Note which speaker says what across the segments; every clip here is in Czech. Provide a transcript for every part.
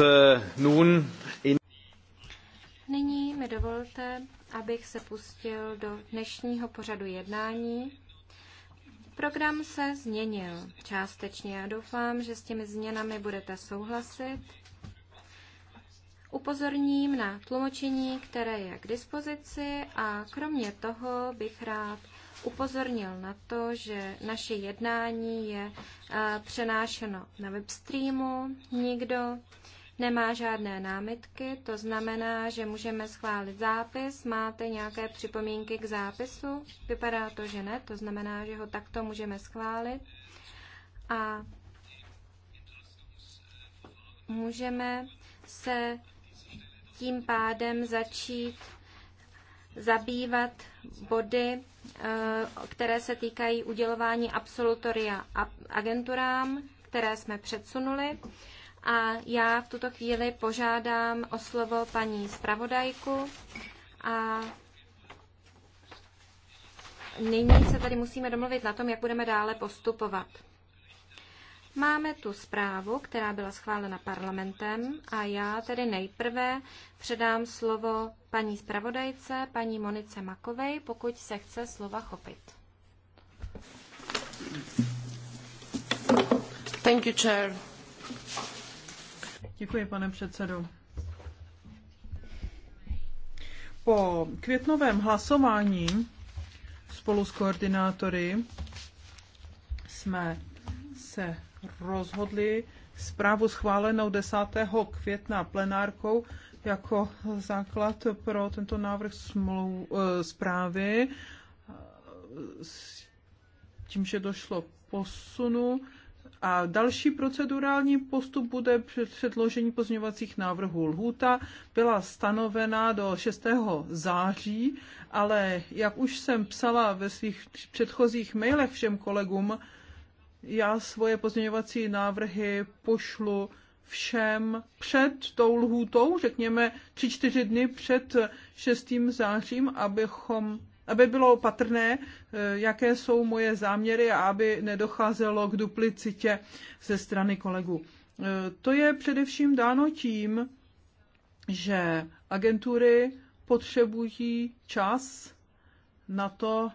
Speaker 1: Äh,
Speaker 2: Nyní mi dovolte, abych se pustil do dnešního pořadu jednání. Program se změnil částečně. a doufám, že s těmi změnami budete souhlasit. Upozorním na tlumočení, které je k dispozici a kromě toho bych rád upozornil na to, že naše jednání je eh, přenášeno na webstreamu. Nikdo nemá žádné námitky, to znamená, že můžeme schválit zápis. Máte nějaké připomínky k zápisu? Vypadá to, že ne, to znamená, že ho takto můžeme schválit. A můžeme se tím pádem začít zabývat body, eh, které se týkají udělování absolutoria agenturám, které jsme předsunuli. A já v tuto chvíli požádám o slovo paní zpravodajku a nyní se tady musíme domluvit na tom, jak budeme dále postupovat. Máme tu zprávu, která byla schválena parlamentem a já tedy nejprve předám slovo paní zpravodajce, paní Monice Makovej, pokud se chce slova chopit.
Speaker 3: Thank you, chair. Děkuji, pane předsedo. Po květnovém hlasování spolu s koordinátory jsme se rozhodli zprávu schválenou 10. května plenárkou jako základ pro tento návrh smlou, eh, zprávy tím, že došlo posunu. A další procedurální postup bude předložení pozměňovacích návrhů. Lhůta byla stanovena do 6. září, ale jak už jsem psala ve svých předchozích mailech všem kolegům, já svoje pozměňovací návrhy pošlu všem před tou lhůtou, řekněme tři čtyři dny před 6. zářím, abychom aby bylo patrné, eh, jaké jsou moje záměry a aby nedocházelo k duplicitě ze strany kolegů. Eh, to je především dáno tím, že agentury potřebují čas na to,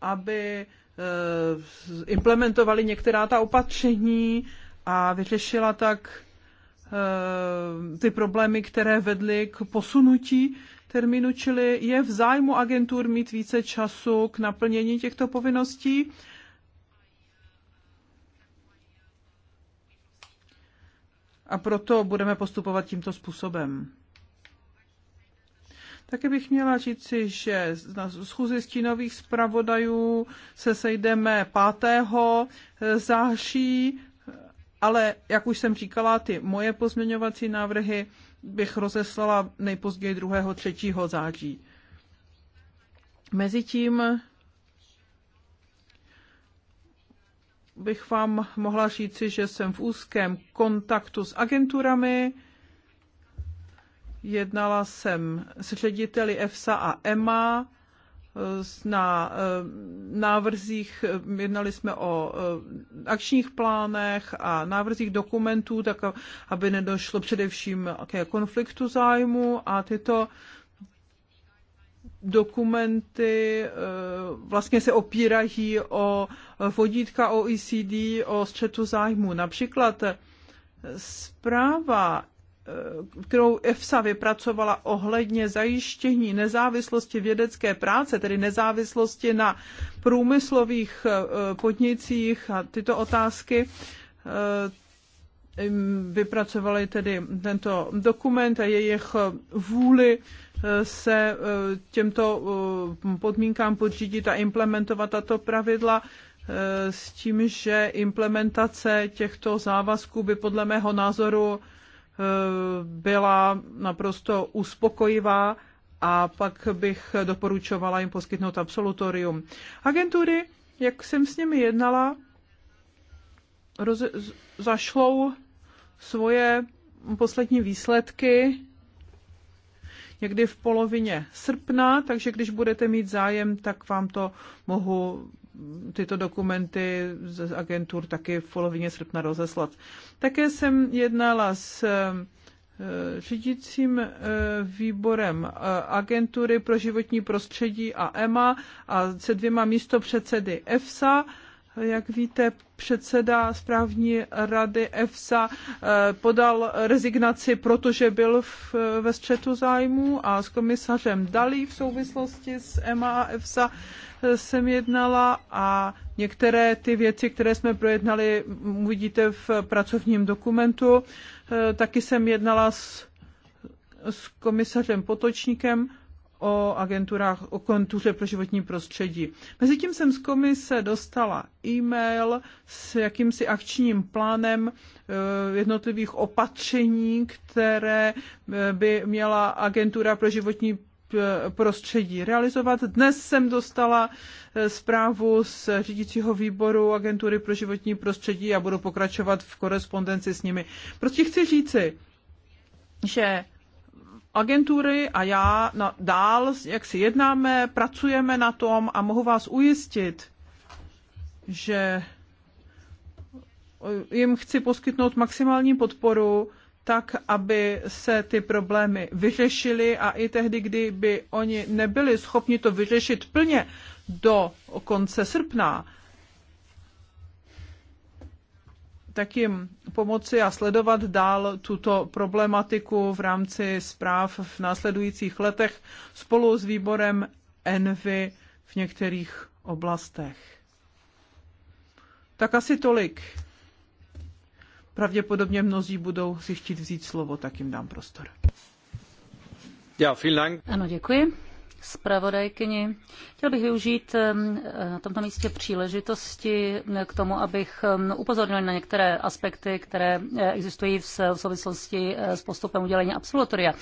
Speaker 3: aby Eh, implementovali některá ta opatření a vyřešila tak eh, ty problémy, které vedly k posunutí termínu, čili je v zájmu agentur mít více času k naplnění těchto povinností. A proto budeme postupovat tímto způsobem. Také bych měla říci, že na schůzi stínových zpravodajů se sejdeme 5. září, ale jak už jsem říkala, ty moje pozměňovací návrhy bych rozeslala nejpozději 2. 3. září. Mezitím bych vám mohla říci, že jsem v úzkém kontaktu s agenturami, Jednala jsem s řediteli EFSA a EMA eh, na eh, návrzích, eh, jednali jsme o akčních plánech a návrzích dokumentů, tak aby nedošlo především ke konfliktu zájmu a tyto dokumenty vlastně se opírají o vodítka OECD o střetu zájmu. Například zpráva Eh, kterou EFSA vypracovala ohledně zajištění nezávislosti vědecké práce, tedy nezávislosti na průmyslových eh, podnicích a tyto otázky, eh, vypracovali tedy tento dokument a jejich vůli se těmto podmínkám podřídit a implementovat tato pravidla s tím, že implementace těchto závazků by podle mého názoru byla naprosto uspokojivá a pak bych doporučovala jim poskytnout absolutorium. Agentury, jak jsem s nimi jednala, roz, zašlou svoje poslední výsledky někdy v polovině srpna, takže když budete mít zájem, tak vám to mohu tyto dokumenty z agentur taky v polovině srpna rozeslat. Také jsem jednala s eh, řídícím eh, výborem eh, agentury pro životní prostředí a EMA a se dvěma místopředsedy EFSA jak víte, předseda správní rady EFSA eh, podal rezignaci, protože byl v, ve střetu zájmů a s komisařem Dalí v souvislosti s EMA a EFSA eh, jsem jednala a některé ty věci, které jsme projednali, uvidíte v pracovním dokumentu. Eh, taky jsem jednala s, s komisařem Potočníkem o agenturách, o kontuře pro životní prostředí. Mezitím jsem z komise dostala e-mail s jakýmsi akčním plánem eh, jednotlivých opatření, které eh, by měla agentura pro životní eh, prostředí realizovat. Dnes jsem dostala zprávu z řídícího výboru agentury pro životní prostředí a budu pokračovat v korespondenci s nimi. Prostě chci říci, že agentury a já na, dál, jak si jednáme, pracujeme na tom a mohu vás ujistit, že eh, jim chci poskytnout maximální podporu, tak, aby se ty problémy vyřešily a i tehdy, kdyby oni nebyli schopni to vyřešit plně do konce srpna, tak jim pomoci a sledovat dál tuto problematiku v rámci zpráv v následujících letech spolu s výborem Envy v některých oblastech. Tak asi tolik. Pravděpodobně mnozí budou si chtít vzít slovo, tak jim dám prostor.
Speaker 1: Ja, vielen
Speaker 4: Dank. Ano, děkuji zpravodajkyni. Chtěl bych využít eh, na tomto místě příležitosti eh, k tomu, abych upozornil na některé aspekty, které eh, existují v souvislosti s postupem udělení absolutoria.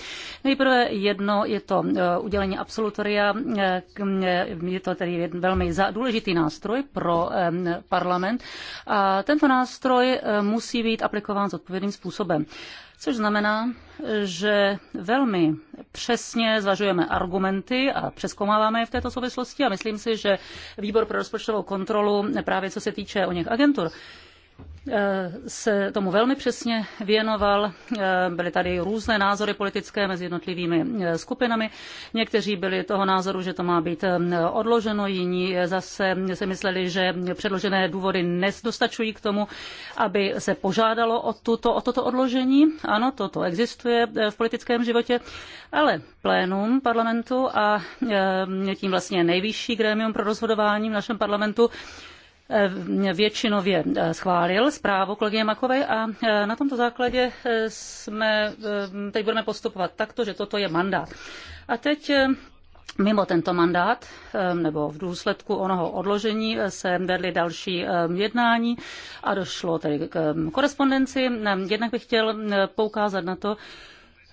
Speaker 4: Nejprve jedno je to udělení absolutoria, je to tedy velmi důležitý nástroj pro parlament a tento nástroj musí být aplikován zodpovědným způsobem což znamená, že velmi přesně zvažujeme argumenty a přeskoumáváme je v této souvislosti a myslím si, že výbor pro rozpočtovou kontrolu právě co se týče o něch agentur, Eh, se tomu velmi přesně věnoval. Eh, byly tady různé názory politické mezi jednotlivými eh, skupinami. Někteří byli toho názoru, že to má být odloženo, jiní zase se mysleli, že předložené důvody nedostačují k tomu, aby se požádalo o, tuto, o toto odložení. Ano, toto existuje v politickém životě, ale plénum parlamentu a tím vlastně nejvyšší grémium pro rozhodování v našem parlamentu Eh, většinově eh, schválil zprávu kolegyně Makové a eh, na tomto základě jsme, teď budeme postupovat takto, že toto je mandát. A teď Mimo tento mandát nebo v důsledku onoho odložení se vedly další jednání a došlo tedy k korespondenci. Jednak bych chtěl poukázat na to,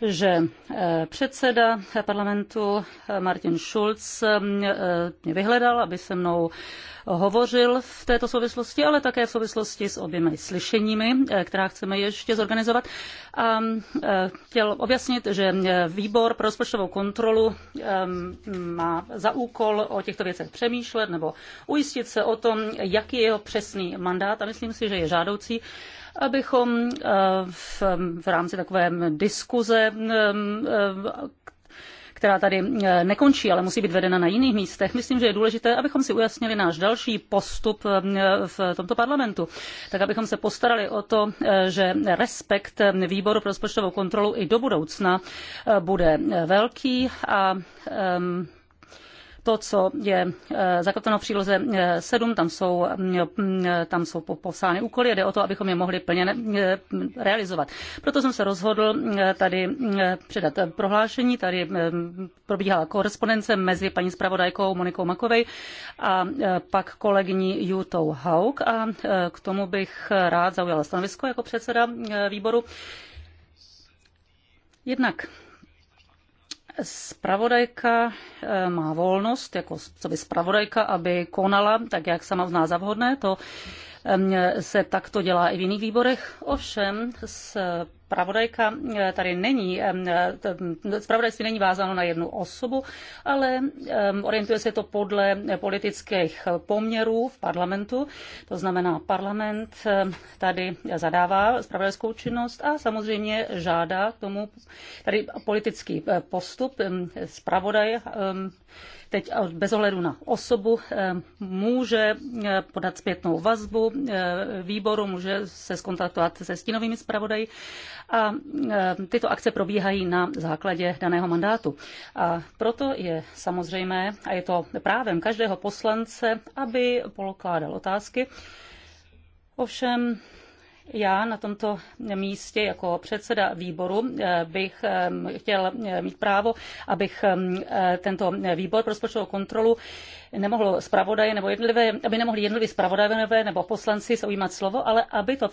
Speaker 4: že eh, předseda parlamentu eh, Martin Schulz eh, mě vyhledal, aby se mnou hovořil v této souvislosti, ale také v souvislosti s oběma slyšeními, která chceme ještě zorganizovat. A chtěl objasnit, že výbor pro rozpočtovou kontrolu má za úkol o těchto věcech přemýšlet nebo ujistit se o tom, jaký je jeho přesný mandát a myslím si, že je žádoucí, abychom eh, v, v rámci takové diskuze, eh, která tady eh, nekončí, ale musí být vedena na jiných místech, myslím, že je důležité, abychom si ujasnili náš další postup v tomto parlamentu. Tak abychom se postarali o to, že respekt výboru pro rozpočtovou kontrolu i do budoucna bude velký a ehm, to, co je eh, zakotveno v příloze 7, eh, tam jsou, mm, eh, tam jsou popsány úkoly, jde o to, abychom je mohli plně realizovat. Proto jsem se rozhodl tady předat prohlášení, tady probíhala korespondence mezi paní zpravodajkou Monikou Makovej a pak kolegyní Jutou Hauk a k tomu bych rád zaujala stanovisko jako předseda výboru. Jednak Spravodajka eh, má volnost, jako co by spravodajka, aby konala tak, jak sama uzná za vhodné. To Ehm, se takto dělá i v jiných výborech. Ovšem s Spravodajka eh, tady není, ehm, spravodajství není vázáno na jednu osobu, ale ehm, orientuje se to podle politických poměrů v parlamentu. To znamená, parlament tady zadává spravodajskou činnost a samozřejmě žádá k tomu tady politický eh, postup. Spravodaj teď bez ohledu na osobu eh, může eh, podat zpětnou vazbu eh, výboru, může se skontaktovat se stínovými zpravodaji a tyto akce probíhají na základě daného mandátu. A proto je samozřejmé, a je to právem každého poslance, aby polokládal otázky. Ovšem já na tomto místě jako předseda výboru eh, bych eh, chtěl eh, mít právo, abych tento výbor pro rozpočtovou kontrolu nemohl zpravodaje nebo jednotlivé, aby nemohli jednotliví zpravodajové nebo poslanci se ujímat slovo, ale aby to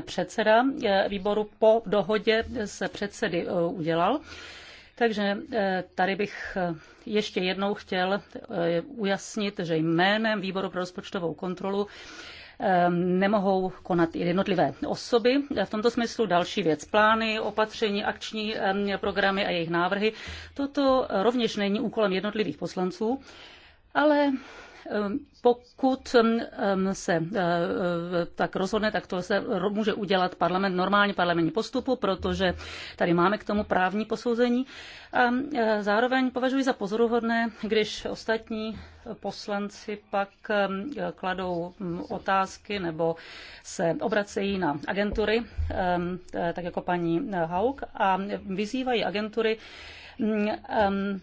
Speaker 4: předseda výboru po dohodě se předsedy udělal. Takže tady bych ještě jednou chtěl ujasnit, že jménem výboru pro rozpočtovou kontrolu Ehm, nemohou konat i jednotlivé osoby. V tomto smyslu další věc. Plány, opatření, akční ehm, programy a jejich návrhy. Toto rovněž není úkolem jednotlivých poslanců, ale Ehm, pokud ehm, ehm, se eh, eh, tak rozhodne, tak to se může udělat parlament, normálně parlamentní postupu, protože tady máme k tomu právní posouzení. A eh, zároveň považuji za pozoruhodné, když ostatní poslanci pak kladou hm, otázky nebo se obracejí na agentury, tak jako paní Hauk, a vyzývají agentury, hm,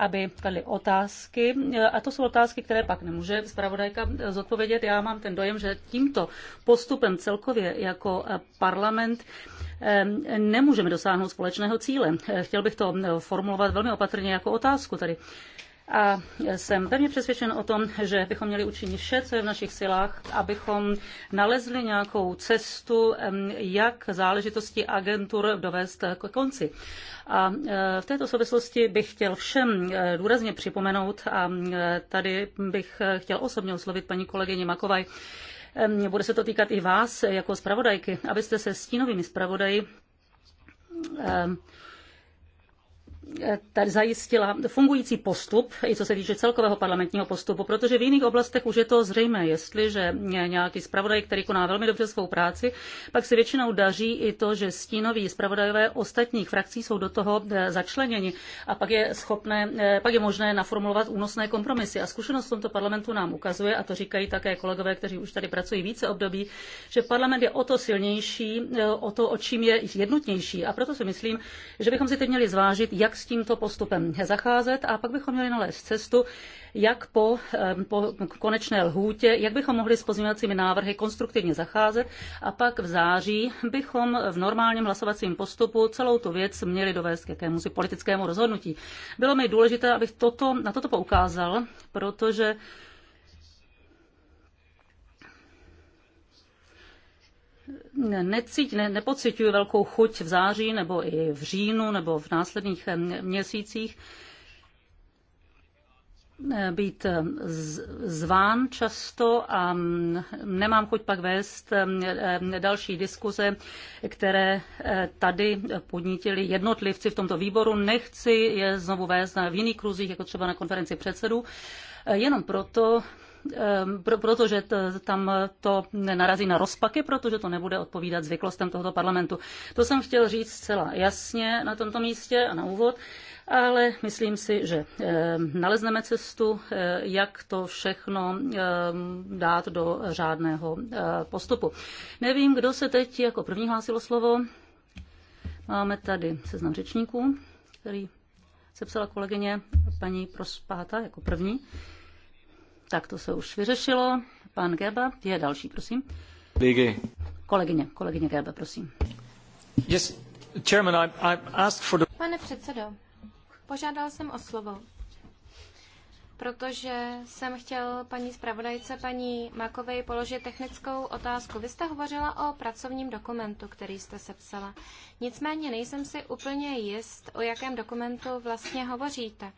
Speaker 4: aby kladli otázky. A to jsou otázky, které pak nemůže zpravodajka zodpovědět. Já mám ten dojem, že tímto postupem celkově jako parlament eh, nemůžeme dosáhnout společného cíle. Chtěl bych to formulovat velmi opatrně jako otázku tady. A jsem pevně přesvědčen o tom, že bychom měli učinit vše, co je v našich silách, abychom nalezli nějakou cestu, jak záležitosti agentur dovést k konci. A e, v této souvislosti bych chtěl všem e, důrazně připomenout, a tady bych e, chtěl osobně oslovit paní kolegyni Makovaj, bude se to týkat i vás jako zpravodajky, abyste se stínovými zpravodaji tady zajistila fungující postup, i co se týče celkového parlamentního postupu, protože v jiných oblastech už je to zřejmé, jestliže nějaký zpravodaj, který koná velmi dobře svou práci, pak se většinou daří i to, že stínoví zpravodajové ostatních frakcí jsou do toho eh, začleněni a pak je, schopné, eh, pak je možné naformulovat únosné kompromisy. A zkušenost v tomto parlamentu nám ukazuje, a to říkají také kolegové, kteří už tady pracují více období, že parlament je o to silnější, eh, o to, o čím je jednotnější. A proto si myslím, že bychom si teď měli zvážit, jak jak s tímto postupem zacházet a pak bychom měli nalézt cestu, jak po, eh, po konečné lhůtě, jak bychom mohli s pozměňovacími návrhy konstruktivně zacházet a pak v září bychom v normálním hlasovacím postupu celou tu věc měli dovést k si politickému rozhodnutí. Bylo mi důležité, abych toto, na toto poukázal, protože necít, ne, nepocituju velkou chuť v září nebo i v říjnu nebo v následných eh, měsících eh, být eh, zván často a mm, nemám chuť pak vést další diskuze, které tady podnítili jednotlivci v tomto výboru. Nechci je znovu vést v jiných kruzích, jako třeba na konferenci předsedů, jenom proto, Ehm, protože tam to narazí na rozpaky, protože to nebude odpovídat zvyklostem tohoto parlamentu. To jsem chtěl říct zcela jasně na tomto místě a na úvod ale myslím si, že ehm, nalezneme cestu, eh, jak to všechno ehm, dát do řádného eh, postupu. Nevím, kdo se teď jako první hlásil slovo. Máme tady seznam řečníků, který sepsala kolegyně paní Prospáta jako první. Tak to se už vyřešilo. Pan Gerba je další, prosím. Ligy. Kolegyně, kolegyně Gerba, prosím. Yes, chairman, I, I asked for the... Pane
Speaker 2: předsedo, požádal jsem o slovo, protože jsem chtěl paní zpravodajce, paní Makovej, položit technickou otázku. Vy jste hovořila o pracovním dokumentu, který jste sepsala. Nicméně nejsem si úplně jist, o jakém dokumentu vlastně hovoříte.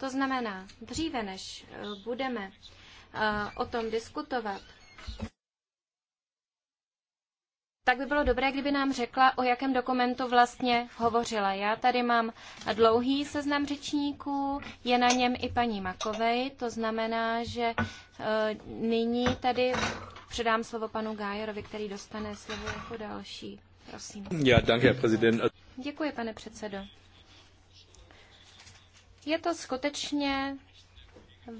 Speaker 2: To znamená, dříve než eh, budeme eh, o tom diskutovat, tak by bylo dobré, kdyby nám řekla, o jakém dokumentu vlastně hovořila. Já tady mám dlouhý seznam řečníků, je na něm i paní Makovej, to znamená, že eh, nyní tady předám slovo panu Gájerovi, který dostane slovo jako další. Prosím. Já, danke, Děkuji, pane předsedo. Je to skutečně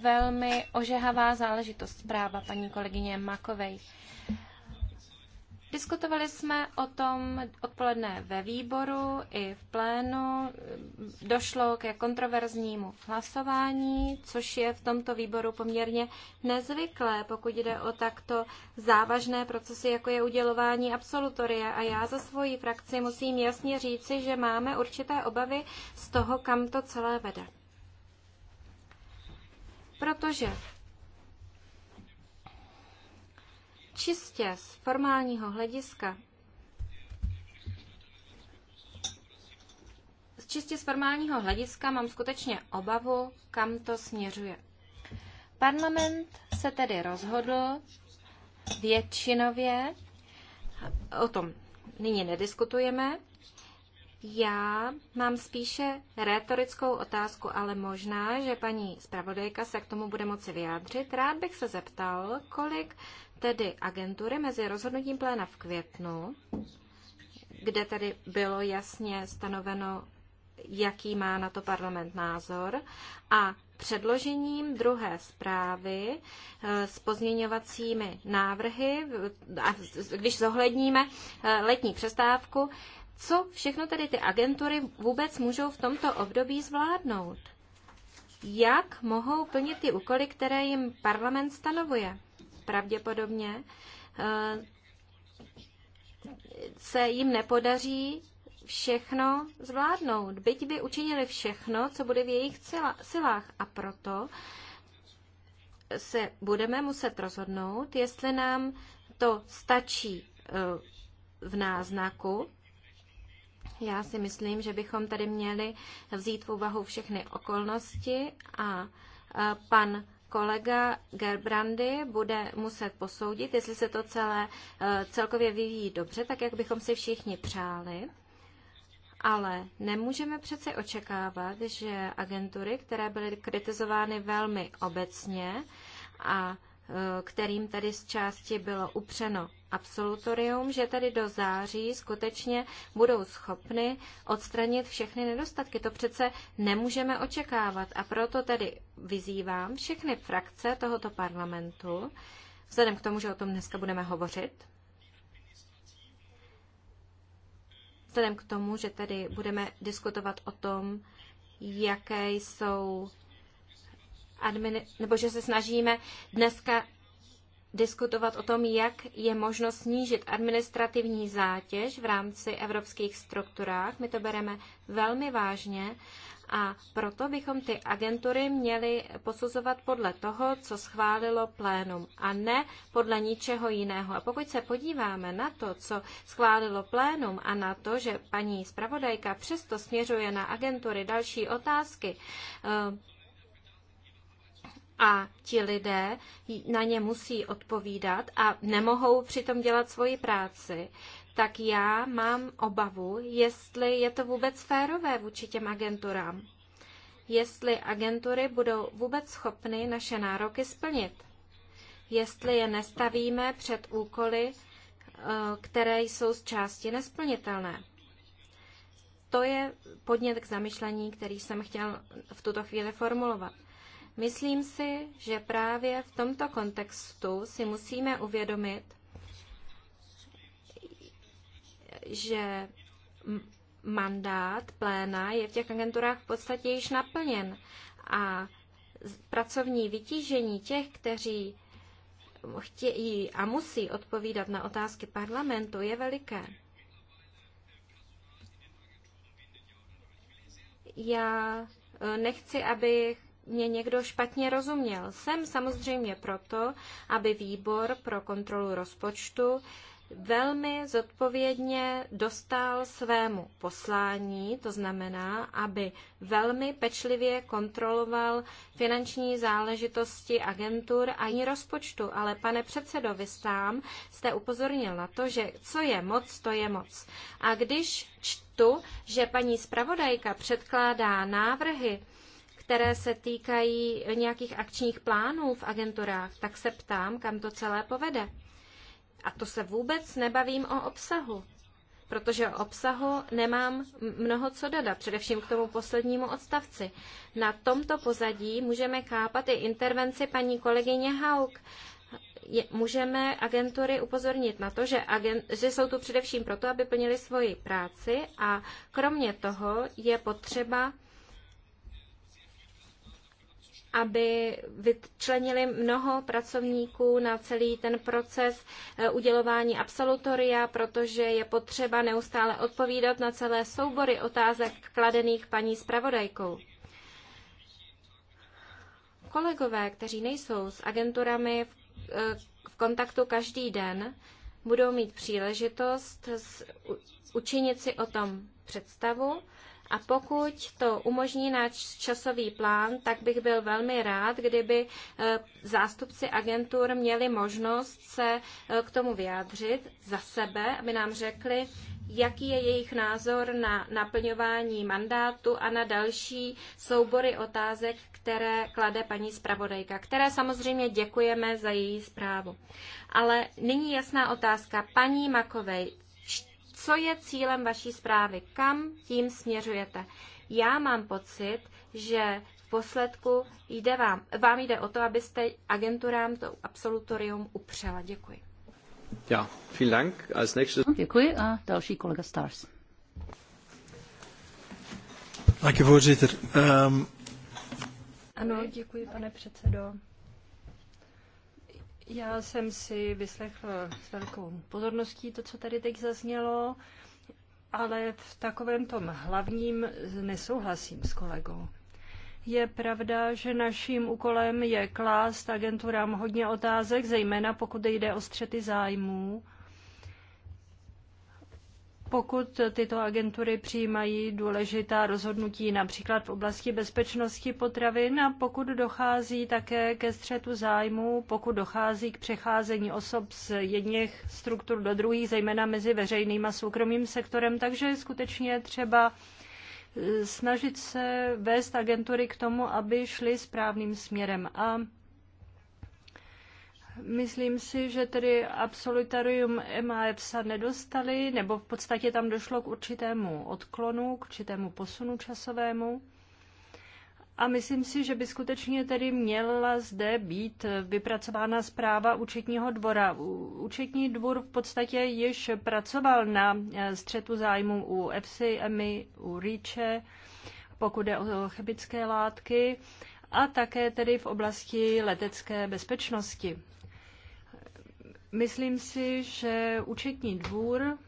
Speaker 2: velmi ožehavá záležitost zpráva paní kolegyně Makovej. Diskutovali jsme o tom odpoledne ve výboru i v plénu. Došlo ke kontroverznímu hlasování, což je v tomto výboru poměrně nezvyklé, pokud jde o takto závažné procesy, jako je udělování absolutoria. A já za svoji frakci musím jasně říci, že máme určité obavy z toho, kam to celé vede. Protože Čistě z formálního hlediska čistě z formálního hlediska mám skutečně obavu, kam to směřuje. Parlament se tedy rozhodl většinově, o tom nyní nediskutujeme, já mám spíše rétorickou otázku, ale možná, že paní zpravodajka se k tomu bude moci vyjádřit. Rád bych se zeptal, kolik tedy agentury mezi rozhodnutím pléna v květnu, kde tedy bylo jasně stanoveno, jaký má na to parlament názor, a předložením druhé zprávy eh, s pozměňovacími návrhy, a když zohledníme eh, letní přestávku, co všechno tedy ty agentury vůbec můžou v tomto období zvládnout? Jak mohou plnit ty úkoly, které jim parlament stanovuje? pravděpodobně eh, se jim nepodaří všechno zvládnout, byť by učinili všechno, co bude v jejich silách. A proto se budeme muset rozhodnout, jestli nám to stačí eh, v náznaku. Já si myslím, že bychom tady měli vzít v úvahu všechny okolnosti a eh, pan kolega Gerbrandy bude muset posoudit, jestli se to celé eh, celkově vyvíjí dobře, tak jak bychom si všichni přáli. Ale nemůžeme přece očekávat, že agentury, které byly kritizovány velmi obecně a eh, kterým tady z části bylo upřeno absolutorium, že tedy do září skutečně budou schopny odstranit všechny nedostatky. To přece nemůžeme očekávat a proto tedy vyzývám všechny frakce tohoto parlamentu, vzhledem k tomu, že o tom dneska budeme hovořit, vzhledem k tomu, že tedy budeme diskutovat o tom, jaké jsou admini- nebo že se snažíme dneska diskutovat o tom, jak je možno snížit administrativní zátěž v rámci evropských strukturách. My to bereme velmi vážně a proto bychom ty agentury měli posuzovat podle toho, co schválilo plénum a ne podle ničeho jiného. A pokud se podíváme na to, co schválilo plénum a na to, že paní zpravodajka přesto směřuje na agentury další otázky, eh, a ti lidé na ně musí odpovídat a nemohou přitom dělat svoji práci, tak já mám obavu, jestli je to vůbec férové vůči těm agenturám. Jestli agentury budou vůbec schopny naše nároky splnit. Jestli je nestavíme před úkoly, eh, které jsou z části nesplnitelné. To je podnět k zamyšlení, který jsem chtěl v tuto chvíli formulovat. Myslím si, že právě v tomto kontextu si musíme uvědomit, že mandát pléna je v těch agenturách v podstatě již naplněn a pracovní vytížení těch, kteří chtějí a musí odpovídat na otázky parlamentu, je veliké. Já e, nechci, aby mě někdo špatně rozuměl. Jsem samozřejmě proto, aby výbor pro kontrolu rozpočtu velmi zodpovědně dostal svému poslání, to znamená, aby velmi pečlivě kontroloval finanční záležitosti agentur a ani rozpočtu. Ale pane předsedo, vy sám jste upozornil na to, že co je moc, to je moc. A když čtu, že paní zpravodajka předkládá návrhy, které se týkají nějakých akčních plánů v agenturách, tak se ptám, kam to celé povede. A to se vůbec nebavím o obsahu, protože o obsahu nemám mnoho co dodat, především k tomu poslednímu odstavci. Na tomto pozadí můžeme chápat i intervenci paní kolegyně Hauk, je, můžeme agentury upozornit na to, že, agen, že jsou tu především proto, aby plnili svoji práci a kromě toho je potřeba aby vyčlenili mnoho pracovníků na celý ten proces eh, udělování absolutoria, protože je potřeba neustále odpovídat na celé soubory otázek kladených paní zpravodajkou. Kolegové, kteří nejsou s agenturami v eh, kontaktu každý den, budou mít příležitost učinit si o tom představu a pokud to umožní náš časový plán, tak bych byl velmi rád, kdyby eh, zástupci agentur měli možnost se eh, k tomu vyjádřit za sebe, aby nám řekli, jaký je jejich názor na naplňování mandátu a na další soubory otázek, které klade paní zpravodajka, které samozřejmě děkujeme za její zprávu. Ale nyní jasná otázka. Paní Makovej, co je cílem vaší zprávy, kam tím směřujete. Já mám pocit, že v posledku jde vám, vám jde o to, abyste agenturám to absolutorium upřela.
Speaker 4: Děkuji.
Speaker 1: Ja, vielen Dank. Als nächstes...
Speaker 4: Děkuji a další kolega Stars.
Speaker 2: Dank u voorzitter. Um...
Speaker 1: Ano, děkuji, pane předsedo. Já jsem si vyslechl s velkou pozorností to, co tady teď zaznělo, ale v takovém tom hlavním nesouhlasím s kolegou. Je pravda, že naším úkolem je klást agenturám hodně otázek, zejména pokud jde o střety zájmů pokud tyto agentury přijímají důležitá rozhodnutí například v oblasti bezpečnosti potravin a pokud dochází také ke střetu zájmů, pokud dochází k přecházení osob z jedněch struktur do druhých, zejména mezi veřejným a soukromým sektorem, takže je skutečně třeba eh, snažit se vést agentury k tomu, aby šly správným směrem. A Myslím si, že tedy absolutarium MAF se nedostali, nebo v podstatě tam došlo k určitému odklonu, k určitému posunu časovému. A myslím si, že by skutečně tedy měla zde být vypracována zpráva účetního dvora. Účetní dvor v podstatě již pracoval na eh, střetu zájmu u EFSI, EMI, u REACHE, pokud jde o chemické látky a také tedy v oblasti letecké bezpečnosti. Myslím si, že účetní dvůr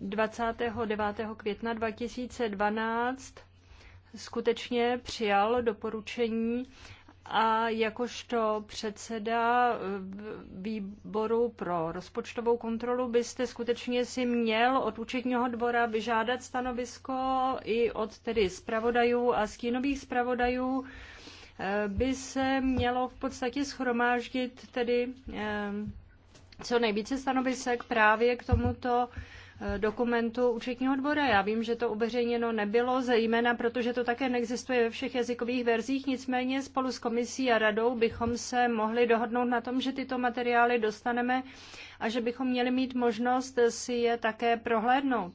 Speaker 1: Dvacátého devátého května 2012 skutečně přijal doporučení a jakožto předseda eh, výboru pro rozpočtovou kontrolu byste skutečně si měl od účetního dvora vyžádat stanovisko i od tedy zpravodajů a stínových zpravodajů eh, by se mělo v podstatě schromáždit tedy eh, co nejvíce stanovisek právě k tomuto dokumentu účetního dvora. Já vím, že to uveřejněno nebylo, zejména protože to také neexistuje ve všech jazykových verzích, nicméně spolu s komisí a radou bychom se mohli dohodnout na tom, že tyto materiály dostaneme a že bychom měli mít možnost si je také prohlédnout.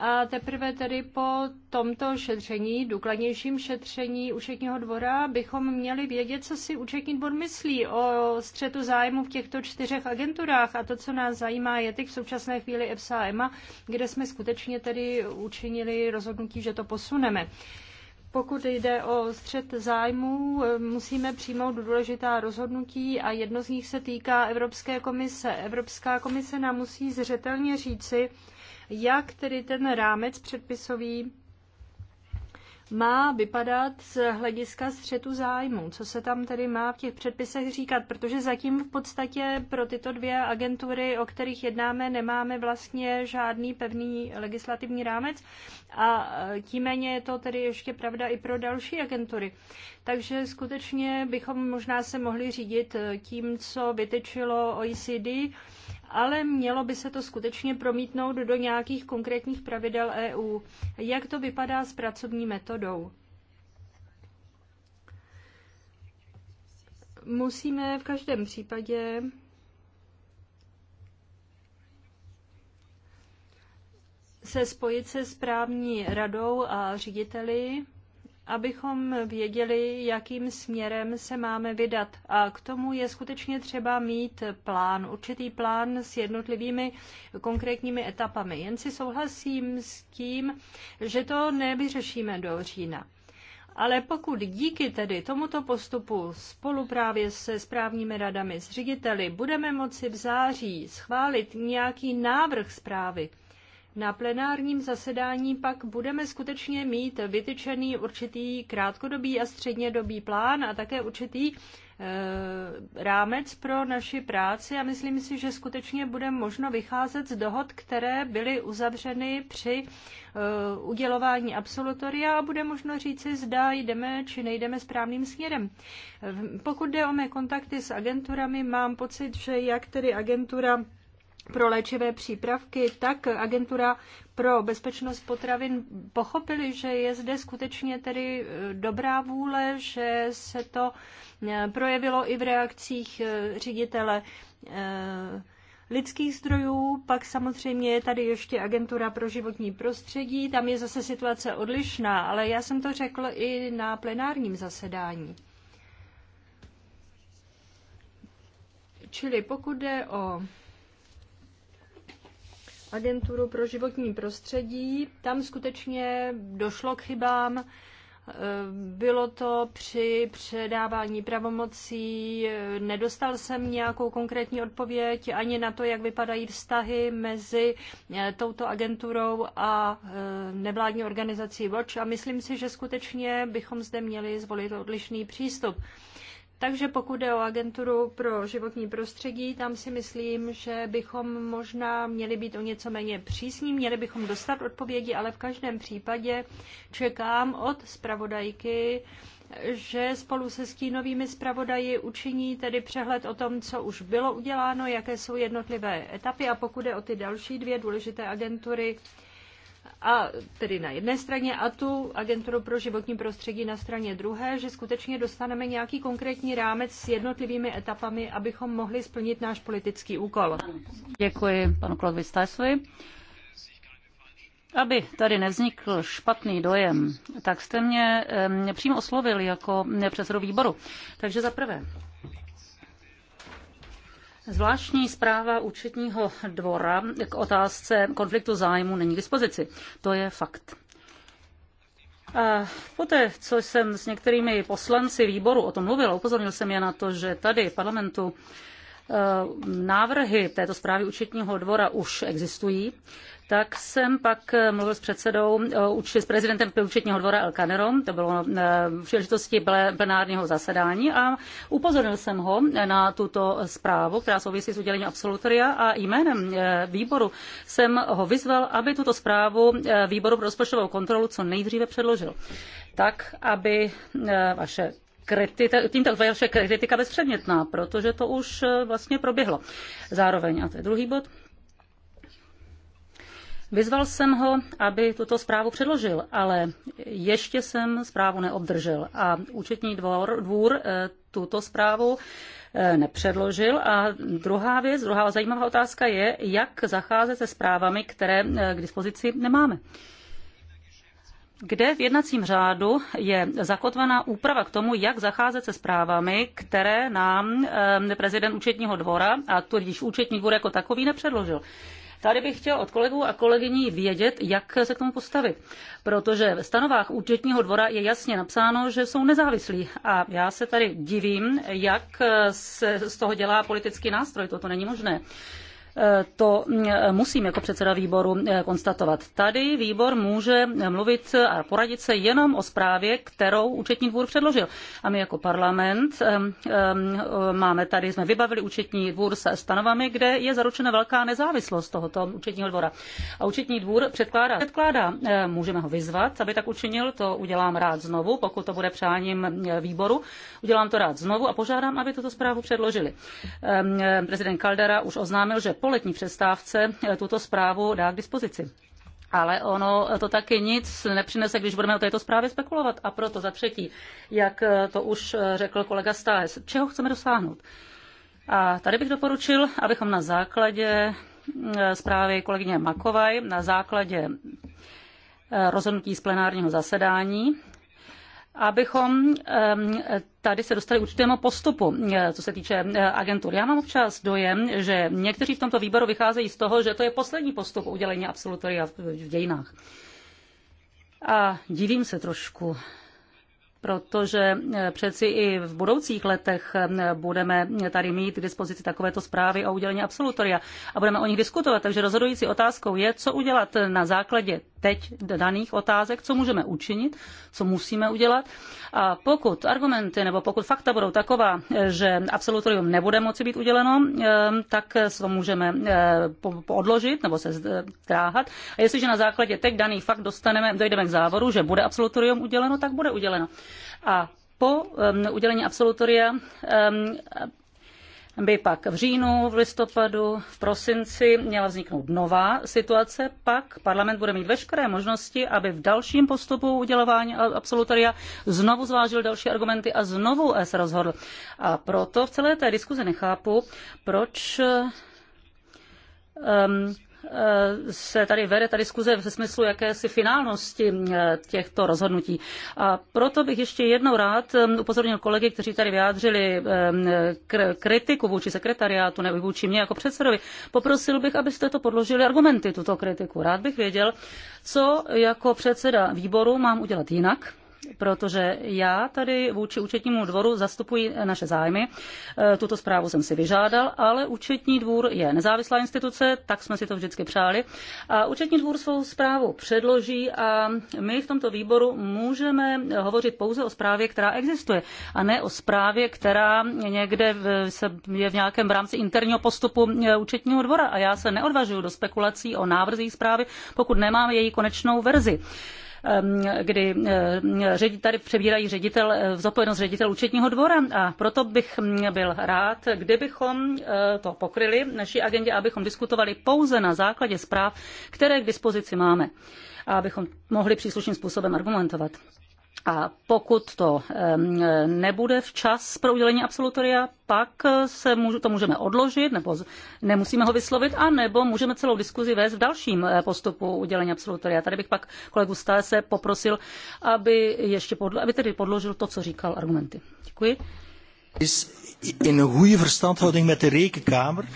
Speaker 1: A teprve tedy po tomto šetření, důkladnějším šetření účetního dvora, bychom měli vědět, co si účetní dvor myslí o střetu zájmu v těchto čtyřech agenturách. A to, co nás zajímá, je teď v současné chvíli EFSA a EMA, kde jsme skutečně tedy učinili rozhodnutí, že to posuneme. Pokud jde o střed zájmů, musíme přijmout důležitá rozhodnutí a jedno z nich se týká Evropské komise. Evropská komise nám musí zřetelně říci, jak tedy ten rámec předpisový má vypadat z hlediska střetu zájmu, co se tam tedy má v těch předpisech říkat, protože zatím v podstatě pro tyto dvě agentury, o kterých jednáme, nemáme vlastně žádný pevný legislativní rámec a e, tím méně je to tedy ještě pravda i pro další agentury. Takže skutečně bychom možná se mohli řídit e, tím, co vytečilo OECD, ale mělo by se to skutečně promítnout do nějakých konkrétních pravidel EU. Jak to vypadá s pracovní metodou? Musíme v každém případě se spojit se správní radou a řediteli abychom věděli, jakým směrem se máme vydat. A k tomu je skutečně třeba mít plán, určitý plán s jednotlivými konkrétními etapami. Jen si souhlasím s tím, že to nevyřešíme do října. Ale pokud díky tedy tomuto postupu spoluprávě se správními radami s řediteli budeme moci v září schválit nějaký návrh zprávy, na plenárním zasedání pak budeme skutečně mít vytyčený určitý krátkodobý a střednědobý plán a také určitý eh, rámec pro naši práci a myslím si, že skutečně bude možno vycházet z dohod, které byly uzavřeny při eh, udělování absolutoria a bude možno říci, zda jdeme či nejdeme správným směrem. Pokud jde o mé kontakty s agenturami, mám pocit, že jak tedy agentura pro léčivé přípravky, tak agentura pro bezpečnost potravin pochopili, že je zde skutečně tedy eh, dobrá vůle, že se to eh, projevilo i v reakcích eh, ředitele lidských zdrojů, pak samozřejmě je tady ještě agentura pro životní prostředí, tam je zase situace odlišná, ale já jsem to řekl i na plenárním zasedání. Čili pokud jde o agenturu pro životní prostředí. Tam skutečně došlo k chybám. E, bylo to při předávání pravomocí, e, nedostal jsem nějakou konkrétní odpověď ani na to, jak vypadají vztahy mezi e, touto agenturou a nevládní organizací Watch a myslím si, že skutečně bychom zde měli zvolit odlišný přístup. Takže pokud jde o agenturu pro životní prostředí, tam si myslím, že bychom možná měli být o něco méně přísní, měli bychom dostat odpovědi, ale v každém případě čekám od zpravodajky, že spolu se stínovými zpravodaji učiní tedy přehled o tom, co už bylo uděláno, jaké jsou jednotlivé etapy a pokud je o ty další dvě důležité agentury, a tedy na jedné straně a tu agenturu pro životní prostředí na straně druhé, že skutečně dostaneme nějaký konkrétní rámec s jednotlivými etapami, abychom mohli splnit náš politický úkol.
Speaker 4: Děkuji panu Klodvi Stasovi. Aby tady nevznikl špatný dojem, tak jste mě, eh, mě přímo oslovil jako eh, předsedu výboru. Takže za prvé, Zvláštní zpráva účetního dvora k otázce konfliktu zájmu není k dispozici. To je fakt. A poté, co jsem s některými poslanci výboru o tom mluvil, upozornil jsem je na to, že tady v parlamentu e, návrhy této zprávy účetního dvora už existují tak jsem pak eh, mluvil s předsedou, eh, s prezidentem účetního dvora El Canerom, to bylo eh, v příležitosti plenárního zasedání a upozornil jsem ho na tuto zprávu, která souvisí s udělením absolutoria a jménem výboru jsem ho vyzval, aby tuto zprávu výboru pro rozpočtovou kontrolu co nejdříve předložil. Tak, aby vaše kritika, tím tak vaše kritika bezpředmětná, protože to už vlastně proběhlo. Zároveň, a to je druhý bod, Vyzval jsem ho, aby tuto zprávu předložil, ale ještě jsem zprávu neobdržel a účetní dvor, dvůr eh, tuto zprávu eh, nepředložil. A druhá věc, druhá zajímavá otázka je, jak zacházet se zprávami, které eh, k dispozici nemáme kde v jednacím řádu je zakotvená úprava k tomu, jak zacházet se zprávami, které nám prezident účetního dvora a tudíž účetní dvůr jako takový nepředložil. Tady bych chtěl od kolegů a kolegyní vědět, jak se k tomu postavit. Protože v stanovách účetního dvora je jasně napsáno, že jsou nezávislí. A já se tady divím, jak se z toho dělá politický nástroj. Toto není možné to mm, musím jako předseda výboru eh, konstatovat. Tady výbor může mluvit a poradit se jenom o zprávě, kterou účetní dvůr předložil. A my jako parlament eh, eh, máme tady, jsme vybavili účetní dvůr se stanovami, kde je zaručena velká nezávislost tohoto účetního dvora. A účetní dvůr předkládá, předkládá, můžeme ho vyzvat, aby tak učinil, to udělám rád znovu, pokud to bude přáním výboru. Udělám to rád znovu a požádám, aby tuto zprávu předložili. Prezident Caldera už oznámil, že po poletní přestávce eh, tuto zprávu dá k dispozici. Ale ono eh, to taky nic nepřinese, když budeme o této zprávě spekulovat. A proto za třetí, jak eh, to už řekl kolega Stáes, čeho chceme dosáhnout? A tady bych doporučil, abychom na základě zprávy kolegyně Makovaj, na základě rozhodnutí z plenárního zasedání abychom tady se dostali určitému postupu, eh, co se týče eh, agentur. Já mám občas dojem, že někteří v tomto výboru vycházejí z toho, že to je poslední postup udělení absolutoria v dějinách. A divím se trošku, protože eh, přeci i v budoucích letech budeme tady mít k dispozici takovéto zprávy o udělení absolutoria a budeme o nich diskutovat. Takže rozhodující otázkou je, co udělat na základě teď daných otázek, co můžeme učinit, co musíme udělat. A pokud argumenty nebo pokud fakta budou taková, že absolutorium nebude moci být uděleno, eh, tak se to můžeme eh, odložit nebo se zdráhat. A jestliže na základě teď daných fakt dostaneme, dojdeme k závoru, že bude absolutorium uděleno, tak bude uděleno. A po eh, udělení absolutoria by pak v říjnu, v listopadu, v prosinci měla vzniknout nová situace, pak parlament bude mít veškeré možnosti, aby v dalším postupu udělování absolutoria znovu zvážil další argumenty a znovu se rozhodl. A proto v celé té diskuzi nechápu, proč um, Eh, se tady vede ta diskuze ve smyslu jakési finálnosti eh, těchto rozhodnutí. A proto bych ještě jednou rád eh, upozornil kolegy, kteří tady vyjádřili kritiku vůči sekretariátu nebo vůči mě jako předsedovi. Poprosil bych, abyste to podložili argumenty, tuto kritiku. Rád bych věděl, co jako předseda výboru mám udělat jinak, protože já tady vůči účetnímu dvoru zastupuji naše zájmy. E, tuto zprávu jsem si vyžádal, ale účetní dvůr je nezávislá instituce, tak jsme si to vždycky přáli. A účetní dvůr svou zprávu předloží a my v tomto výboru můžeme hovořit pouze o zprávě, která existuje, a ne o zprávě, která někde se je v nějakém v rámci interního postupu e, účetního dvora. A já se neodvažuji do spekulací o návrzích zprávy, pokud nemám její konečnou verzi. Ehm, kdy eh, tady přebírají ředitel, eh, zodpovědnost ředitel účetního dvora a proto bych mm, byl rád, kdybychom eh, to pokryli v naší agendě, abychom diskutovali pouze na základě zpráv, které k dispozici máme a abychom mohli příslušným způsobem argumentovat. A pokud to nebude včas pro udělení absolutoria, pak se to můžeme odložit, nebo nemusíme ho vyslovit, a nebo můžeme celou diskuzi vést v dalším eh, postupu udělení absolutoria. Tady bych pak kolegu Stále se poprosil, aby, ještě podlo, aby tedy podložil to, co říkal argumenty. Děkuji.
Speaker 3: In goede verstandhouding met de rekenkamer.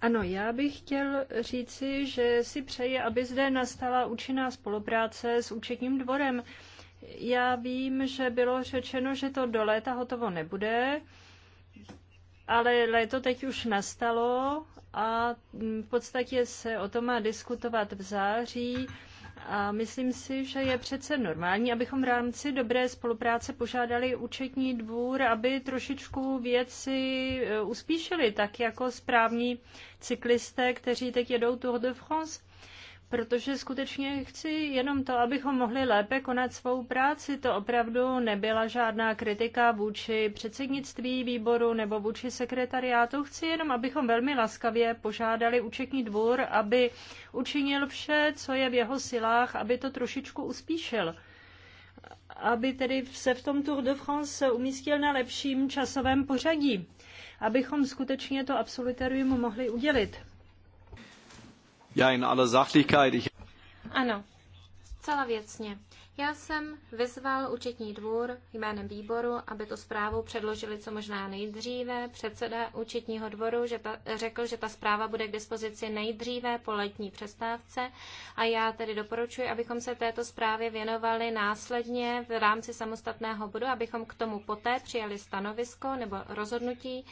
Speaker 4: Ano, já bych chtěl říci,
Speaker 1: že si přeji, aby zde nastala účinná spolupráce s účetním dvorem. Já vím, že bylo řečeno, že to do léta hotovo nebude, ale léto teď už nastalo a mm, v podstatě se o tom má diskutovat v září. A myslím si, že je přece normální, abychom v rámci dobré spolupráce požádali účetní dvůr, aby trošičku věci e, uspíšili, tak jako správní cyklisté, kteří teď jedou Tour de France protože skutečně chci jenom to, abychom mohli lépe konat svou práci. To opravdu nebyla žádná kritika vůči předsednictví výboru nebo vůči sekretariátu. Chci jenom, abychom velmi laskavě požádali účetní dvůr, aby učinil vše, co je v jeho silách, aby to trošičku uspíšil aby tedy se v tom Tour de France umístil na lepším časovém pořadí, abychom skutečně to absolutorium mohli udělit.
Speaker 3: Ja,
Speaker 2: in aller Sachlichkeit. Ich...
Speaker 1: Ano, zcela věcně. Já jsem
Speaker 2: vyzval účetní dvůr jménem výboru, aby tu zprávu předložili co možná nejdříve. Předseda účetního dvoru že ta, řekl, že ta zpráva bude k dispozici nejdříve po letní přestávce a já tedy doporučuji, abychom se této zprávě věnovali následně v rámci samostatného bodu, abychom k tomu poté přijali stanovisko nebo rozhodnutí.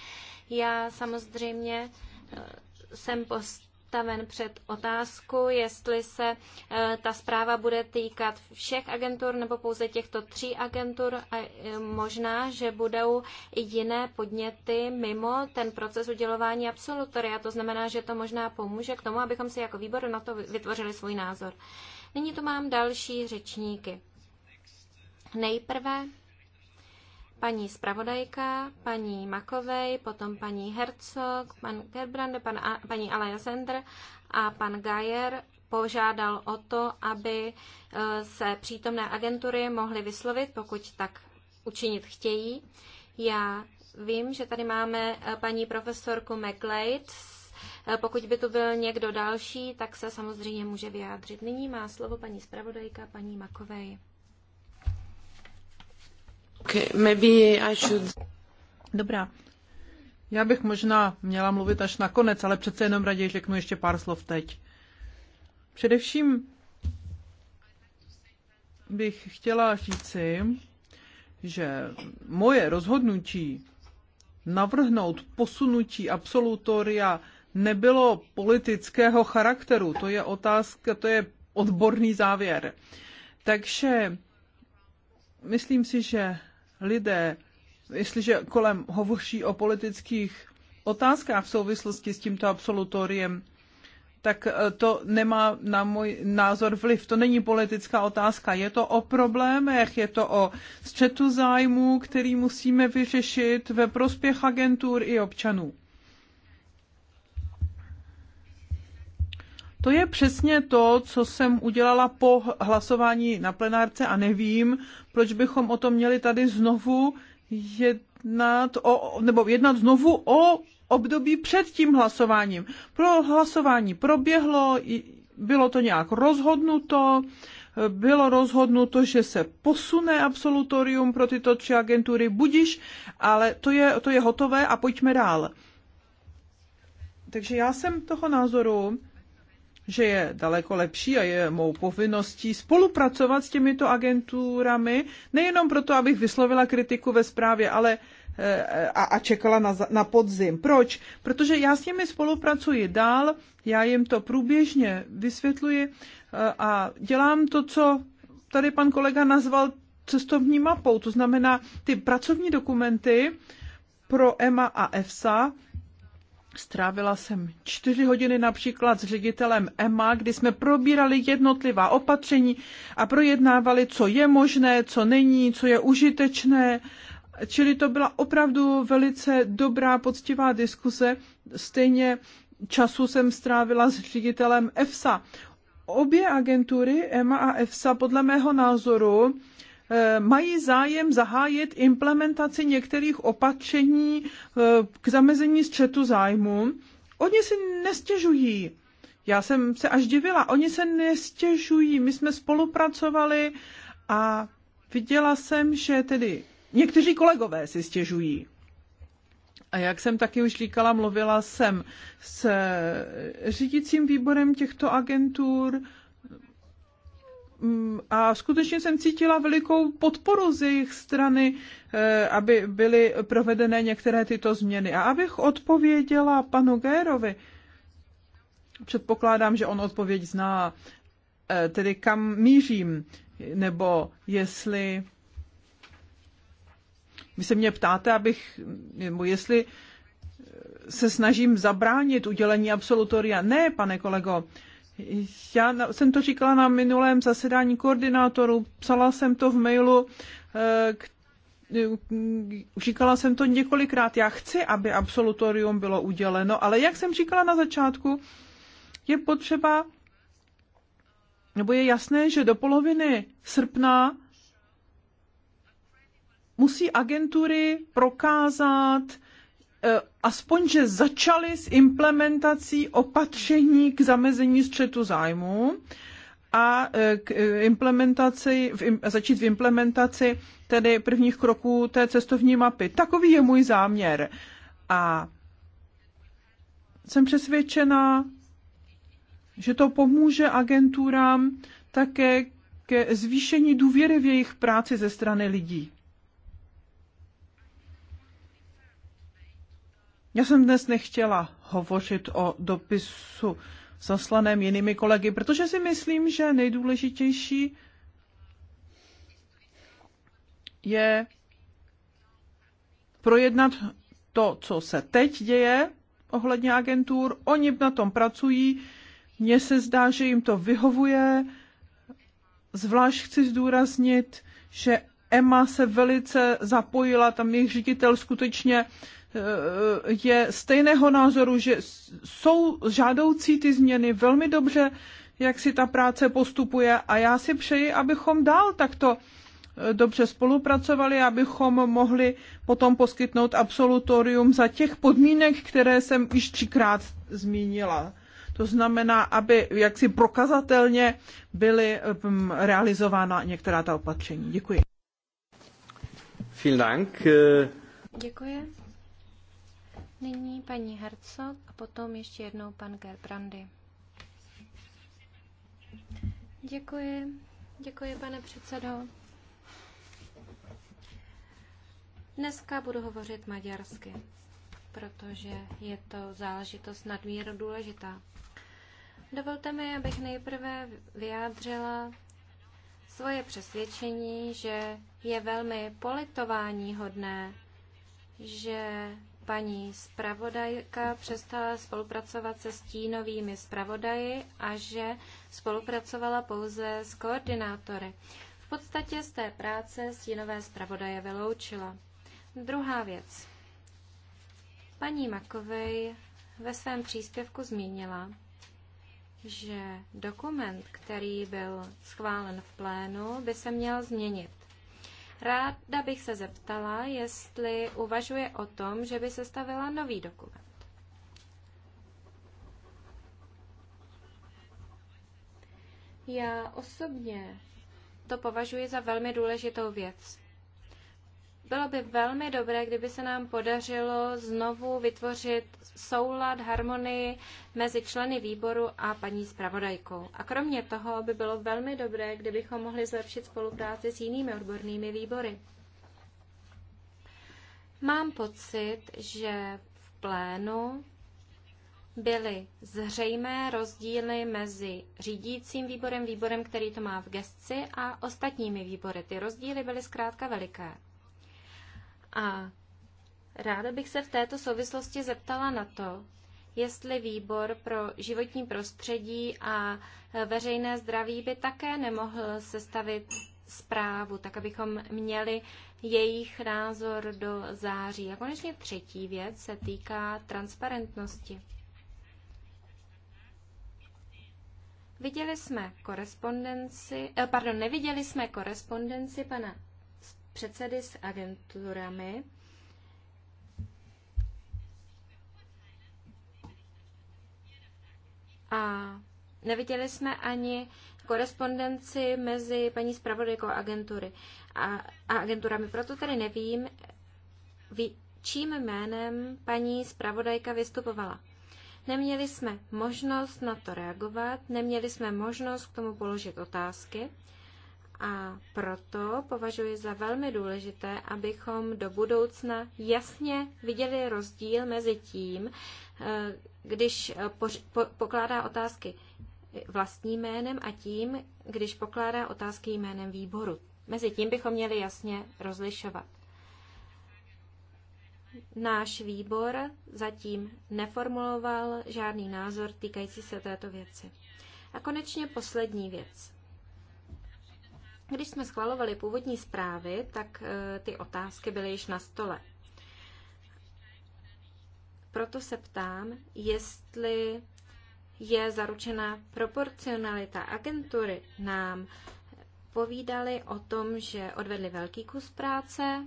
Speaker 2: Já samozřejmě eh, jsem post postaven před otázku, jestli se e, ta zpráva bude týkat všech agentur nebo pouze těchto tří agentur a e, možná, že budou i jiné podněty mimo ten proces udělování absolutoria. To znamená, že to možná pomůže k tomu, abychom si jako výbor na to vytvořili svůj názor. Nyní tu mám další řečníky. Nejprve paní zpravodajka, paní Makovej, potom paní Herzog, pan Gerbrande, pan a, paní Alejandr a pan Gajer požádal o to, aby e, se přítomné agentury mohly vyslovit, pokud tak učinit chtějí. Já vím, že tady máme e, paní profesorku McLeod. E, pokud by tu byl někdo další, tak se samozřejmě může vyjádřit. Nyní má slovo paní zpravodajka, paní Makovej.
Speaker 3: Okay, maybe I should... Dobrá. Já bych možná měla mluvit až nakonec, ale přece jenom raději řeknu ještě pár slov teď. Především bych chtěla říci, že moje rozhodnutí navrhnout posunutí absolutoria nebylo politického charakteru. To je otázka, to je odborný závěr. Takže myslím si, že lidé, jestliže kolem hovoří o politických otázkách v souvislosti s tímto absolutoriem, tak e, to nemá na můj názor vliv. To není politická otázka. Je to o problémech, je to o střetu zájmu, který musíme vyřešit ve prospěch agentur i občanů. To je přesně to, co jsem udělala po hlasování na plenárce a nevím, proč bychom o tom měli tady znovu jednat, o, nebo jednat znovu o období před tím hlasováním. Pro hlasování proběhlo, bylo to nějak rozhodnuto, bylo rozhodnuto, že se posune absolutorium pro tyto tři agentury, budiš, ale to je, to je hotové a pojďme dál. Takže já jsem toho názoru, že je daleko lepší a je mou povinností spolupracovat s těmito agenturami, nejenom proto, abych vyslovila kritiku ve zprávě, ale eh, a, a čekala na, na podzim. Proč? Protože já s nimi spolupracuji dál, já jim to průběžně vysvětluji eh, a dělám to, co tady pan kolega nazval cestovní mapou, to znamená ty pracovní dokumenty pro EMA a EFSA Strávila jsem čtyři hodiny například s ředitelem EMA, kdy jsme probírali jednotlivá opatření a projednávali, co je možné, co není, co je užitečné. Čili to byla opravdu velice dobrá, poctivá diskuse. Stejně času jsem strávila s ředitelem EFSA. Obě agentury, EMA a EFSA, e podle mého názoru, Eh, mají zájem zahájit implementaci některých opatření eh, k zamezení střetu zájmu. Oni si nestěžují. Já jsem se až divila. Oni se nestěžují. My jsme spolupracovali a viděla jsem, že tedy někteří kolegové si stěžují. A jak jsem taky už říkala, mluvila jsem s řídícím výborem těchto agentur, Mm, a skutečně jsem cítila velikou podporu z jejich strany, eh, aby byly provedené některé tyto změny. A abych odpověděla panu Gérovi, předpokládám, že on odpověď zná, eh, tedy kam mířím, nebo jestli vy se mě ptáte, abych, nebo jestli eh, se snažím zabránit udělení absolutoria. Ne, pane kolego, já jsem to říkala na minulém zasedání koordinátorů, psala jsem to v mailu, eh, eh, říkala jsem to několikrát. Já chci, aby absolutorium bylo uděleno, ale jak jsem říkala na začátku, je potřeba, nebo je jasné, že do poloviny srpna musí agentury prokázat, Eh, aspoň, že začali s implementací opatření k zamezení střetu zájmu a eh, k eh, implementaci, v, začít v implementaci tedy prvních kroků té cestovní mapy. Takový je můj záměr. A jsem přesvědčena, že to pomůže agenturám také ke zvýšení důvěry v jejich práci ze strany lidí. Já jsem dnes nechtěla hovořit o dopisu zaslaném jinými kolegy, protože si myslím, že nejdůležitější je projednat to, co se teď děje ohledně agentur. Oni na tom pracují, mně se zdá, že jim to vyhovuje. Zvlášť chci zdůraznit, že Emma se velice zapojila, tam jejich ředitel skutečně je stejného názoru, že jsou žádoucí ty změny velmi dobře, jak si ta práce postupuje a já si přeji, abychom dál takto eh, dobře spolupracovali, abychom mohli potom poskytnout absolutorium za těch podmínek, které jsem již třikrát zmínila. To znamená, aby jaksi prokazatelně byly hm, realizována některá ta opatření. Děkuji.
Speaker 1: Vielen Dank.
Speaker 2: Děkuji. Nyní paní Herzog a potom ještě jednou pan Gerbrandy. Děkuji. Děkuji, pane předsedo. Dneska budu hovořit maďarsky, protože je to záležitost nadmíru důležitá. Dovolte mi, abych nejprve vyjádřila svoje přesvědčení, že je velmi politování hodné, že paní zpravodajka přestala spolupracovat se stínovými zpravodaji a že spolupracovala pouze s koordinátory. V podstatě z té práce stínové zpravodaje vyloučila. Druhá věc. Paní Makovej ve svém příspěvku zmínila, že dokument, který byl schválen v plénu, by se měl změnit. Ráda bych se zeptala, jestli uvažuje o tom, že by se stavila nový dokument. Já osobně to považuji za velmi důležitou věc. Bylo by velmi dobré, kdyby se nám podařilo znovu vytvořit soulad, harmonii mezi členy výboru a paní zpravodajkou. A kromě toho by bylo velmi dobré, kdybychom mohli zlepšit spolupráci s jinými odbornými výbory. Mám pocit, že v plénu byly zřejmé rozdíly mezi řídícím výborem, výborem, který to má v gesci, a ostatními výbory. Ty rozdíly byly zkrátka veliké. A ráda bych se v této souvislosti zeptala na to, jestli výbor pro životní prostředí a veřejné zdraví by také nemohl sestavit zprávu, tak abychom měli jejich názor do září. A konečně třetí věc se týká transparentnosti. Viděli jsme korespondenci, eh, pardon, neviděli jsme korespondenci pana předsedy s agenturami. A neviděli jsme ani korespondenci mezi paní zpravodajkou agentury a, a agenturami. Proto tady nevím, ví, čím jménem paní zpravodajka vystupovala. Neměli jsme možnost na to reagovat, neměli jsme možnost k tomu položit otázky a proto považuji za velmi důležité, abychom do budoucna jasně viděli rozdíl mezi tím, eh, když pokládá otázky vlastním jménem a tím, když pokládá otázky jménem výboru. Mezi tím bychom měli jasně rozlišovat. Náš výbor zatím neformuloval žádný názor týkající se této věci. A konečně poslední věc. Když jsme schvalovali původní zprávy, tak eh, ty otázky byly již na stole. Proto se ptám, jestli je zaručena proporcionalita. Agentury nám povídali o tom, že odvedli velký kus práce.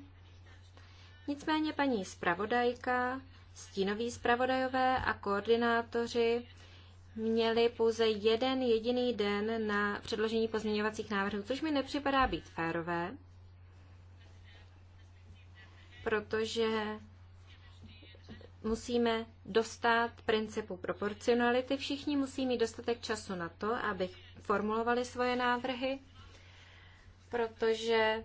Speaker 2: Nicméně paní zpravodajka, stínoví zpravodajové a koordinátoři měli pouze jeden jediný den na předložení pozměňovacích návrhů, což mi nepřipadá být férové, protože musíme dostat principu proporcionality. Všichni musí mít dostatek času na to, aby formulovali svoje návrhy, protože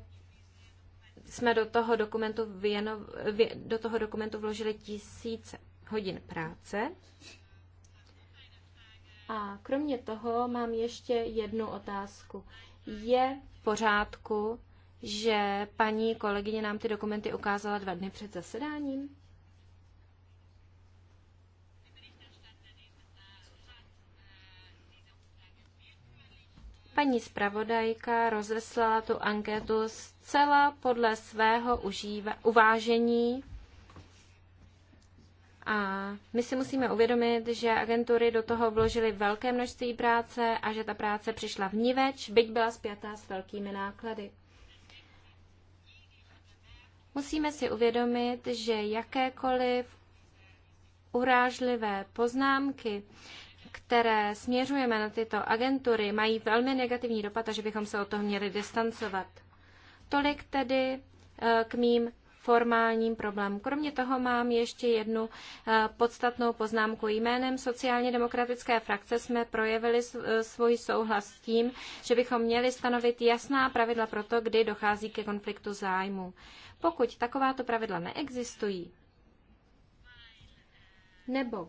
Speaker 2: jsme do toho dokumentu, věno, do toho dokumentu vložili tisíce hodin práce. A kromě toho mám ještě jednu otázku. Je v pořádku, že paní kolegyně nám ty dokumenty ukázala dva dny před zasedáním? Paní zpravodajka rozeslala tu anketu zcela podle svého užíva- uvážení a my si musíme uvědomit, že agentury do toho vložily velké množství práce a že ta práce přišla v vníveč, byť byla spjatá s velkými náklady. Musíme si uvědomit, že jakékoliv urážlivé poznámky, které směřujeme na tyto agentury, mají velmi negativní dopad a že bychom se od toho měli distancovat. Tolik tedy eh, k mým formálním problémům. Kromě toho mám ještě jednu eh, podstatnou poznámku. Jménem sociálně demokratické frakce jsme projevili eh, svůj souhlas s tím, že bychom měli stanovit jasná pravidla pro to, kdy dochází ke konfliktu zájmu. Pokud takováto pravidla neexistují, nebo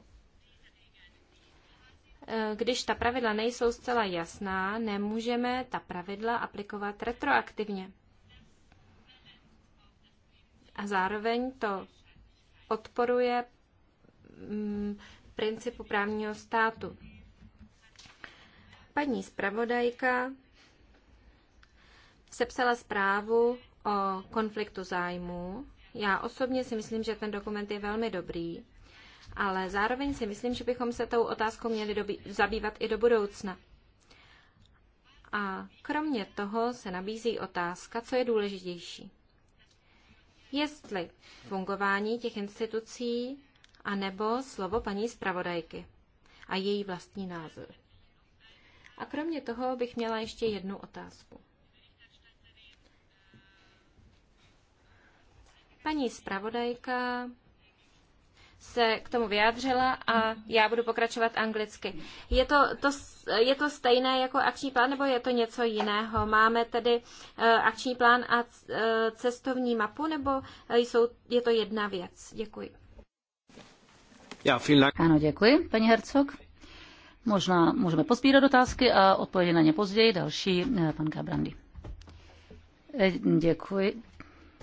Speaker 2: eh, když ta pravidla nejsou zcela jasná, nemůžeme ta pravidla aplikovat retroaktivně. A zároveň to odporuje mm, principu právního státu. Paní zpravodajka sepsala zprávu o konfliktu zájmů. Já osobně si myslím, že ten dokument je velmi dobrý, ale zároveň si myslím, že bychom se tou otázkou měli dobí, zabývat i do budoucna. A kromě toho se nabízí otázka, co je důležitější jestli fungování těch institucí a nebo slovo paní zpravodajky a její vlastní názor. A kromě toho bych měla ještě jednu otázku. Paní zpravodajka se k tomu vyjádřila a já budu pokračovat anglicky. Je to, to, je to stejné jako akční plán nebo je to něco jiného? Máme tedy eh, akční plán a eh, cestovní mapu nebo eh, jsou, je to jedna věc? Děkuji.
Speaker 4: Já, ano, děkuji, paní Hercog. Možná můžeme pospírat otázky a odpovědi na ně později. Další, pan Gabrandy. Děkuji,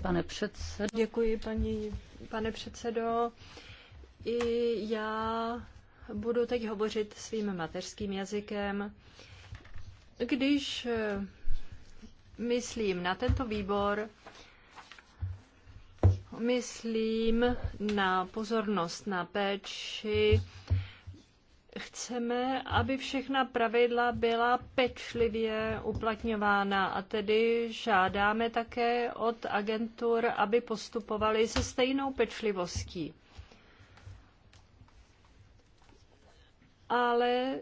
Speaker 4: pane předsedo. Děkuji, paní, pane předsedo.
Speaker 1: I já budu teď hovořit svým mateřským jazykem. Když eh, myslím na tento výbor, myslím na pozornost, na péči, chceme, aby všechna pravidla byla pečlivě uplatňována a tedy žádáme také od agentur, aby postupovali se stejnou pečlivostí. ale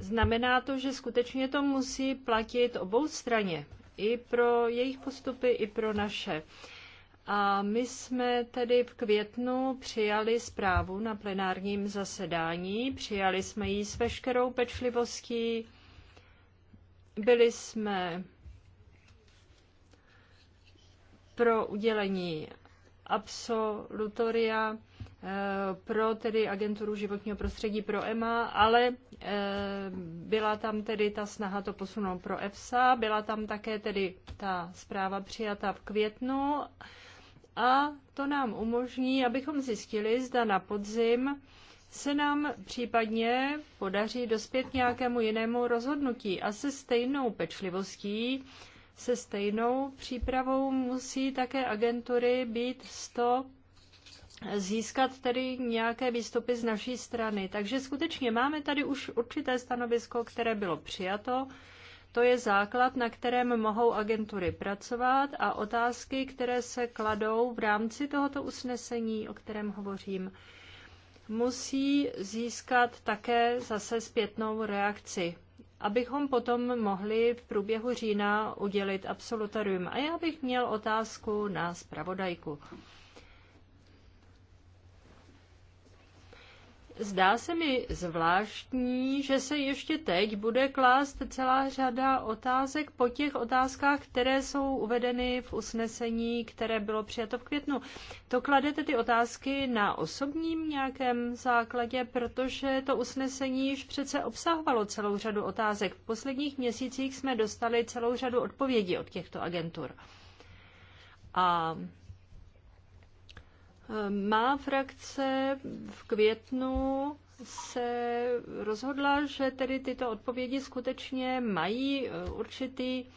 Speaker 1: znamená to, že skutečně to musí platit obou straně. I pro jejich postupy, i pro naše. A my jsme tedy v květnu přijali zprávu na plenárním zasedání. Přijali jsme ji s veškerou pečlivostí. Byli jsme pro udělení absolutoria Eh, pro tedy agenturu životního prostředí pro EMA, ale eh, byla tam tedy ta snaha to posunout pro EFSA, byla tam také tedy ta zpráva přijata v květnu a to nám umožní, abychom zjistili, zda na podzim se nám případně podaří dospět nějakému jinému rozhodnutí a se stejnou pečlivostí, se stejnou přípravou musí také agentury být 100 získat tedy nějaké výstupy z naší strany. Takže skutečně máme tady už určité stanovisko, které bylo přijato. To je základ, na kterém mohou agentury pracovat a otázky, které se kladou v rámci tohoto usnesení, o kterém hovořím, musí získat také zase zpětnou reakci, abychom potom mohli v průběhu října udělit absolutorium. A já bych měl otázku na zpravodajku. Zdá se mi zvláštní, že se ještě teď bude klást celá řada otázek po těch otázkách, které jsou uvedeny v usnesení, které bylo přijato v květnu. To kladete ty otázky na osobním nějakém základě, protože to usnesení již přece obsahovalo celou řadu otázek. V posledních měsících jsme dostali celou řadu odpovědí od těchto agentur. A má frakce v květnu se rozhodla, že tedy tyto odpovědi skutečně mají eh, určitý eh,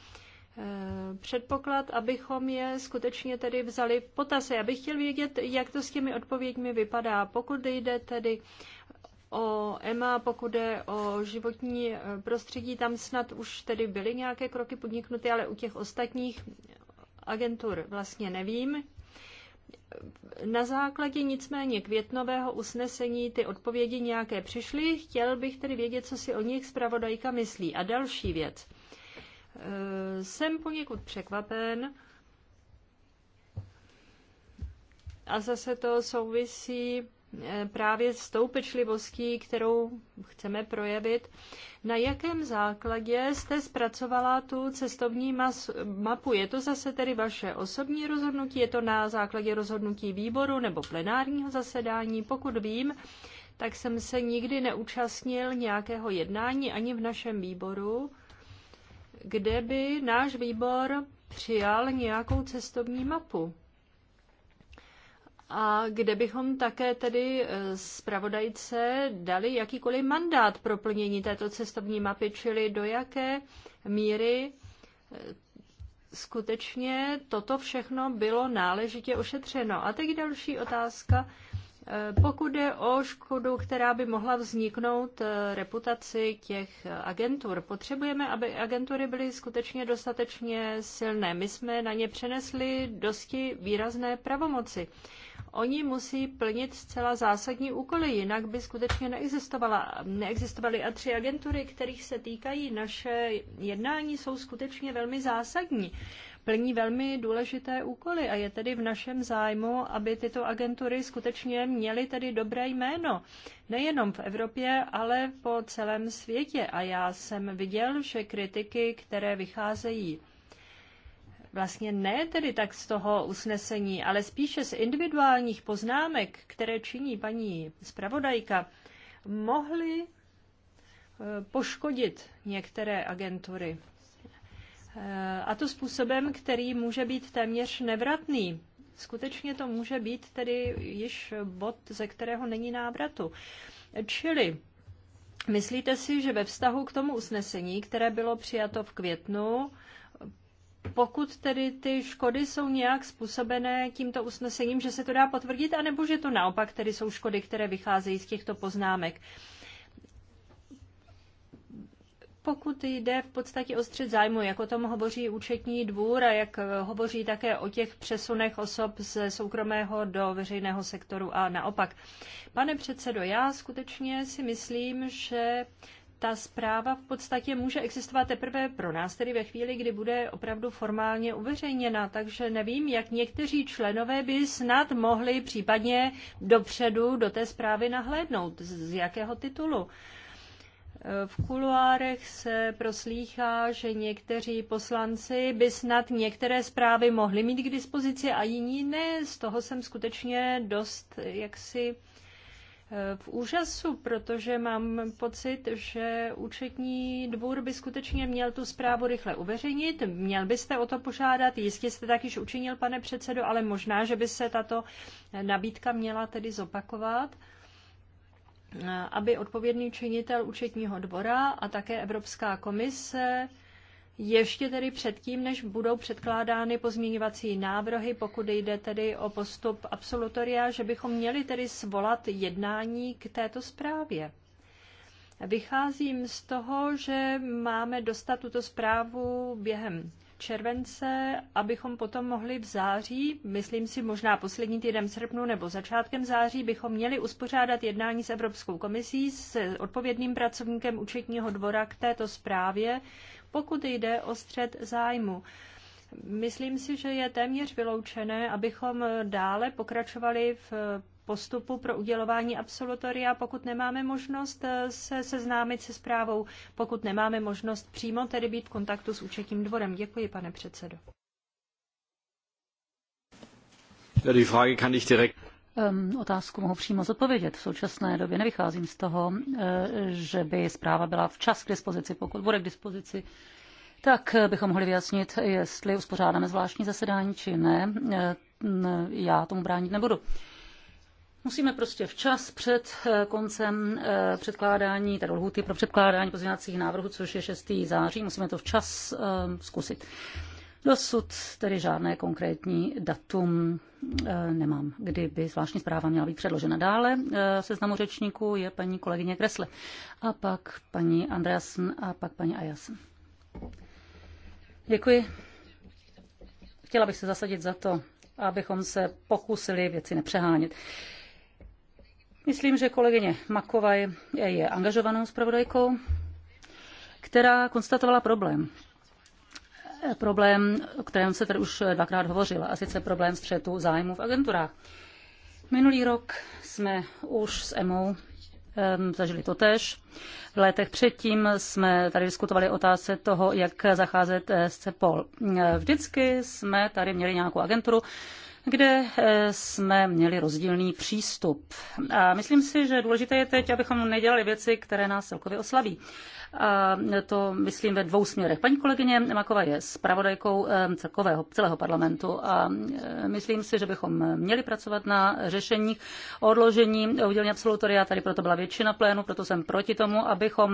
Speaker 1: předpoklad, abychom je skutečně tedy vzali v potaz. Já bych chtěl vědět, jak to s těmi odpověďmi vypadá. Pokud jde tedy o EMA, pokud jde o životní eh, prostředí, tam snad už tedy byly nějaké kroky podniknuty, ale u těch ostatních agentur vlastně nevím, na základě nicméně květnového usnesení ty odpovědi nějaké přišly. Chtěl bych tedy vědět, co si o nich zpravodajka myslí. A další věc. E, jsem poněkud překvapen, a zase to souvisí Eh, právě s tou pečlivostí, kterou chceme projevit. Na jakém základě jste zpracovala tu cestovní mas, mapu? Je to zase tedy vaše osobní rozhodnutí? Je to na základě rozhodnutí výboru nebo plenárního zasedání? Pokud vím, tak jsem se nikdy neúčastnil nějakého jednání ani v našem výboru, kde by náš výbor přijal nějakou cestovní mapu a kde bychom také tedy eh, zpravodajce dali jakýkoliv mandát pro plnění této cestovní mapy, čili do jaké míry eh, skutečně toto všechno bylo náležitě ošetřeno. A teď další otázka. Eh, pokud je o škodu, která by mohla vzniknout reputaci těch agentur, potřebujeme, aby agentury byly skutečně dostatečně silné. My jsme na ně přenesli dosti výrazné pravomoci. Oni musí plnit zcela zásadní úkoly, jinak by skutečně neexistovala, neexistovaly. A tři agentury, kterých se týkají naše jednání, jsou skutečně velmi zásadní. Plní velmi důležité úkoly a je tedy v našem zájmu, aby tyto agentury skutečně měly tedy dobré jméno. Nejenom v Evropě, ale po celém světě. A já jsem viděl, že kritiky, které vycházejí vlastně ne tedy tak z toho usnesení, ale spíše z individuálních poznámek, které činí paní zpravodajka, mohly eh, poškodit některé agentury. Eh, a to způsobem, který může být téměř nevratný. Skutečně to může být tedy již bod, ze kterého není návratu. Čili myslíte si, že ve vztahu k tomu usnesení, které bylo přijato v květnu, pokud tedy ty škody jsou nějak způsobené tímto usnesením, že se to dá potvrdit, anebo že to naopak tedy jsou škody, které vycházejí z těchto poznámek. Pokud jde v podstatě o střed zájmu, jak o tom hovoří účetní dvůr a jak hovoří také o těch přesunech osob z soukromého do veřejného sektoru a naopak. Pane předsedo, já skutečně si myslím, že ta zpráva v podstatě může existovat teprve pro nás, tedy ve chvíli, kdy bude opravdu formálně uveřejněna. Takže nevím, jak někteří členové by snad mohli případně dopředu do té zprávy nahlédnout. Z jakého titulu? V kuluárech se proslýchá, že někteří poslanci by snad některé zprávy mohli mít k dispozici a jiní ne. Z toho jsem skutečně dost jaksi v úžasu, protože mám pocit, že účetní dvůr by skutečně měl tu zprávu rychle uveřejnit. Měl byste o to požádat, jistě jste tak již učinil, pane předsedo, ale možná, že by se tato nabídka měla tedy zopakovat aby odpovědný činitel účetního dvora a také Evropská komise ještě tedy předtím, než budou předkládány pozměňovací návrhy, pokud jde tedy o postup absolutoria, že bychom měli tedy svolat jednání k této zprávě. Vycházím z toho, že máme dostat tuto zprávu během července, abychom potom mohli v září, myslím si možná poslední týden srpnu nebo začátkem září, bychom měli uspořádat jednání s Evropskou komisí, s odpovědným pracovníkem účetního dvora k této zprávě, pokud jde o střed zájmu. Myslím si, že je téměř vyloučené, abychom dále pokračovali v postupu pro udělování absolutoria, pokud nemáme možnost eh, se seznámit se zprávou, pokud nemáme možnost přímo tedy být v kontaktu s účetním dvorem. Děkuji, pane předsedo
Speaker 4: otázku mohu přímo zodpovědět. V současné době nevycházím z toho, eh, že by zpráva byla včas k dispozici. Pokud bude k dispozici, tak eh, bychom mohli vyjasnit, jestli uspořádáme zvláštní zasedání či ne. Eh, já tomu bránit nebudu. Musíme prostě včas před koncem předkládání, tedy lhuty pro předkládání pozměňovacích návrhů, což je 6. září, musíme to včas zkusit. Dosud tedy žádné konkrétní datum eh, nemám, kdyby zvláštní zpráva měla být předložena. Dále eh, seznamu řečníků je paní kolegyně Kresle a pak paní Andreasen a pak paní Ajasen. Děkuji. Chtěla bych se zasadit za to, abychom se pokusili věci nepřehánět. Myslím, že kolegyně Makovaj je angažovanou zpravodajkou, která konstatovala problém, problém, o kterém se tady už dvakrát hovořila, a sice problém střetu zájmu v agenturách. Minulý rok jsme už s EMou zažili to tež. V letech předtím jsme tady diskutovali otázce toho, jak zacházet eh, s CEPOL. Eh, vždycky jsme tady měli nějakou agenturu, kde eh, jsme měli rozdílný přístup. A myslím si, že důležité je teď, abychom nedělali věci, které nás celkově oslabí. A to myslím ve dvou směrech. Paní kolegyně Makova je zpravodajkou eh, celkového, celého parlamentu a eh, myslím si, že bychom měli pracovat na řešení odložení udělení absolutoria. Tady proto byla většina plénu, proto jsem proti tomu, abychom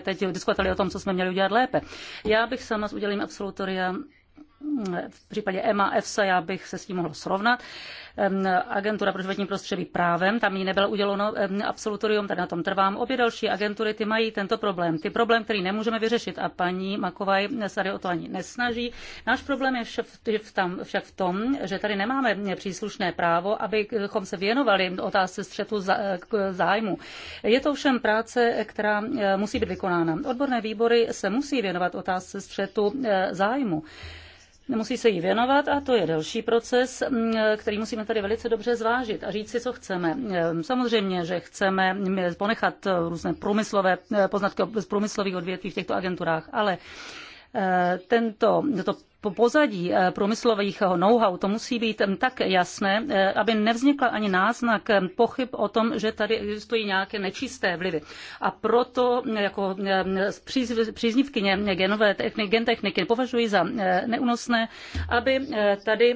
Speaker 4: teď diskutovali o tom, co jsme měli udělat lépe. Já bych sama s udělením absolutoria v případě EMA, EFSA, já bych se s tím mohl srovnat. Agentura pro životní prostředí právem, tam jí nebylo uděleno absolutorium, tak na tom trvám. Obě další agentury, ty mají tento problém. Ty problém, který nemůžeme vyřešit a paní Makovaj se o to ani nesnaží. Náš problém je však v, však v tom, že tady nemáme příslušné právo, abychom se věnovali otázce střetu zájmu. Je to všem práce, která musí být vykonána. Odborné výbory se musí věnovat otázce střetu zájmu musí se jí věnovat a to je další proces, mm, který musíme tady velice dobře zvážit a říct si, co chceme. Ehm, samozřejmě, že chceme ponechat různé průmyslové eh, poznatky z průmyslových odvětví v těchto agenturách, ale eh, tento, to pozadí eh, průmyslových eh, know-how, to musí být mm, tak jasné, eh, aby nevznikl ani náznak pochyb o tom, že tady existují nějaké nečisté vlivy. A proto jako příznivkyně genové techniky, gentechniky považuji za neúnosné, aby tady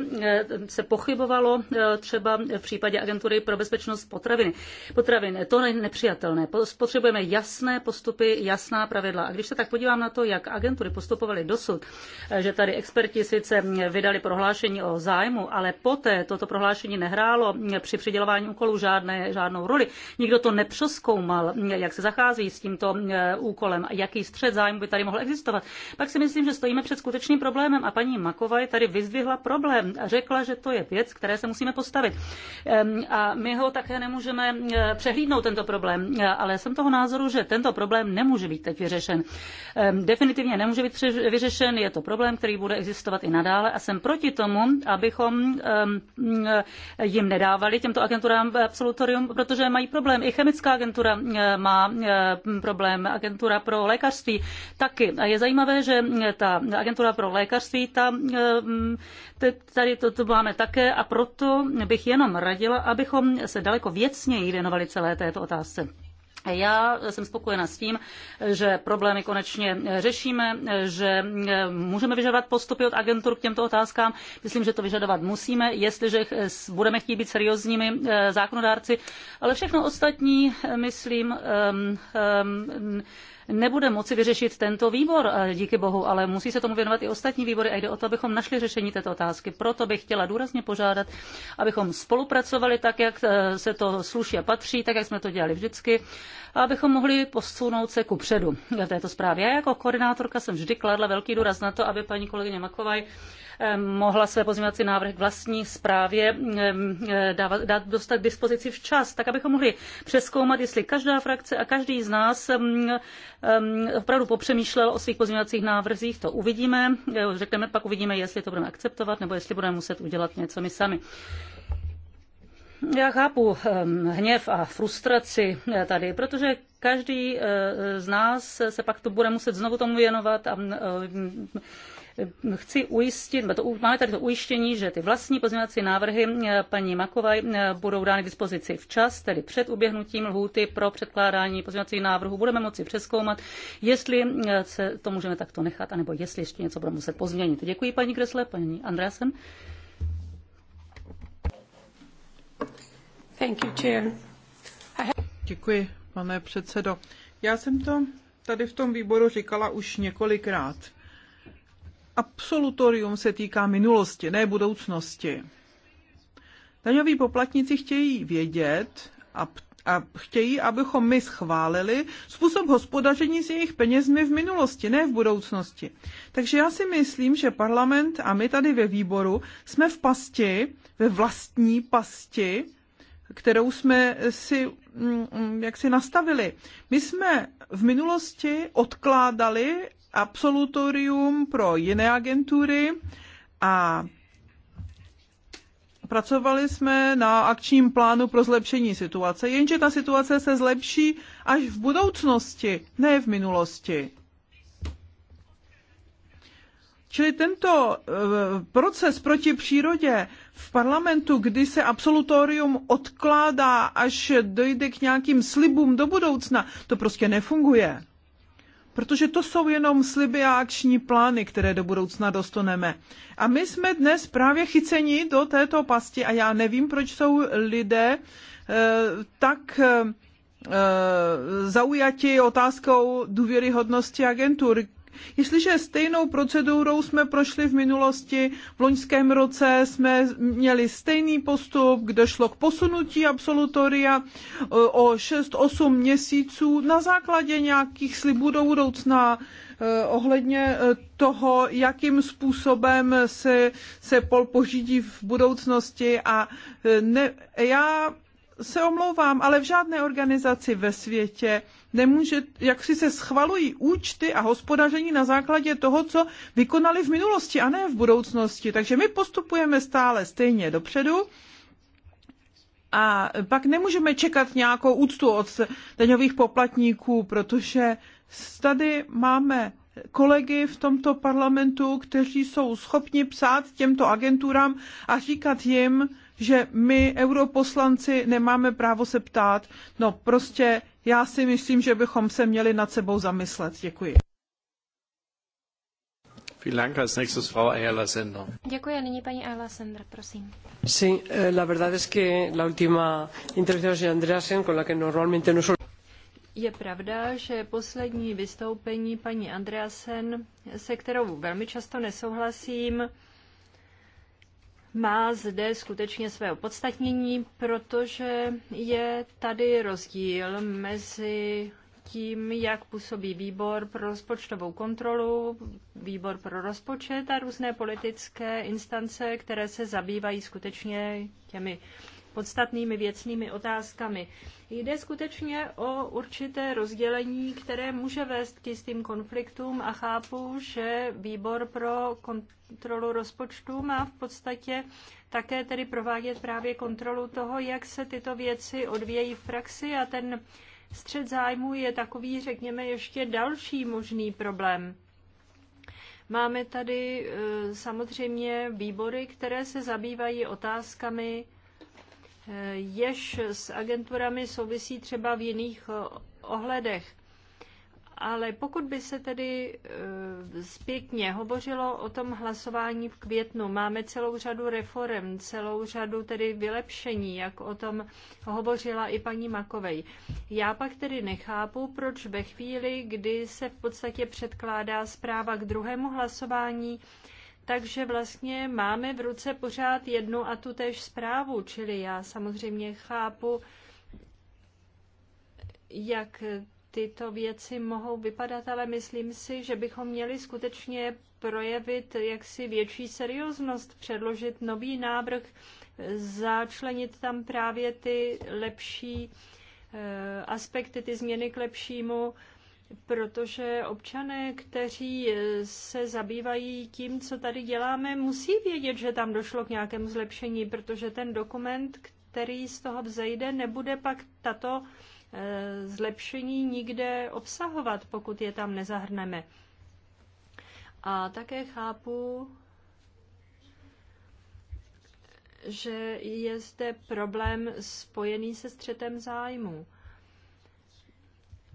Speaker 4: se pochybovalo třeba v případě agentury pro bezpečnost potraviny. potravin. To je nepřijatelné. Potřebujeme jasné postupy, jasná pravidla. A když se tak podívám na to, jak agentury postupovaly dosud, že tady experti sice vydali prohlášení o zájmu, ale poté toto prohlášení nehrálo při přidělování úkolů žádné, žádnou roli. Nikdo to nepřeskoumal, jak se zachází s tímto eh, úkolem jaký střed zájmu by tady mohl existovat. Pak si myslím, že stojíme před skutečným problémem a paní Maková tady vyzdvihla problém. a Řekla, že to je věc, které se musíme postavit. A my ho také nemůžeme eh, přehlídnout, tento problém, eh, ale jsem toho názoru, že tento problém nemůže být teď vyřešen. Definitivně nemůže být vyřešen, je to problém, který bude existovat i nadále a jsem proti tomu, abychom eh, jim nedávali těmto agenturám absolutorium, protože mají problém. I chemická agentura eh, má eh, problém, agentura pro lékařství taky. A je zajímavé, že ta agentura pro lékařství, ta, tady to, to máme také a proto bych jenom radila, abychom se daleko věcněji věnovali celé této otázce. Já jsem spokojena s tím, že problémy konečně řešíme, že můžeme vyžadovat postupy od agentur k těmto otázkám. Myslím, že to vyžadovat musíme, jestliže budeme chtít být seriózními eh, zákonodárci. Ale všechno ostatní, eh, myslím, ehm, ehm, nebude moci vyřešit tento výbor, eh, díky bohu, ale musí se tomu věnovat i ostatní výbory a jde o to, abychom našli řešení této otázky. Proto bych chtěla důrazně požádat, abychom spolupracovali tak, jak eh, se to sluší a patří, tak, jak jsme to dělali vždycky, a abychom mohli posunout se ku předu v této zprávě. Já jako koordinátorka jsem vždy kladla velký důraz na to, aby paní kolegyně Makovaj Ehm, mohla své pozměňovací návrhy k vlastní zprávě ehm, eh, dávat, dát, dostat k dispozici včas, tak abychom mohli přeskoumat, jestli každá frakce a každý z nás ehm, opravdu popřemýšlel o svých pozměňovacích návrzích. To uvidíme, řekneme, pak uvidíme, jestli to budeme akceptovat nebo jestli budeme muset udělat něco my sami. Já chápu hněv a frustraci eh, tady, protože každý eh, z nás se pak to bude muset znovu tomu věnovat a chci ujistit, to, máme tady to ujištění, že ty vlastní pozměňovací návrhy eh, paní Makovaj eh, budou dány k dispozici včas, tedy před uběhnutím lhůty pro předkládání pozměňovacích návrhů. Budeme moci přeskoumat, jestli eh, se to můžeme takto nechat, anebo jestli ještě něco budeme muset pozměnit. Děkuji paní Kresle, paní Andreasen. Thank you,
Speaker 3: chair. Děkuji, pane předsedo. Já jsem to tady v tom výboru říkala už několikrát absolutorium se týká minulosti, ne budoucnosti. Daňoví poplatníci chtějí vědět a, a chtějí, abychom my schválili způsob hospodaření s jejich penězmi v minulosti, ne v budoucnosti. Takže já si myslím, že parlament a my tady ve výboru jsme v pasti, ve vlastní pasti, kterou jsme si mm, mm, jak si nastavili. My jsme v minulosti odkládali absolutorium pro jiné agentury a pracovali jsme na akčním plánu pro zlepšení situace, jenže ta situace se zlepší až v budoucnosti, ne v minulosti. Čili tento eh, proces proti přírodě v parlamentu, kdy se absolutorium odkládá, až dojde k nějakým slibům do budoucna, to prostě nefunguje protože to jsou jenom sliby a akční plány, které do budoucna dostaneme. A my jsme dnes právě chyceni do této pasti a já nevím, proč jsou lidé eh, tak eh, eh, zaujati otázkou důvěryhodnosti agentur, Jestliže stejnou procedurou jsme prošli v minulosti, v loňském roce jsme měli stejný postup, kde šlo k posunutí absolutoria e, o 6-8 měsíců na základě nějakých slibů do budoucna e, ohledně e, toho, jakým způsobem se, se pol pořídí v budoucnosti a ne, já se omlouvám, ale v žádné organizaci ve světě nemůže, jak si se schvalují účty a hospodaření na základě toho, co vykonali v minulosti a ne v budoucnosti. Takže my postupujeme stále stejně dopředu a pak nemůžeme čekat nějakou úctu od daňových poplatníků, protože tady máme kolegy v tomto parlamentu, kteří jsou schopni psát těmto agenturám a říkat jim, že my, europoslanci, nemáme právo se ptát. No prostě já si myslím, že bychom se měli nad sebou zamyslet. Děkuji. Děkuji
Speaker 1: a nyní paní Ayala Sender, prosím.
Speaker 3: Sí, eh,
Speaker 4: la verdad es que la última
Speaker 3: intervención de Andreasen, con la que normalmente no suelo...
Speaker 1: Je pravda, že poslední vystoupení paní Andreasen, se kterou velmi často nesouhlasím, má zde skutečně své opodstatnění, protože je tady rozdíl mezi tím, jak působí výbor pro rozpočtovou kontrolu, výbor pro rozpočet a různé politické instance, které se zabývají skutečně těmi podstatnými věcnými otázkami. Jde skutečně o určité rozdělení, které může vést k jistým konfliktům a chápu, že výbor pro kontrolu rozpočtu má v podstatě také tedy provádět právě kontrolu toho, jak se tyto věci odvějí v praxi a ten střed zájmu je takový, řekněme, ještě další možný problém. Máme tady e, samozřejmě výbory, které se zabývají otázkami jež s agenturami souvisí třeba v jiných eh, ohledech. Ale pokud by se tedy eh, zpětně hovořilo o tom hlasování v květnu, máme celou řadu reform, celou řadu tedy vylepšení, jak o tom hovořila i paní Makovej. Já pak tedy nechápu, proč ve chvíli, kdy se v podstatě předkládá zpráva k druhému hlasování, takže vlastně máme v ruce pořád jednu a tu též zprávu, čili já samozřejmě chápu, jak tyto věci mohou vypadat, ale myslím si, že bychom měli skutečně projevit jaksi větší serióznost, předložit nový návrh, začlenit tam právě ty lepší eh, aspekty, ty změny k lepšímu protože občané, kteří eh, se zabývají tím, co tady děláme, musí vědět, že tam došlo k nějakému zlepšení, protože ten dokument, který z toho vzejde, nebude pak tato eh, zlepšení nikde obsahovat, pokud je tam nezahrneme. A také chápu, že je zde problém spojený se střetem zájmu.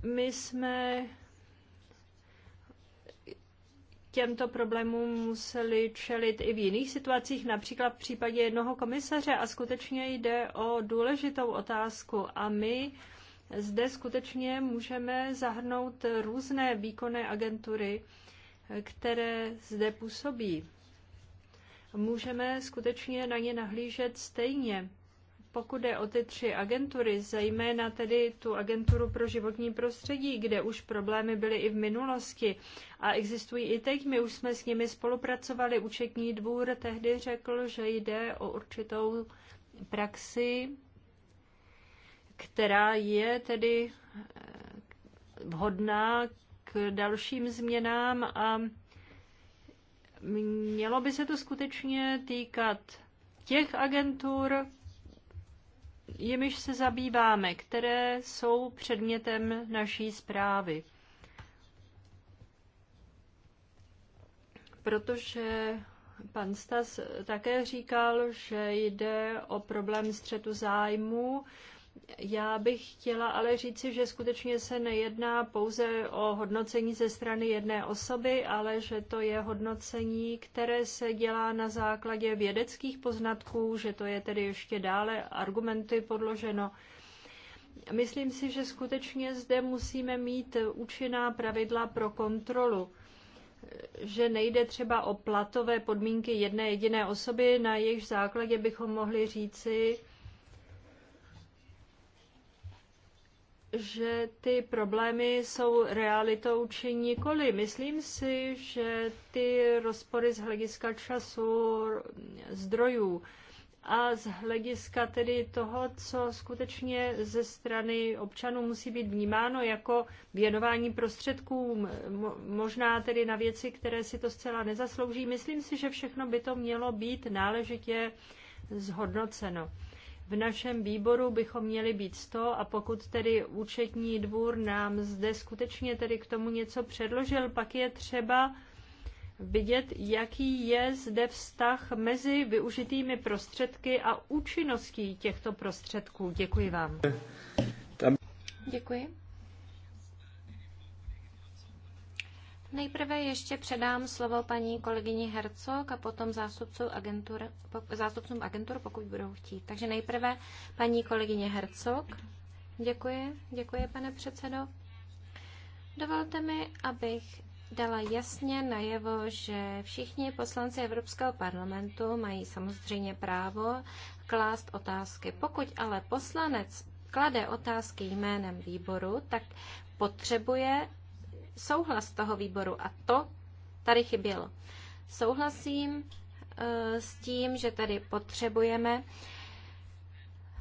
Speaker 1: My jsme těmto problémům museli čelit i v jiných situacích, například v případě jednoho komisaře a skutečně jde o důležitou otázku a my zde skutečně můžeme zahrnout různé výkonné agentury, které zde působí. Můžeme skutečně na ně nahlížet stejně pokud je o ty tři agentury, zejména tedy tu agenturu pro životní prostředí, kde už problémy byly i v minulosti a existují i teď, my už jsme s nimi spolupracovali. Účetní dvůr tehdy řekl, že jde o určitou praxi, která je tedy eh, vhodná k dalším změnám a mělo by se to skutečně týkat těch agentur, jimiž se zabýváme, které jsou předmětem naší zprávy. Protože pan Stas také říkal, že jde o problém střetu zájmu, já bych chtěla ale říci, že skutečně se nejedná pouze o hodnocení ze strany jedné osoby, ale že to je hodnocení, které se dělá na základě vědeckých poznatků, že to je tedy ještě dále argumenty podloženo. Myslím si, že skutečně zde musíme mít účinná pravidla pro kontrolu že nejde třeba o platové podmínky jedné jediné osoby, na jejich základě bychom mohli říci, že ty problémy jsou realitou či nikoli. Myslím si, že ty rozpory z hlediska času, zdrojů a z hlediska tedy toho, co skutečně ze strany občanů musí být vnímáno jako věnování prostředků, možná tedy na věci, které si to zcela nezaslouží, myslím si, že všechno by to mělo být náležitě zhodnoceno v našem výboru bychom měli být 100 a pokud tedy účetní dvůr nám zde skutečně tedy k tomu něco předložil, pak je třeba vidět, jaký je zde vztah mezi využitými prostředky a účinností těchto prostředků. Děkuji vám. Děkuji.
Speaker 2: Nejprve ještě předám slovo paní kolegyni Hercog a potom zástupcům agentur, zástupcům agentur, pokud budou chtít. Takže nejprve paní kolegyně Hercog. Děkuji, děkuji, pane předsedo. Dovolte mi, abych dala jasně najevo, že všichni poslanci Evropského parlamentu mají samozřejmě právo klást otázky. Pokud ale poslanec klade otázky jménem výboru, tak potřebuje souhlas toho výboru a to tady chybělo. Souhlasím e, s tím, že tady potřebujeme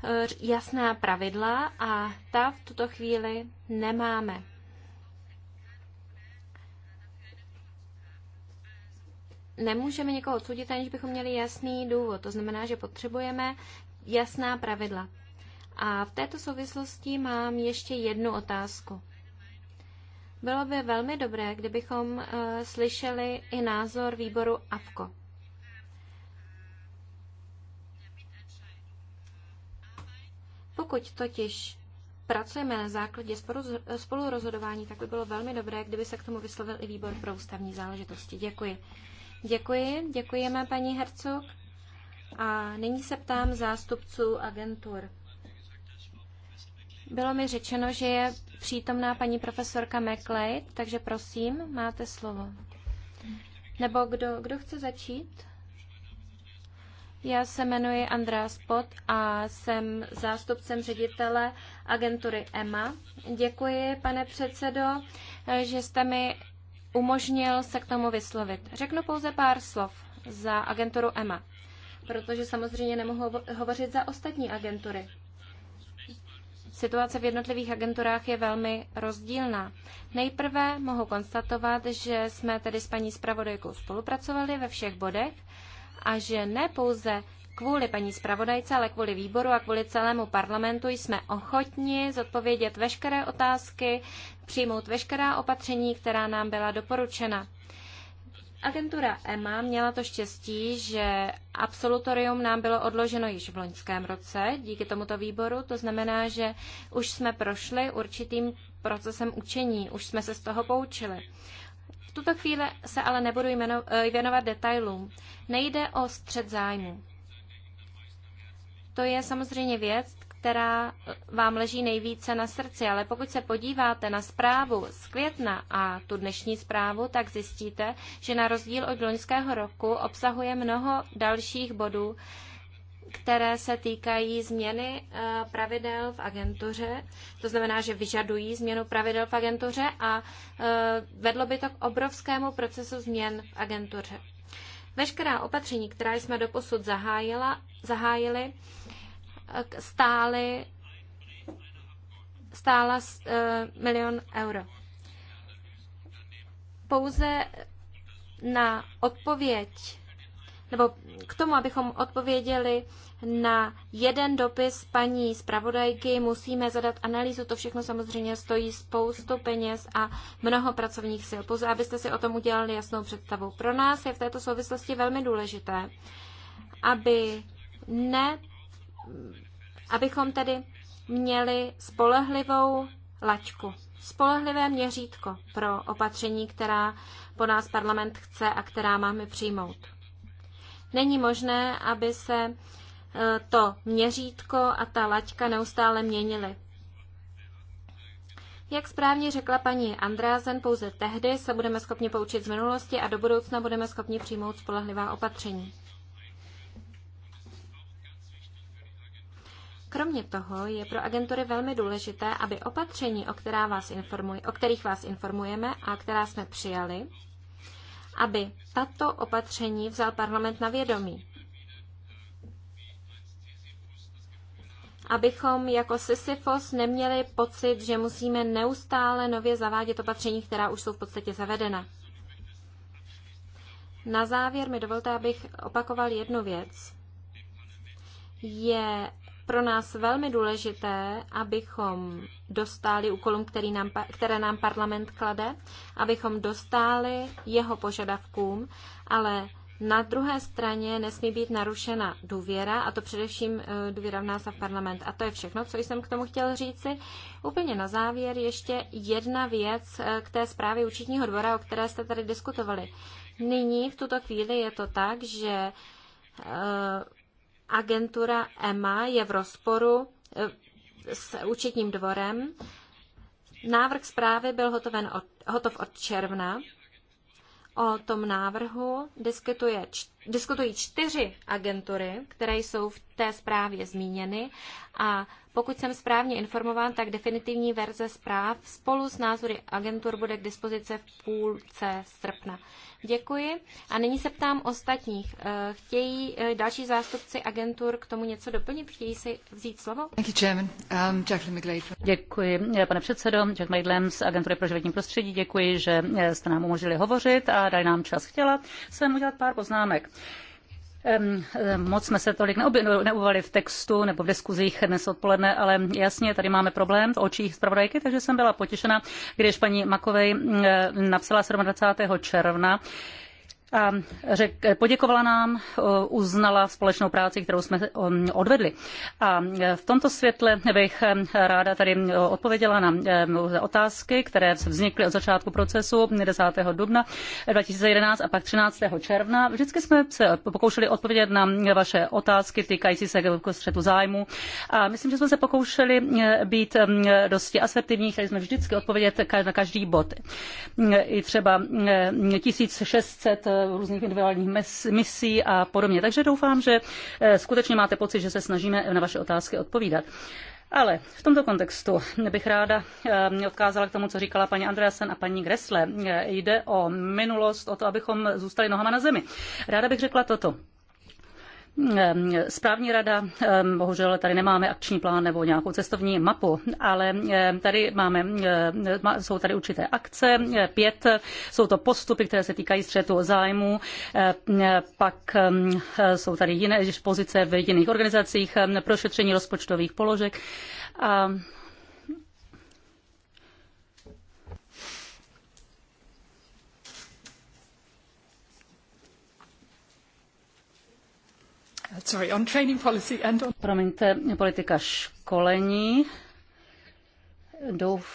Speaker 2: e, jasná pravidla a ta v tuto chvíli nemáme. Nemůžeme někoho odsudit, aniž bychom měli jasný důvod. To znamená, že potřebujeme jasná pravidla. A v této souvislosti mám ještě jednu otázku. Bylo by velmi dobré, kdybychom eh, slyšeli i názor výboru AVKO. Pokud totiž pracujeme na základě spolurozhodování, tak by bylo velmi dobré, kdyby se k tomu vyslovil i výbor pro ústavní záležitosti. Děkuji. Děkuji, děkujeme paní Hercog. A nyní se ptám zástupců agentur. Bylo mi řečeno, že je přítomná paní profesorka McLeod, takže prosím, máte slovo. Nebo kdo, kdo chce začít? Já se jmenuji András Spot a jsem zástupcem ředitele agentury EMA. Děkuji, pane předsedo, že jste mi umožnil se k tomu vyslovit. Řeknu pouze pár slov za agenturu EMA, protože samozřejmě nemohu hovořit za ostatní agentury. Situace v jednotlivých agenturách je velmi rozdílná. Nejprve mohu konstatovat, že jsme tedy s paní zpravodajkou spolupracovali ve všech bodech a že ne pouze kvůli paní zpravodajce, ale kvůli výboru a kvůli celému parlamentu jsme ochotni zodpovědět veškeré otázky, přijmout veškerá opatření, která nám byla doporučena. Agentura EMA měla to štěstí, že absolutorium nám bylo odloženo již v loňském roce díky tomuto výboru. To znamená, že už jsme prošli určitým procesem učení, už jsme se z toho poučili. V tuto chvíli se ale nebudu eh, věnovat detailům. Nejde o střed zájmu. To je samozřejmě věc, která vám leží nejvíce na srdci, ale pokud se podíváte na zprávu z května a tu dnešní zprávu, tak zjistíte, že na rozdíl od loňského roku obsahuje mnoho dalších bodů, které se týkají změny eh, pravidel v agentuře. To znamená, že vyžadují změnu pravidel v agentuře a eh, vedlo by to k obrovskému procesu změn v agentuře. Veškerá opatření, která jsme doposud zahájila, zahájili, stály, stála eh, milion euro. Pouze na odpověď, nebo k tomu, abychom odpověděli na jeden dopis paní zpravodajky, musíme zadat analýzu. To všechno samozřejmě stojí spoustu peněz a mnoho pracovních sil. Pouze abyste si o tom udělali jasnou představu. Pro nás je v této souvislosti velmi důležité, aby ne abychom tedy měli spolehlivou lačku, spolehlivé měřítko pro opatření, která po nás parlament chce a která máme přijmout. Není možné, aby se e, to měřítko a ta laťka neustále měnily. Jak správně řekla paní Andrázen, pouze tehdy se budeme schopni poučit z minulosti a do budoucna budeme schopni přijmout spolehlivá opatření. Kromě toho je pro agentury velmi důležité, aby opatření, o, která vás informuj, o kterých vás informujeme a která jsme přijali, aby tato opatření vzal parlament na vědomí. Abychom jako Sisyfos neměli pocit, že musíme neustále nově zavádět opatření, která už jsou v podstatě zavedena. Na závěr mi dovolte, abych opakoval jednu věc. Je pro nás velmi důležité, abychom dostali úkolům, který nám, které nám parlament klade, abychom dostali jeho požadavkům, ale na druhé straně nesmí být narušena důvěra, a to především eh, důvěra v nás a v parlament. A to je všechno, co jsem k tomu chtěl říci. Úplně na závěr ještě jedna věc eh, k té zprávě účetního dvora, o které jste tady diskutovali. Nyní v tuto chvíli je to tak, že eh, agentura EMA je v rozporu eh, s účetním dvorem. Návrh zprávy byl hotoven od, hotov od června. O tom návrhu diskutuje, č, diskutují čtyři agentury, které jsou v té zprávě zmíněny a pokud jsem správně informován, tak definitivní verze zpráv spolu s názory agentur bude k dispozici v půlce srpna. Děkuji. A nyní se ptám ostatních. Eh, chtějí eh, další zástupci agentur k tomu něco doplnit? Chtějí si vzít slovo?
Speaker 4: Um, Děkuji, eh, pane předsedo. Jack Maidlem z Agentury pro životní prostředí. Děkuji, že jste nám umožnili hovořit a dali nám čas. Chtěla jsem udělat pár poznámek. Moc jsme se tolik neobjevovali v textu nebo v diskuzích dnes odpoledne, ale jasně, tady máme problém v očích zpravodajky, takže jsem byla potěšena, když paní Makovej napsala 27. června, a řek, poděkovala nám, eh, uznala společnou práci, kterou jsme eh, odvedli. A eh, v tomto světle bych ráda tady odpověděla na otázky, které vznikly od začátku procesu 10. dubna 2011 a pak 13. června. Vždycky jsme se pokoušeli odpovědět na vaše otázky týkající se střetu zájmu a myslím, že jsme se pokoušeli být dosti asertivní, chtěli jsme vždycky odpovědět na každý bod. I třeba 1600 různých individuálních misí a podobně. Takže doufám, že eh, skutečně máte pocit, že se snažíme na vaše otázky odpovídat. Ale v tomto kontextu bych ráda eh, odkázala k tomu, co říkala paní Andreasen a paní Gressle. Eh, jde o minulost, o to, abychom zůstali nohama na zemi. Ráda bych řekla toto. Ehm, správní rada, ehm, bohužel tady nemáme akční plán nebo nějakou cestovní mapu, ale ehm, tady máme, jsou tady určité akce, pět, jsou to postupy, které se týkají střetu zájmu, pak jsou tady jiné pozice v jiných organizacích, prošetření rozpočtových položek a sorry, on training policy and on... Promiňte, politika školení. Douf,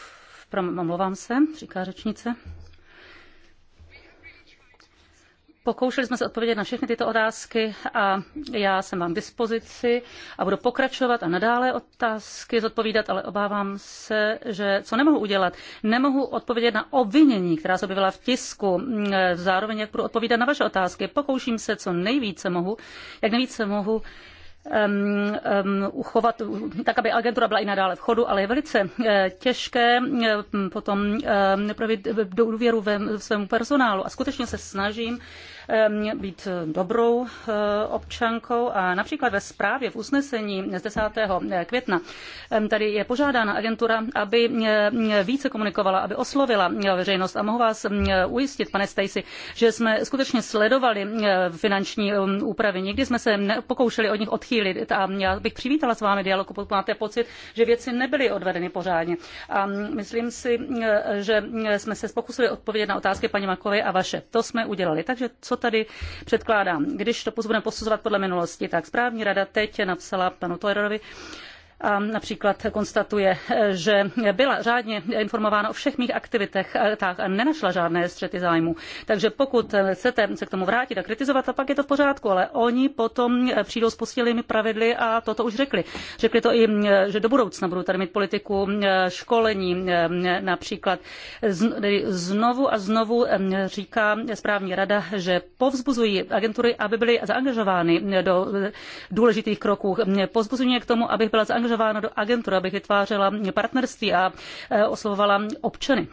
Speaker 4: prom, omlouvám se, říká řečnice. Pokoušeli jsme se odpovědět na všechny tyto otázky a já jsem vám k dispozici a budu pokračovat a nadále otázky zodpovídat, ale obávám se, že co nemohu udělat, nemohu odpovědět na obvinění, která se objevila v tisku, zároveň jak budu odpovídat na vaše otázky. Pokouším se, co nejvíce mohu, jak nejvíce mohu uchovat, tak aby agentura byla i nadále v chodu, ale je velice eh, těžké eh, potom do důvěru ve svému personálu. A skutečně se snažím být dobrou eh, občankou a například ve zprávě v usnesení z 10. května tady je požádána agentura, aby více komunikovala, aby oslovila veřejnost a mohu vás ujistit, pane Stacy, že jsme skutečně sledovali finanční úpravy. Nikdy jsme se nepokoušeli od nich odchýlit chvíli A já bych přivítala s vámi dialog, pokud máte pocit, že věci nebyly odvedeny pořádně. A myslím si, že jsme se pokusili odpovědět na otázky paní Makové a vaše. To jsme udělali. Takže co tady předkládám? Když to budeme posuzovat podle minulosti, tak správní rada teď napsala panu Tojerovi, například konstatuje, že byla řádně informována o všech mých aktivitách a nenašla žádné střety zájmu. Takže pokud chcete se k tomu vrátit a kritizovat, a pak je to v pořádku, ale oni potom přijdou s posílenými pravidly a toto už řekli. Řekli to i, že do budoucna budou tady mít politiku eh, školení eh, například. Znovu a znovu eh, říká správní rada, že povzbuzují agentury, aby byly zaangažovány do důležitých kroků. Povzbuzují k tomu, aby byla zaangažována angažována do agentur, abych vytvářela partnerství a e, oslovovala občany.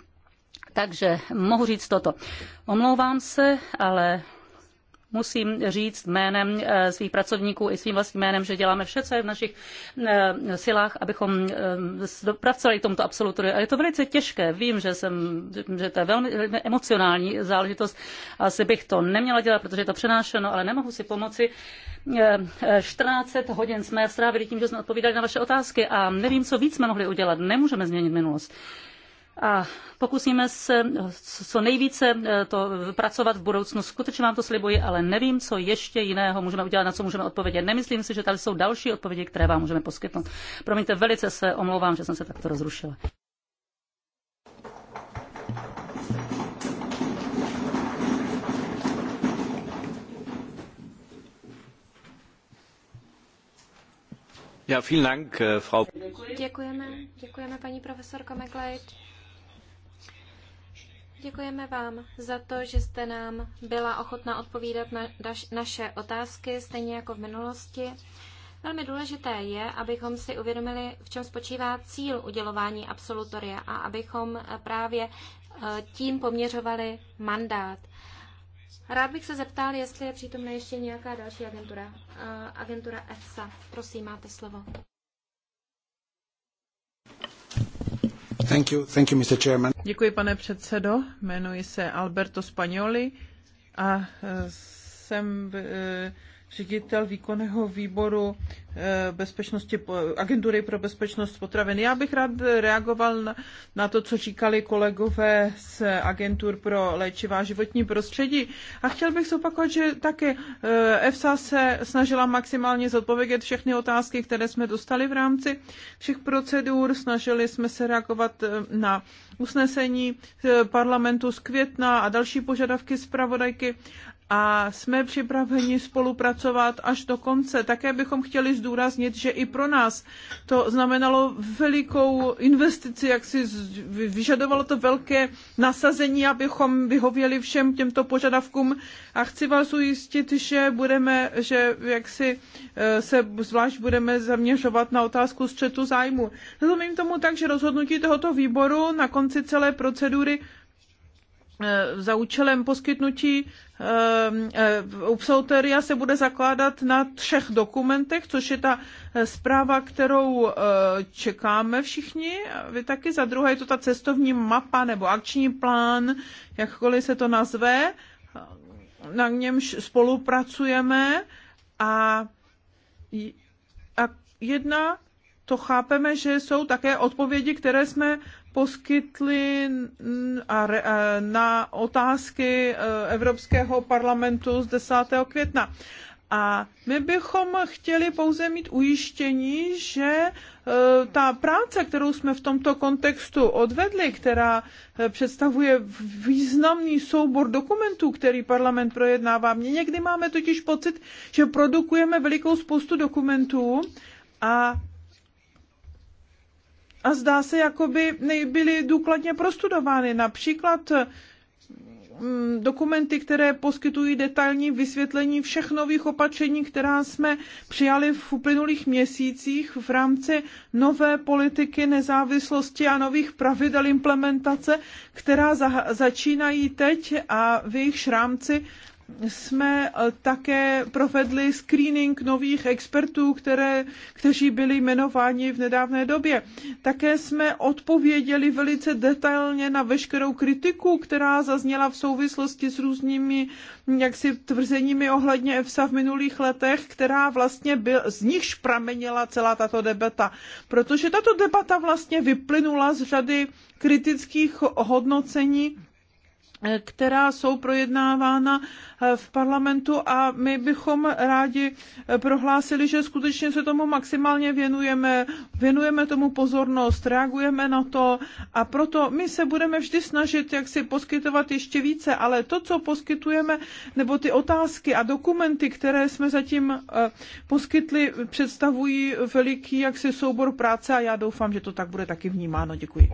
Speaker 4: Takže mohu říct toto. Omlouvám se, ale musím říct jménem eh, svých pracovníků i svým vlastním jménem, že děláme vše, co je v našich eh, silách, abychom eh, dopracovali k tomuto absolutoriu. A je to velice těžké. Vím, že, jsem, že to je velmi, velmi emocionální záležitost. Asi bych to neměla dělat, protože je to přenášeno, ale nemohu si pomoci. 14 hodin jsme strávili tím, že jsme odpovídali na vaše otázky a nevím, co víc jsme mohli udělat. Nemůžeme změnit minulost a pokusíme se co nejvíce eh, to pracovat v budoucnu. Skutečně vám to slibuji, ale nevím, co ještě jiného můžeme udělat, na co můžeme odpovědět. Nemyslím si, že tady jsou další odpovědi, které vám můžeme poskytnout. Promiňte, velice se omlouvám, že jsem se takto rozrušila.
Speaker 1: Ja, vielen Dank, äh, Frau.
Speaker 2: Děkujeme, děkujeme paní profesorko McLeod. Děkujeme vám za to, že jste nám byla ochotná odpovídat na naše otázky, stejně jako v minulosti. Velmi důležité je, abychom si uvědomili, v čem spočívá cíl udělování absolutoria a abychom eh, právě eh, tím poměřovali mandát. Rád bych se zeptal, jestli je přítomna ještě nějaká další agentura, eh, agentura EFSA. Prosím, máte slovo.
Speaker 3: Thank you, thank you, Mr. Chairman. Děkuji, pane předsedo. Jmenuji se Alberto Spagnoli a e, jsem e, ředitel výkonného výboru eh, bezpečnosti, agentury pro bezpečnost potravin. Já bych rád reagoval na, na to, co říkali kolegové z agentur pro léčivá a životní prostředí. A chtěl bych zopakovat, že také eh, EFSA se snažila maximálně zodpovědět všechny otázky, které jsme dostali v rámci všech procedur. Snažili jsme se reagovat eh, na usnesení parlamentu z května a další požadavky zpravodajky a jsme připraveni spolupracovat až do konce. Také bychom chtěli zdůraznit, že i pro nás to znamenalo velikou investici, jak si vyžadovalo to velké nasazení, abychom vyhověli všem těmto požadavkům a chci vás ujistit, že budeme, že jak si e, se zvlášť budeme zaměřovat na otázku střetu zájmu. Rozumím tomu tak, že rozhodnutí tohoto výboru na konci celé procedury E, za účelem poskytnutí Upsauteria e, e, se bude zakládat na třech dokumentech, což je ta zpráva, kterou čekáme všichni, vy taky. Za druhé je to ta cestovní mapa nebo akční plán, jakkoliv se to nazve, na němž spolupracujeme a, a jedna to chápeme, že jsou také odpovědi, které jsme poskytli na otázky e, Evropského parlamentu z 10. května. A my bychom chtěli pouze mít ujištění, že e, ta práce, kterou jsme v tomto kontextu odvedli, která e, představuje významný soubor dokumentů, který parlament projednává. My někdy máme totiž pocit, že produkujeme velikou spoustu dokumentů a a zdá se, jako by nebyly důkladně prostudovány. Například mm, dokumenty, které poskytují detailní vysvětlení všech nových opatření, která jsme přijali v uplynulých měsících v rámci nové politiky nezávislosti a nových pravidel implementace, která za- začínají teď a v jejich rámci jsme eh, také provedli screening nových expertů, které, kteří byli jmenováni v nedávné době. Také jsme odpověděli velice detailně na veškerou kritiku, která zazněla v souvislosti s různými jaksi tvrzeními ohledně EFSA v minulých letech, která vlastně byl, z nich pramenila celá tato debata. Protože tato debata vlastně vyplynula z řady kritických hodnocení která jsou projednávána eh, v parlamentu a my bychom rádi eh, prohlásili, že skutečně se tomu maximálně věnujeme, věnujeme tomu pozornost, reagujeme na to a proto my se budeme vždy snažit, jak si poskytovat ještě více, ale to, co poskytujeme, nebo ty otázky a dokumenty, které jsme zatím eh, poskytli, představují veliký jaksi soubor práce a já doufám, že to tak bude taky vnímáno. Děkuji.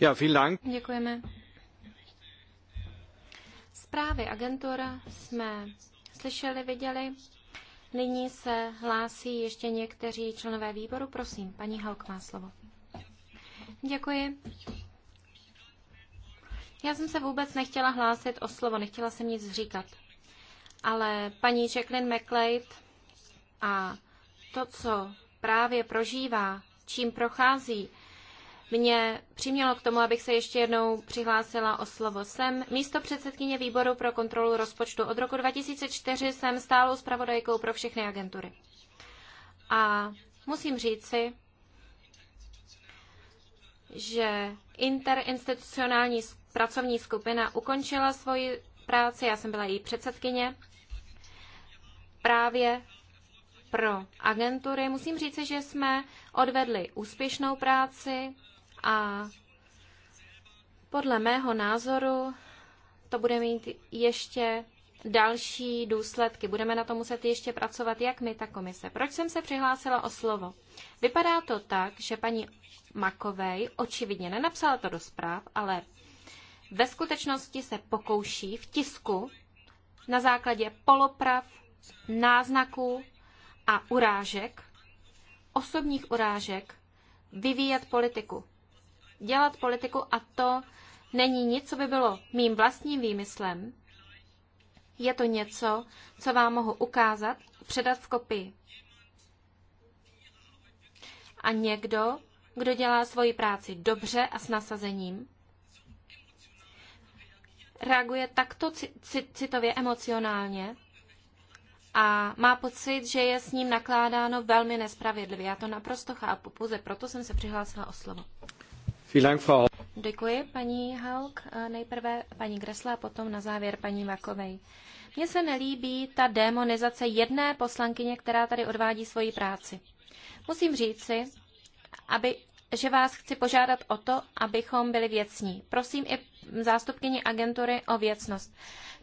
Speaker 1: Ja, vielen Dank.
Speaker 2: Děkujeme. Zprávy agentur jsme slyšeli, viděli. Nyní se hlásí ještě někteří členové výboru. Prosím, paní Halk má slovo. Děkuji. Já jsem se vůbec nechtěla hlásit o slovo, nechtěla jsem nic říkat. Ale paní Jacqueline McLeod a to, co právě prožívá, čím prochází, mě přimělo k tomu, abych se ještě jednou přihlásila o slovo. Jsem místo předsedkyně výboru pro kontrolu rozpočtu. Od roku 2004 jsem stálou zpravodajkou pro všechny agentury. A musím říci, že interinstitucionální pracovní skupina ukončila svoji práci, já jsem byla její předsedkyně, právě pro agentury. Musím říci, že jsme odvedli úspěšnou práci, a podle mého názoru to bude mít ještě další důsledky. Budeme na to muset ještě pracovat, jak my, ta komise. Proč jsem se přihlásila o slovo? Vypadá to tak, že paní Makovej očividně nenapsala to do zpráv, ale ve skutečnosti se pokouší v tisku na základě poloprav, náznaků a urážek, osobních urážek, vyvíjet politiku dělat politiku a to není nic, co by bylo mým vlastním výmyslem. Je to něco, co vám mohu ukázat, předat v kopii. A někdo, kdo dělá svoji práci dobře a s nasazením, reaguje takto citově emocionálně a má pocit, že je s ním nakládáno velmi nespravedlivě. Já to naprosto chápu, pouze proto jsem se přihlásila o slovo. Děkuji, paní Haug. Nejprve paní Gresla a potom na závěr paní Makovej. Mně se nelíbí ta demonizace jedné poslankyně, která tady odvádí svoji práci. Musím říci, aby, že vás chci požádat o to, abychom byli věcní. Prosím i zástupkyni agentury o věcnost.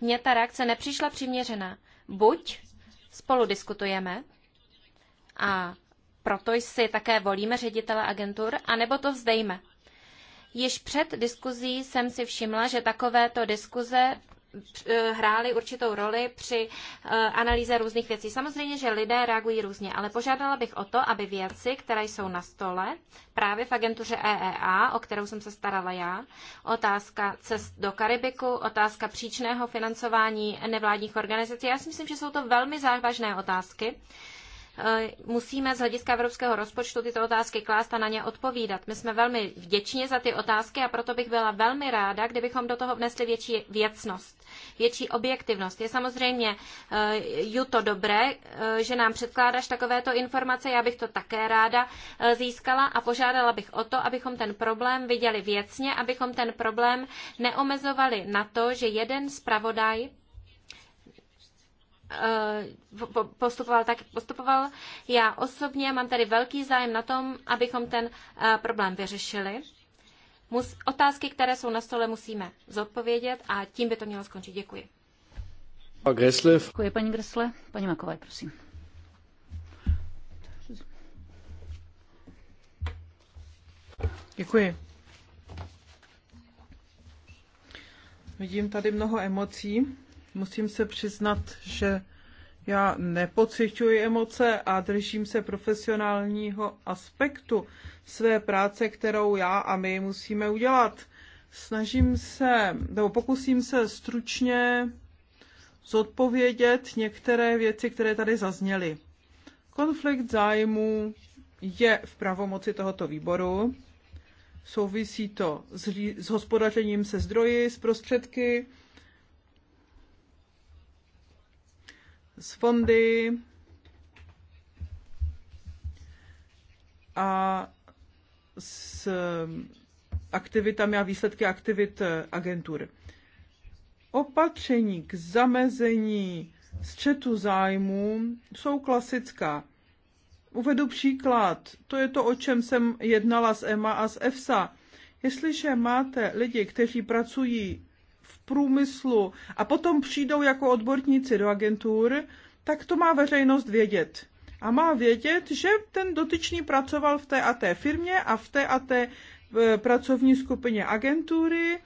Speaker 2: Mně ta reakce nepřišla přiměřená. Buď spolu diskutujeme a proto si také volíme ředitele agentur, anebo to vzdejme. Již před diskuzí jsem si všimla, že takovéto diskuze eh, hrály určitou roli při eh, analýze různých věcí. Samozřejmě, že lidé reagují různě, ale požádala bych o to, aby věci, které jsou na stole, právě v agentuře EEA, o kterou jsem se starala já, otázka cest do Karibiku, otázka příčného financování nevládních organizací, já si myslím, že jsou to velmi závažné otázky, Eh, musíme z hlediska evropského rozpočtu tyto otázky klást a na ně odpovídat. My jsme velmi vděční za ty otázky a proto bych byla velmi ráda, kdybychom do toho vnesli větší věcnost, větší objektivnost. Je samozřejmě eh, Juto dobré, eh, že nám předkládáš takovéto informace, já bych to také ráda získala a požádala bych o to, abychom ten problém viděli věcně, abychom ten problém neomezovali na to, že jeden zpravodaj Eh, postupoval tak, postupoval. Já osobně mám tady velký zájem na tom, abychom ten eh, problém vyřešili. Mus, otázky, které jsou na stole, musíme zodpovědět a tím by to mělo skončit. Děkuji.
Speaker 4: Gressle. Děkuji, paní Gresle. Paní Makové, prosím.
Speaker 3: Děkuji. Vidím tady mnoho emocí musím se přiznat, že já nepociťuji emoce a držím se profesionálního aspektu své práce, kterou já a my musíme udělat. Snažím se, nebo pokusím se stručně zodpovědět některé věci, které tady zazněly. Konflikt zájmů je v pravomoci tohoto výboru. Souvisí to s, s hospodařením se zdroji, s prostředky, z fondy a s aktivitami a výsledky aktivit agentur. Opatření k zamezení střetu zájmů jsou klasická. Uvedu příklad. To je to, o čem jsem jednala s EMA a s EFSA. Jestliže máte lidi, kteří pracují průmyslu a potom přijdou jako odborníci do agentur, tak to má veřejnost vědět. A má vědět, že ten dotyčný pracoval v té a té firmě a v té a té e, pracovní skupině agentury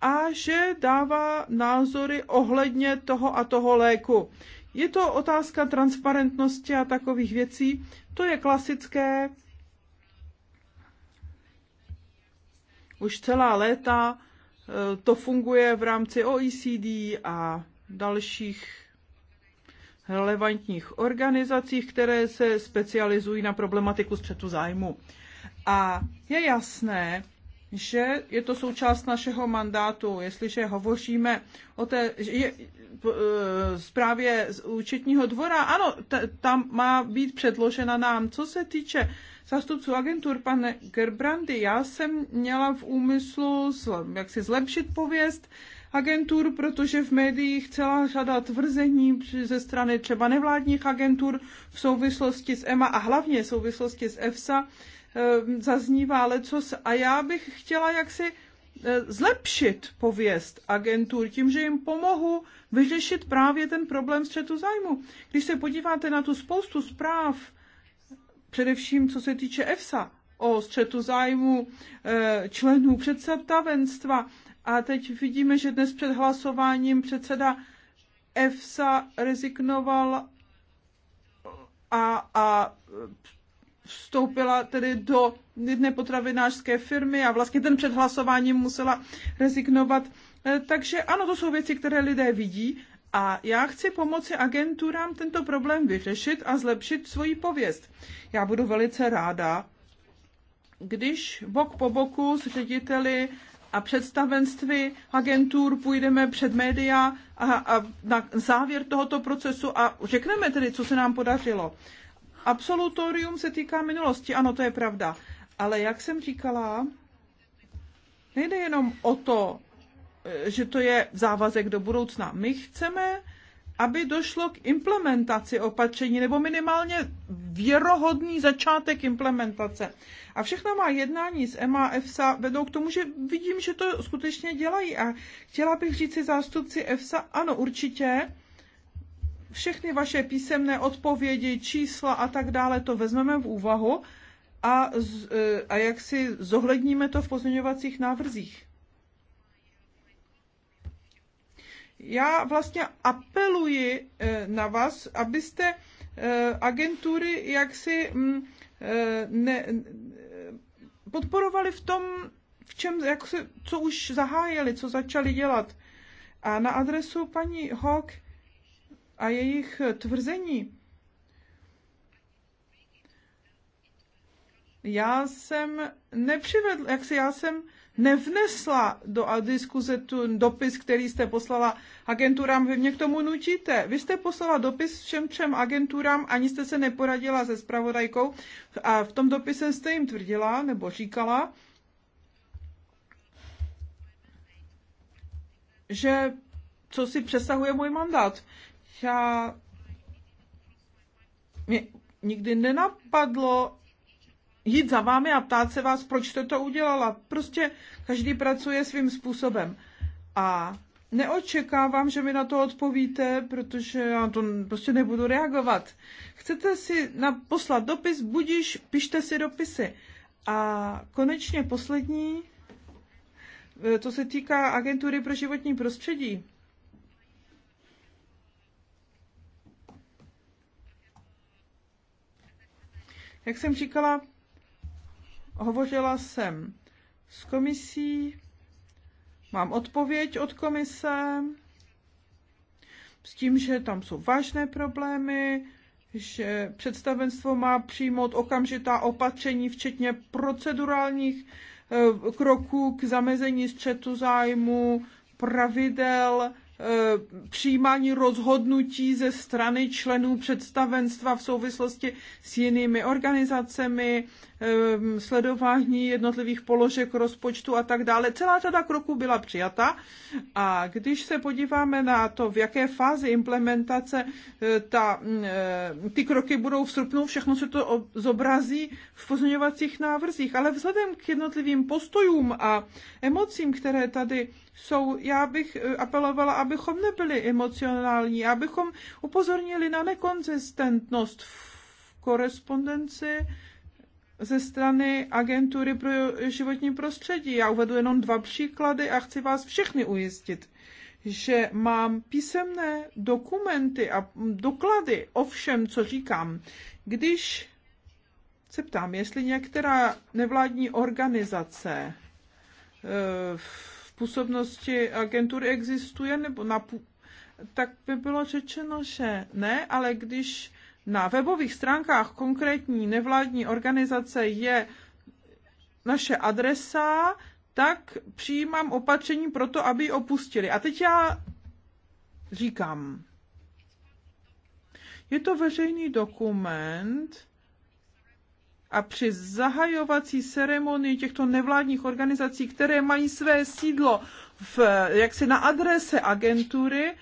Speaker 3: a že dává názory ohledně toho a toho léku. Je to otázka transparentnosti a takových věcí. To je klasické už celá léta Eh, to funguje v rámci OECD a dalších relevantních organizací, které se specializují na problematiku střetu zájmu. A je jasné, že je to součást našeho mandátu. Jestliže hovoříme o té je, e, zprávě z účetního dvora, ano, t, tam má být předložena nám. Co se týče zastupců agentur, pane Gerbrandy, já jsem měla v úmyslu jak si zlepšit pověst agentur, protože v médiích celá řada tvrzení ze strany třeba nevládních agentur v souvislosti s EMA a hlavně v souvislosti s EFSA Eh, zaznívá lecos a já bych chtěla jaksi eh, zlepšit pověst agentur tím, že jim pomohu vyřešit právě ten problém střetu zájmu. Když se podíváte na tu spoustu zpráv, především co se týče EFSA, o střetu zájmu eh, členů představenstva. A teď vidíme, že dnes před hlasováním předseda EFSA rezignoval a, a vstoupila tedy do jedné potravinářské firmy a vlastně ten před hlasováním musela rezignovat. Eh, takže ano, to jsou věci, které lidé vidí a já chci pomoci agenturám tento problém vyřešit a zlepšit svoji pověst. Já budu velice ráda, když bok po boku s řediteli a představenství agentur půjdeme před média a, a na závěr tohoto procesu a řekneme tedy, co se nám podařilo absolutorium se týká minulosti, ano, to je pravda. Ale jak jsem říkala, nejde jenom o to, eh, že to je závazek do budoucna. My chceme, aby došlo k implementaci opatření, nebo minimálně věrohodný začátek implementace. A všechno má jednání s EMA-EFSA vedou k tomu, že vidím, že to skutečně dělají. A chtěla bych říct si zástupci EFSA, ano, určitě, všechny vaše písemné odpovědi, čísla a tak dále, to vezmeme v úvahu a, e, a jak si zohledníme to v pozměňovacích návrzích. Já vlastně apeluji e, na vás, abyste e, agentury jaksi mm, ne, podporovali v tom, v čem, jak se, co už zahájili, co začali dělat. A na adresu paní Hawk a jejich tvrzení. Já jsem nepřivedl, jak si já jsem nevnesla do diskuze tu dopis, který jste poslala agenturám. Vy mě k tomu nutíte. Vy jste poslala dopis všem třem agenturám, ani jste se neporadila se spravodajkou a v tom dopise jste jim tvrdila nebo říkala, že co si přesahuje můj mandát já mě nikdy nenapadlo jít za vámi a ptát se vás, proč jste to udělala. Prostě každý pracuje svým způsobem. A neočekávám, že mi na to odpovíte, protože já to prostě nebudu reagovat. Chcete si na, poslat dopis, budíš, pište si dopisy. A konečně poslední, e, to se týká agentury pro životní prostředí. Jak jsem říkala, hovořila jsem s komisí, mám odpověď od komise s tím, že tam jsou vážné problémy, že představenstvo má přijmout okamžitá opatření, včetně procedurálních eh, kroků k zamezení střetu zájmu, pravidel Eh, přijímání rozhodnutí ze strany členů představenstva v souvislosti s jinými organizacemi, Ehm, sledování jednotlivých položek rozpočtu a tak dále. Celá řada kroků byla přijata a když se podíváme na to, v jaké fázi implementace eh, ta, mm, eh, ty kroky budou v srpnu, všechno se to zobrazí v pozměňovacích návrzích, ale vzhledem k jednotlivým postojům a emocím, které tady jsou, já bych eh, apelovala, abychom nebyli emocionální, abychom upozornili na nekonzistentnost v korespondenci ze strany Agentury pro životní prostředí. Já uvedu jenom dva příklady a chci vás všechny ujistit, že mám písemné dokumenty a doklady o všem, co říkám. Když se ptám, jestli některá nevládní organizace eh, v působnosti agentury existuje, nebo na, tak by bylo řečeno, že ne, ale když na webových stránkách konkrétní nevládní organizace je naše adresa, tak přijímám opatření pro to, aby ji opustili. A teď já říkám, je to veřejný dokument a při zahajovací ceremonii těchto nevládních organizací, které mají své sídlo v, jaksi na adrese agentury,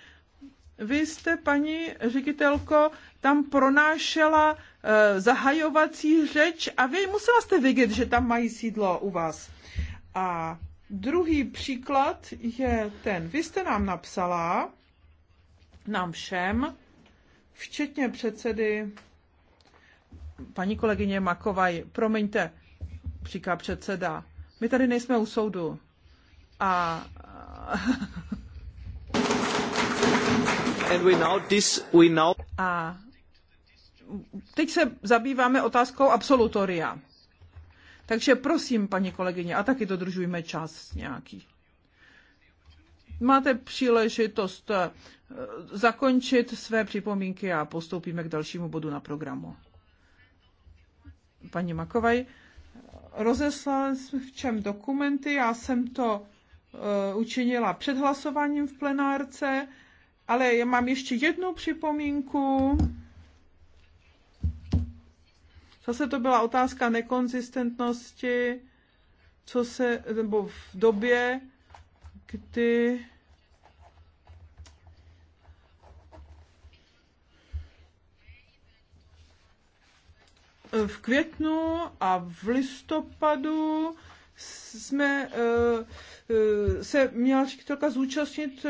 Speaker 3: vy jste, paní ředitelko, tam pronášela e, zahajovací řeč a vy musela jste vidět, že tam mají sídlo u vás. A druhý příklad je ten. Vy jste nám napsala, nám všem, včetně předsedy paní kolegyně Makovaj, promiňte, říká předseda, my tady nejsme u soudu. A
Speaker 2: And we know this, we know.
Speaker 3: A teď se zabýváme otázkou absolutoria. Takže prosím, paní kolegyně, a taky dodržujme čas nějaký. Máte příležitost eh, zakončit své připomínky a postoupíme k dalšímu bodu na programu. Paní Makovaj, rozeslal jsem v čem dokumenty, já jsem to eh, učinila před hlasováním v plenárce, ale já mám ještě jednu připomínku. Zase to byla otázka nekonzistentnosti, co se, nebo v době, kdy v květnu a v listopadu jsme eh, eh, se měla ředitelka zúčastnit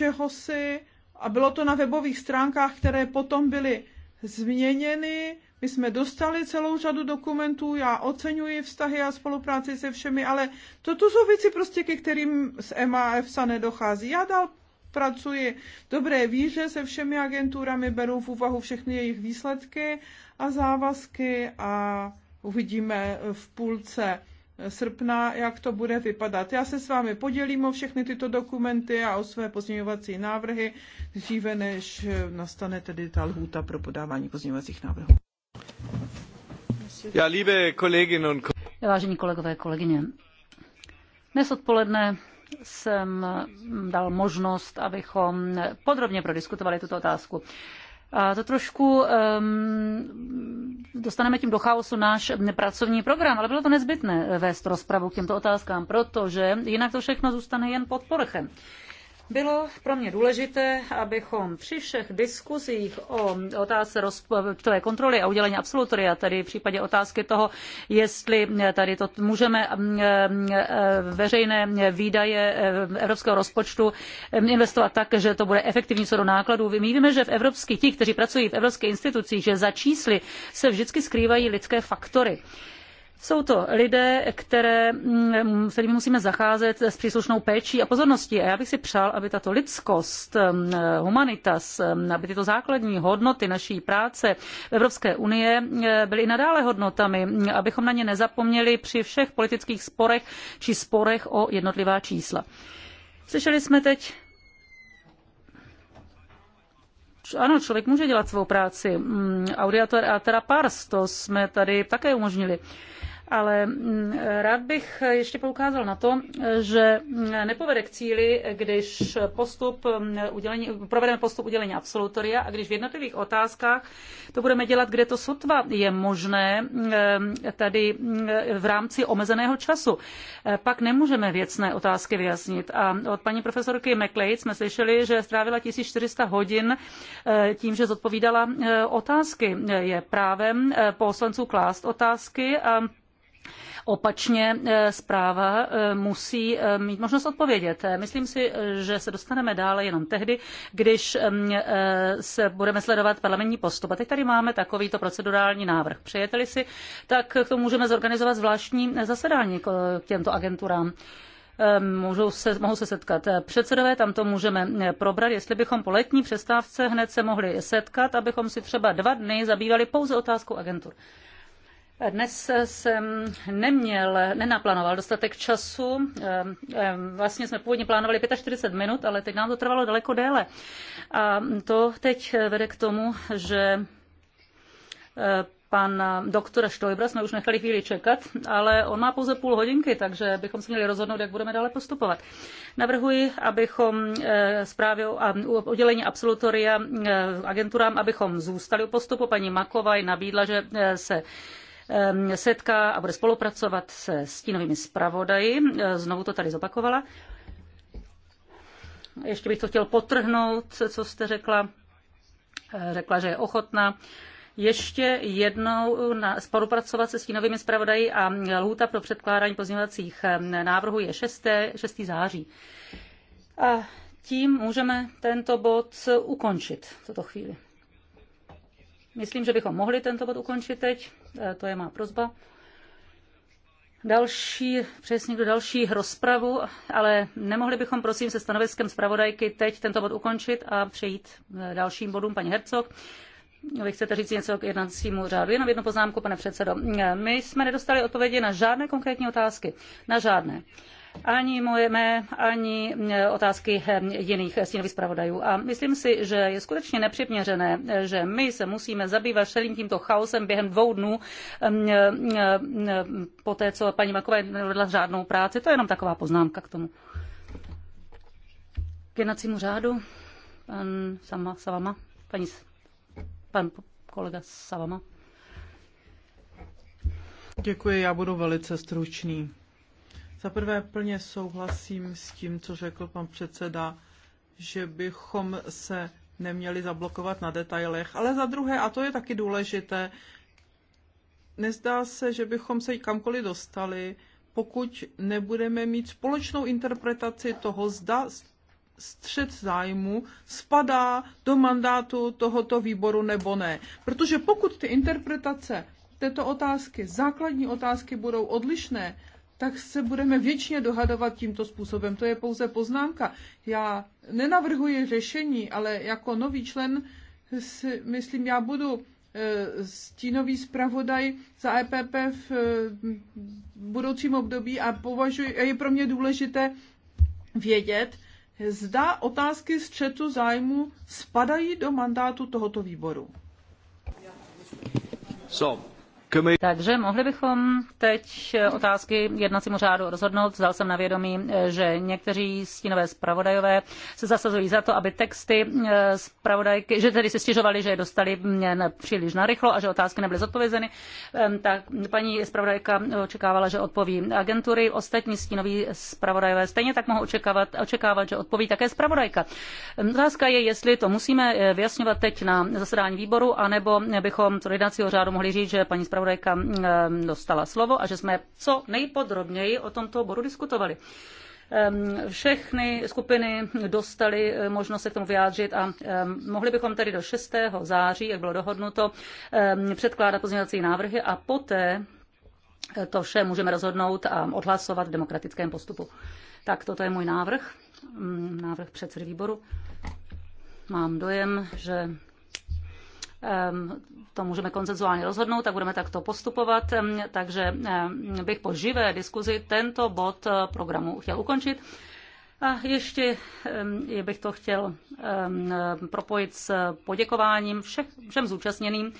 Speaker 3: eh, si a bylo to na webových stránkách, které potom byly změněny my jsme dostali celou řadu dokumentů, já oceňuji vztahy a spolupráci se všemi, ale toto jsou věci prostě, ke kterým z MAF se nedochází. Já dal pracuji dobré víře se všemi agenturami, beru v úvahu všechny jejich výsledky a závazky a uvidíme v půlce srpna, jak to bude vypadat. Já se s vámi podělím o všechny tyto dokumenty a o své pozměňovací návrhy, dříve než nastane tedy ta lhůta pro
Speaker 4: podávání pozměňovacích návrhů. Vážení kolegové, kolegyně, dnes odpoledne jsem dal možnost, abychom podrobně prodiskutovali tuto otázku. A to trošku um, dostaneme tím do chaosu náš pracovní program, ale bylo to nezbytné vést rozpravu k těmto otázkám, protože jinak to všechno zůstane jen pod povrchem. Uh, bylo pro mě důležité, abychom při všech diskuzích o otázce rozpočtové kontroly a udělení absolutoria, tedy v případě otázky toho, jestli tady to můžeme eh, eh, veřejné výdaje eh, evropského rozpočtu investovat tak, že to bude efektivní co do nákladů. My víme, že v evropských, ti, kteří pracují v evropských institucích, že za čísly se vždycky skrývají lidské faktory. Jsou to lidé, které, mm, s kterými musíme zacházet s příslušnou péčí a pozorností. A já bych si přál, aby tato lidskost, mm, humanitas, mm, aby tyto základní hodnoty naší práce v Evropské unie byly i nadále hodnotami, abychom na ně nezapomněli při všech politických sporech či sporech o jednotlivá čísla. Slyšeli jsme teď ano, člověk může dělat svou práci. Audiator a pars, to jsme tady také umožnili ale mm, rád bych ještě poukázal na to, že mm, nepovede k cíli, když postup mm, udělení, provedeme postup udělení absolutoria a když v jednotlivých otázkách to budeme dělat, kde to sotva je možné, tady v rámci omezeného času. Pak nemůžeme věcné otázky vyjasnit. A od paní profesorky McLeod jsme slyšeli, že strávila 1400 hodin eh, tím, že zodpovídala eh, otázky. Je právem eh, poslanců klást otázky a Opačně eh, zpráva eh, musí eh, mít možnost odpovědět. Myslím si, že se dostaneme dále jenom tehdy, když mm, se budeme sledovat parlamentní postup. A teď tady máme takovýto procedurální návrh. Přejete-li si, tak to můžeme zorganizovat zvláštní zasedání k těmto agenturám můžou se, mohou se setkat předsedové, tam to můžeme probrat, jestli bychom po letní přestávce hned se mohli setkat, abychom si třeba dva dny zabývali pouze otázkou agentur. Dnes jsem neměl, nenaplánoval dostatek času. Ehm, ehm, vlastně jsme původně plánovali 45 minut, ale teď nám to trvalo daleko déle. A to teď vede k tomu, že eh, pan doktora Štojbra jsme už nechali chvíli čekat, ale on má pouze půl hodinky, takže bychom se měli rozhodnout, jak budeme dále postupovat. Navrhuji, abychom eh, zprávě o udělení absolutoria eh, agenturám, abychom zůstali u postupu. Paní Makovaj nabídla, že se Ehm, setká a bude spolupracovat se stínovými zpravodaji. Ehm, znovu to tady zopakovala. Ještě bych to chtěl potrhnout, co jste řekla. Ehm, řekla, že je ochotná ještě jednou na, spolupracovat se stínovými zpravodaji a lhůta pro předkládání pozměňovacích návrhů je 6. 6. září. A tím můžeme tento bod ukončit v tuto chvíli. Myslím, že bychom mohli tento bod ukončit teď. Eh, to je má prozba. Další, přes někdo další rozpravu, ale nemohli bychom prosím se stanoviskem zpravodajky teď tento bod ukončit a přejít eh, dalším bodům, paní Hercog. Vy chcete říct něco k jednacímu řádu? Jenom jednu poznámku, pane předsedo. Eh, my jsme nedostali odpovědi na žádné konkrétní otázky. Na žádné ani moje mé, ani e, otázky e, jiných stínových zpravodajů. A myslím si, že je skutečně nepřiměřené, e, že my se musíme zabývat celým tímto chaosem během dvou dnů po té, co paní Makové vedla řádnou práci. To je jenom taková poznámka k tomu. K jednacímu řádu, pan sama, Savama, paní, pan kolega Savama. Děkuji,
Speaker 3: já budu velice stručný. Za prvé plně souhlasím s tím, co řekl pan předseda, že bychom se neměli zablokovat na detailech, ale za druhé, a to je taky důležité, nezdá se, že bychom se kamkoliv dostali, pokud nebudeme mít společnou interpretaci toho, zda střed zájmu spadá do mandátu tohoto výboru nebo ne. Protože pokud ty interpretace této otázky, základní otázky budou odlišné, tak se budeme věčně dohadovat tímto způsobem. To je pouze poznámka. Já nenavrhuji řešení, ale jako nový člen si myslím, já budu eh, stínový zpravodaj za EPP v eh, budoucím období a považuji, je pro mě důležité vědět, zda otázky střetu zájmu spadají do mandátu tohoto výboru.
Speaker 4: So, takže mohli bychom teď otázky jednacímu řádu rozhodnout. Zdal jsem na vědomí, že někteří stínové zpravodajové se zasazují za to, aby texty eh, zpravodajky, že tedy se stěžovali, že je dostali mm, příliš narychlo a že otázky nebyly zodpovězeny. Tak paní zpravodajka očekávala, že odpoví agentury. Ostatní stínoví zpravodajové stejně tak mohou očekávat, očekávat, že odpoví také zpravodajka. Otázka je, jestli to musíme eh, vyjasňovat teď na zasedání výboru, anebo bychom co jednacího řádu mohli říct, že paní zpravodajka zpravodajka mm, ehm, dostala slovo a že jsme co nejpodrobněji o tomto oboru diskutovali. Ehm, všechny skupiny dostaly eh, možnost se k tomu vyjádřit a ehm, mohli bychom tedy do 6. září, jak bylo dohodnuto, předkládat pozměňovací návrhy a poté eh, to vše můžeme rozhodnout a odhlasovat v demokratickém postupu. Tak toto je můj návrh, mm, návrh předsedy výboru. Mám dojem, že Ehm, to můžeme koncenzuálně rozhodnout, tak budeme takto postupovat. Ehm, takže ehm, bych po živé diskuzi tento bod eh, programu chtěl ukončit. A ještě bych to chtěl propojit s poděkováním všech, všem zúčastněným.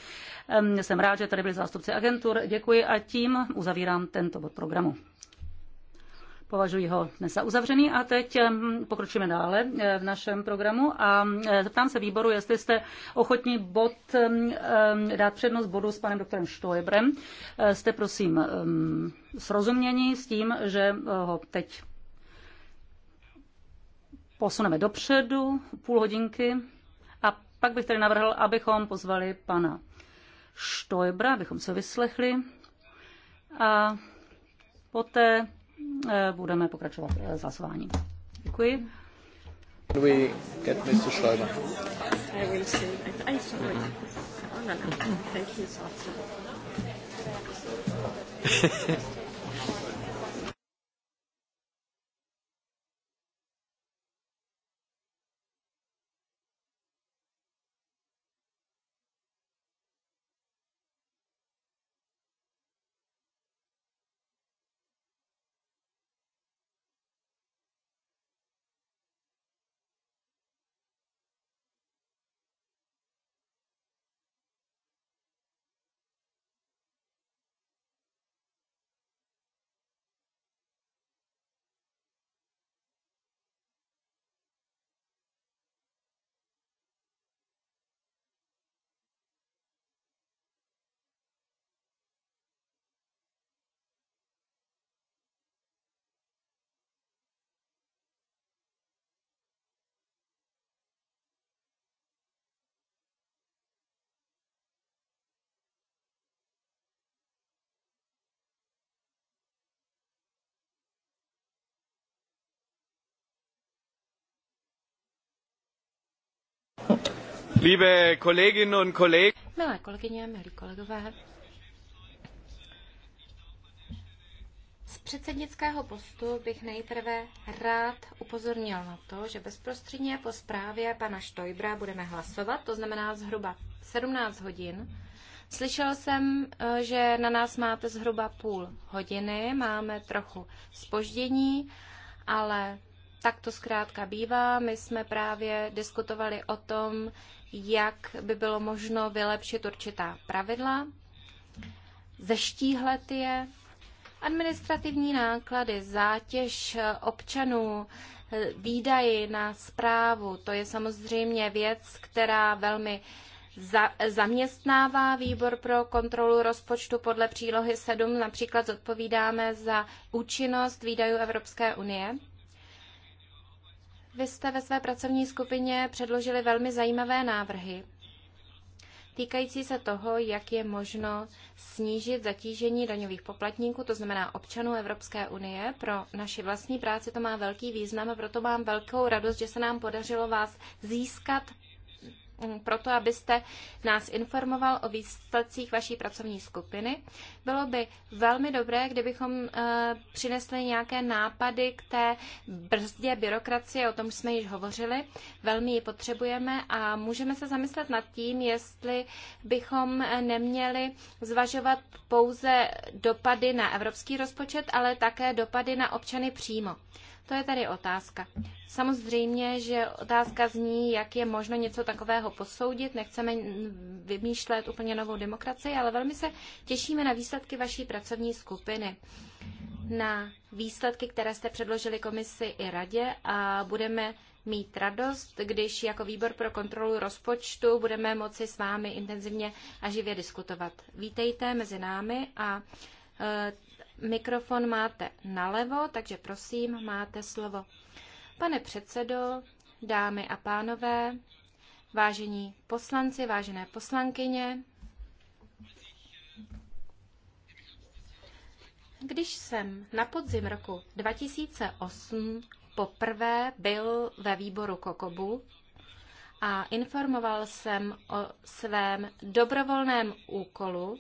Speaker 4: Jsem rád, že tady byli zástupci agentur. Děkuji a tím uzavírám tento bod programu. Považuji ho za uzavřený a teď pokročíme dále eh, v našem programu a eh, zeptám se výboru, jestli jste ochotní bod dát přednost bodu s panem doktorem Štojbrem. Eh, jste prosím srozumění s tím, že ho teď posuneme dopředu půl hodinky a pak bych tedy navrhl, abychom pozvali pana Štojbra, abychom se vyslechli a poté Eh, budeme pokračovat eh, s hlasováním. Děkuji.
Speaker 2: We get Mr. Schreiber.
Speaker 1: I will see. I, I saw it. Oh, no,
Speaker 5: no. Thank you so
Speaker 3: much. Liebe Kolleginnen und Kollegen.
Speaker 2: Milé kolegyně, milí kolegové. Z předsednického postu bych nejprve rád upozornil na to, že bezprostředně po zprávě pana Štojbra budeme hlasovat, to znamená zhruba 17 hodin. Slyšel jsem, eh, že na nás máte zhruba půl hodiny, máme trochu spoždění, ale tak to zkrátka bývá. My jsme právě diskutovali o tom, jak by bylo možno vylepšit určitá pravidla, zeštíhlet je. Administrativní náklady, zátěž občanů, výdaji na zprávu, to je samozřejmě věc, která velmi za, zaměstnává výbor pro kontrolu rozpočtu podle přílohy 7. Například zodpovídáme za účinnost výdajů Evropské unie. Vy jste ve své pracovní skupině předložili velmi zajímavé návrhy týkající se toho, jak je možno snížit zatížení daňových poplatníků, to znamená občanů Evropské unie. Pro naši vlastní práci to má velký význam a proto mám velkou radost, že se nám podařilo vás získat Mm, proto, abyste nás informoval o výsledcích vaší pracovní skupiny. Bylo by velmi dobré, kdybychom eh, přinesli nějaké nápady k té brzdě byrokracie, o tom jsme již hovořili. Velmi ji potřebujeme a můžeme se zamyslet nad tím, jestli bychom eh, neměli zvažovat pouze dopady na evropský rozpočet, ale také dopady na občany přímo. To je tady otázka. Samozřejmě, že otázka zní, jak je možno něco takového posoudit. Nechceme vymýšlet úplně novou demokracii, ale velmi se těšíme na výsledky vaší pracovní skupiny na výsledky, které jste předložili komisi i radě a budeme mít radost, když jako výbor pro kontrolu rozpočtu budeme moci s vámi intenzivně a živě diskutovat. Vítejte mezi námi a e, Mikrofon máte nalevo, takže prosím, máte slovo. Pane předsedo, dámy a pánové, vážení poslanci, vážené poslankyně, Když jsem na podzim roku 2008 poprvé byl ve výboru Kokobu a informoval jsem o svém dobrovolném úkolu,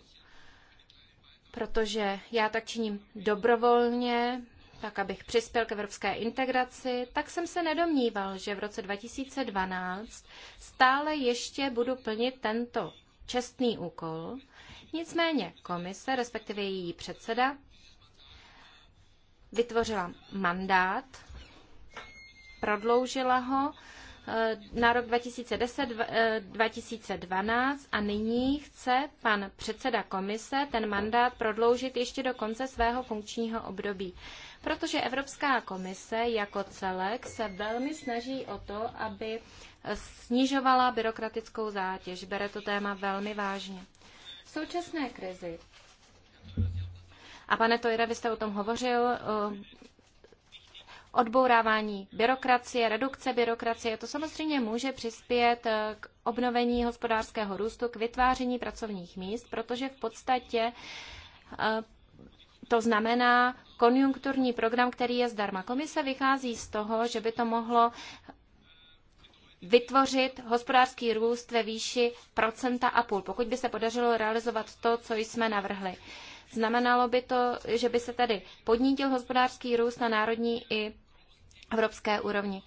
Speaker 2: protože já tak činím dobrovolně, tak abych přispěl k evropské integraci, tak jsem se nedomníval, že v roce 2012 stále ještě budu plnit tento čestný úkol. Nicméně komise, respektive její předseda, vytvořila mandát, prodloužila ho Eh, na rok 2010-2012 eh, a nyní chce pan předseda komise ten mandát prodloužit ještě do konce svého funkčního období. Protože Evropská komise jako celek se velmi snaží o to, aby snižovala byrokratickou zátěž. Bere to téma velmi vážně. V současné krizi a pane Tojre, vy jste o tom hovořil, eh, odbourávání byrokracie, redukce byrokracie. To samozřejmě může přispět eh, k obnovení hospodářského růstu, k vytváření pracovních míst, protože v podstatě eh, to znamená konjunkturní program, který je zdarma. Komise vychází z toho, že by to mohlo vytvořit hospodářský růst ve výši procenta a půl, pokud by se podařilo realizovat to, co jsme navrhli. Znamenalo by to, že by se tedy podnítil hospodářský růst na národní i evropské úrovni.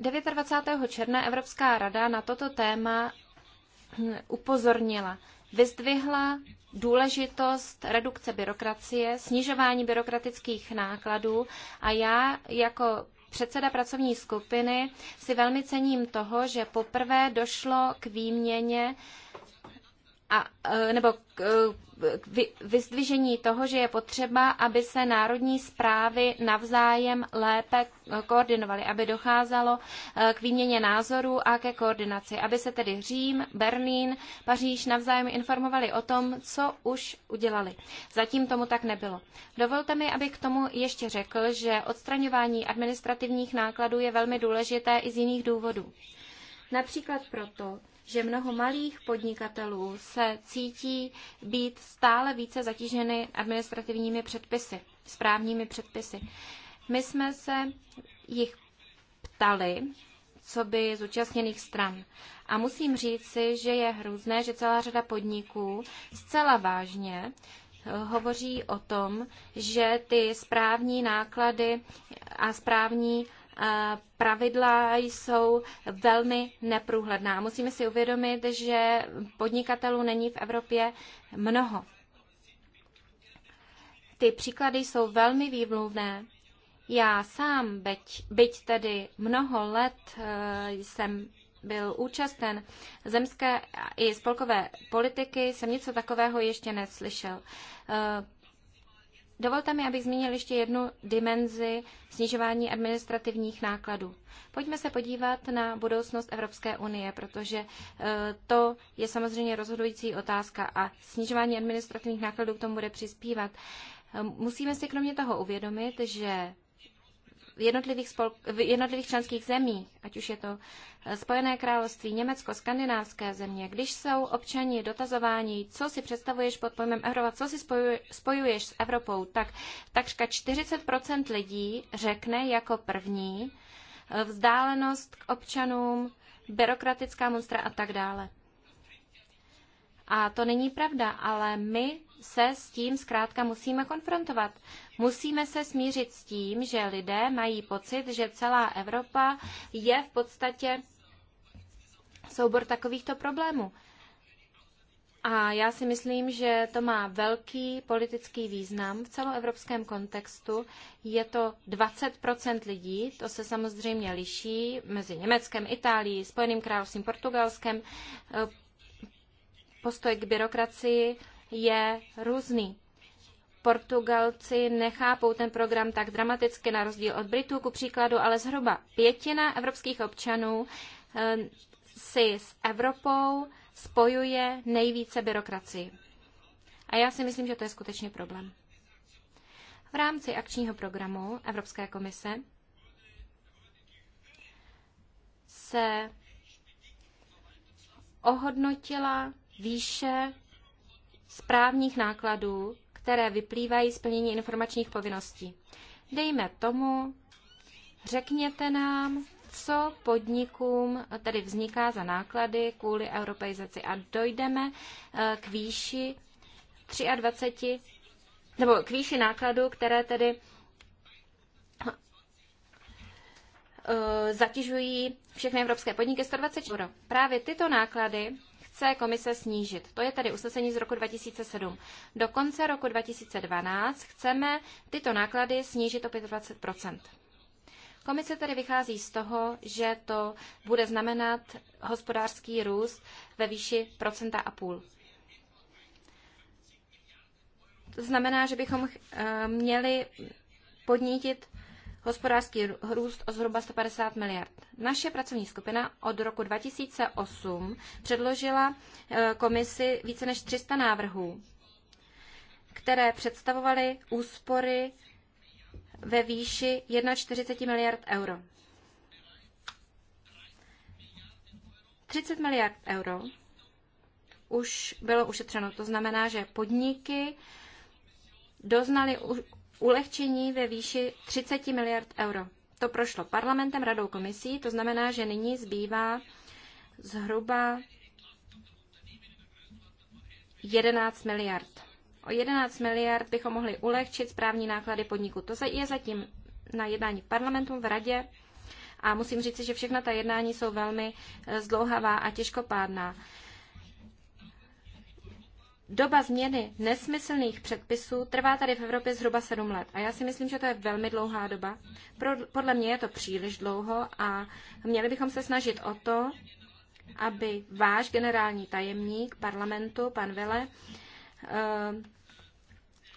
Speaker 2: 29. června Evropská rada na toto téma hm, upozornila. Vyzdvihla důležitost redukce byrokracie, snižování byrokratických nákladů a já jako předseda pracovní skupiny si velmi cením toho, že poprvé došlo k výměně uh, a, e, nebo k, e, vyzdvižení toho, že je potřeba, aby se národní zprávy navzájem lépe koordinovaly, aby docházelo e, k výměně názorů a ke koordinaci, aby se tedy Řím, Berlín, Paříž navzájem informovali o tom, co už udělali. Zatím tomu tak nebylo. Dovolte mi, abych k tomu ještě řekl, že odstraňování administrativních nákladů je velmi důležité i z jiných důvodů. Například proto, že mnoho malých podnikatelů se cítí být stále více zatíženy administrativními předpisy, správními předpisy. My jsme se jich ptali, co by zúčastněných stran. A musím říci, že je hrůzné, že celá řada podniků zcela vážně eh, hovoří o tom, že ty správní náklady a správní pravidla jsou velmi neprůhledná. Musíme si uvědomit, že podnikatelů není v Evropě mnoho. Ty příklady jsou velmi výmluvné. Já sám, byť, byť tedy mnoho let eh, jsem byl účasten zemské i spolkové politiky, jsem něco takového ještě neslyšel. Eh, Dovolte mi, abych zmínil ještě jednu dimenzi snižování administrativních nákladů. Pojďme se podívat na budoucnost Evropské unie, protože e, to je samozřejmě rozhodující otázka a snižování administrativních nákladů k tomu bude přispívat. E, musíme si kromě toho uvědomit, že v jednotlivých, spol, v jednotlivých členských zemích, ať už je to eh, Spojené království, Německo, skandinávské země, když jsou občani dotazováni, co si představuješ pod pojmem Evropa, co si spojuješ s Evropou, tak takřka 40 lidí řekne jako první eh, vzdálenost k občanům, byrokratická monstra a tak dále. A to není pravda, ale my se s tím zkrátka musíme konfrontovat. Musíme se smířit s tím, že lidé mají pocit, že celá Evropa je v podstatě soubor takovýchto problémů. A já si myslím, že to má velký politický význam v celoevropském kontextu. Je to 20 lidí, to se samozřejmě liší mezi Německem, Itálií, Spojeným královstvím, Portugalskem. Postoj k byrokracii je různý. Portugalci nechápou ten program tak dramaticky na rozdíl od Britů, ku příkladu, ale zhruba pětina evropských občanů eh, si s Evropou spojuje nejvíce byrokracii. A já si myslím, že to je skutečně problém. V rámci akčního programu Evropské komise se ohodnotila výše správních nákladů, které vyplývají z plnění informačních povinností. Dejme tomu, řekněte nám, co podnikům tedy vzniká za náklady kvůli europeizaci a dojdeme eh, k výši 23, nebo k výši nákladů, které tedy eh, zatěžují všechny evropské podniky 120 euro. Právě tyto náklady chce komise snížit. To je tedy usnesení z roku 2007. Do konce roku 2012 chceme tyto náklady snížit o 25 Komise tedy vychází z toho, že to bude znamenat hospodářský růst ve výši procenta a půl. To znamená, že bychom eh, měli podnítit hospodářský růst o zhruba 150 miliard. Naše pracovní skupina od roku 2008 předložila eh, komisi více než 300 návrhů, které představovaly úspory ve výši 1,40 miliard euro. 30 miliard euro už bylo ušetřeno. To znamená, že podniky doznaly ulehčení ve výši 30 miliard euro. To prošlo parlamentem, radou komisí, to znamená, že nyní zbývá zhruba 11 miliard. O 11 miliard bychom mohli ulehčit správní náklady podniku. To je zatím na jednání v parlamentu, v radě a musím říct, že všechna ta jednání jsou velmi eh, zdlouhavá a těžkopádná doba změny nesmyslných předpisů trvá tady v Evropě zhruba 7 let. A já si myslím, že to je velmi dlouhá doba. Pro, podle mě je to příliš dlouho a měli bychom se snažit o to, aby váš generální tajemník parlamentu, pan Vele, eh,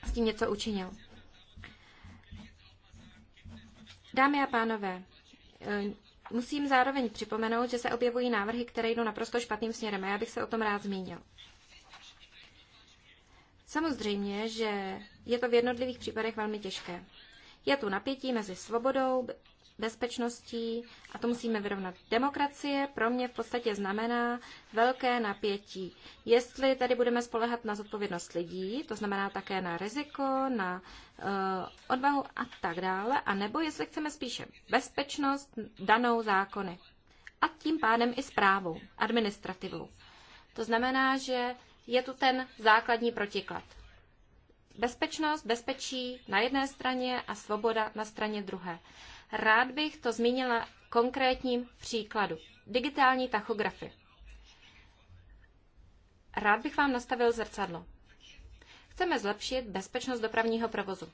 Speaker 2: s tím něco učinil. Dámy a pánové, eh, musím zároveň připomenout, že se objevují návrhy, které jdou naprosto špatným směrem a já bych se o tom rád zmínil. Samozřejmě, že je to v jednotlivých případech velmi těžké. Je tu napětí mezi svobodou, bezpečností a to musíme vyrovnat. Demokracie pro mě v podstatě znamená velké napětí. Jestli tady budeme spolehat na zodpovědnost lidí, to znamená také na riziko, na uh, odvahu a tak dále, a nebo jestli chceme spíše bezpečnost danou zákony a tím pádem i zprávou, administrativou. To znamená, že je tu ten základní protiklad. Bezpečnost, bezpečí na jedné straně a svoboda na straně druhé. Rád bych to zmínila konkrétním příkladu. Digitální tachografy. Rád bych vám nastavil zrcadlo. Chceme zlepšit bezpečnost dopravního provozu.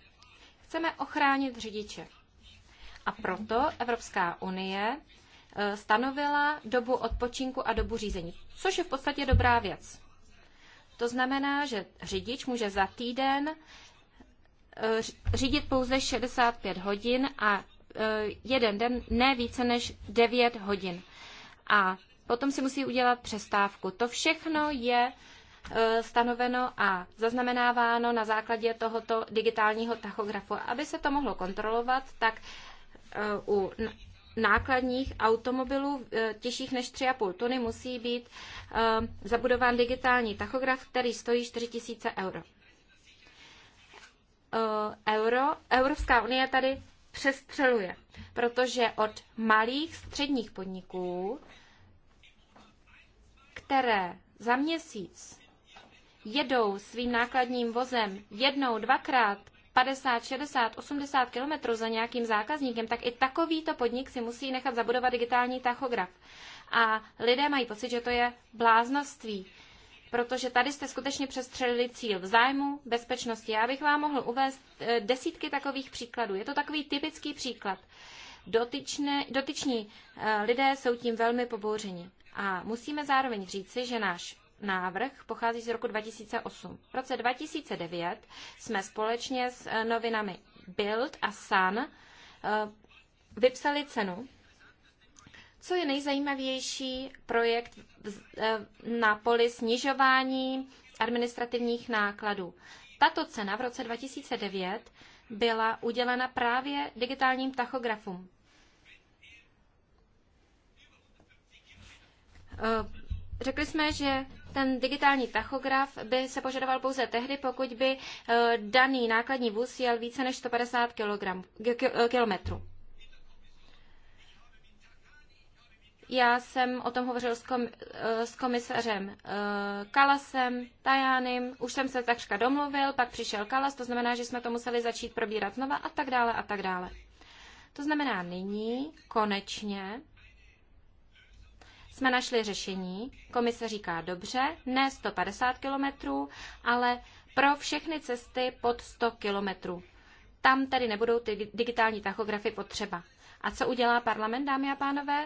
Speaker 2: Chceme ochránit řidiče. A proto Evropská unie e, stanovila dobu odpočinku a dobu řízení, což je v podstatě dobrá věc. To znamená, že řidič může za týden eh, řídit pouze 65 hodin a eh, jeden den ne více než 9 hodin. A potom si musí udělat přestávku. To všechno je eh, stanoveno a zaznamenáváno na základě tohoto digitálního tachografu. Aby se to mohlo kontrolovat, tak u nákladních automobilů eh, těžších než 3,5 tuny musí být eh, zabudován digitální tachograf, který stojí 4 000 euro. Eh, euro, Evropská unie tady přestřeluje, protože od malých středních podniků, které za měsíc jedou svým nákladním vozem jednou, dvakrát 50, 60, 80 kilometrů za nějakým zákazníkem, tak i takovýto podnik si musí nechat zabudovat digitální tachograf. A lidé mají pocit, že to je bláznoství, protože tady jste skutečně přestřelili cíl v zájmu bezpečnosti. Já bych vám mohl uvést eh, desítky takových příkladů. Je to takový typický příklad. Dotyčné, dotyční eh, lidé jsou tím velmi pobouřeni. A musíme zároveň říci, že náš návrh pochází z roku 2008. V roce 2009 jsme společně s eh, novinami Build a Sun eh, vypsali cenu. Co je nejzajímavější projekt eh, na poli snižování administrativních nákladů? Tato cena v roce 2009 byla udělena právě digitálním tachografům. Řekli jsme, že ten digitální tachograf by se požadoval pouze tehdy, pokud by eh, daný nákladní vůz jel více než 150 eh, kilometrů. Já jsem o tom hovořil s, kom, eh, s komisařem Kalasem, Tajánem, už jsem se takřka domluvil, pak přišel Kalas, to znamená, že jsme to museli začít probírat znova a tak dále a tak dále. To znamená nyní, konečně, jsme našli řešení. Komise říká dobře, ne 150 kilometrů, ale pro všechny cesty pod 100 kilometrů. Tam tedy nebudou ty digitální tachografy potřeba. A co udělá parlament, dámy a pánové?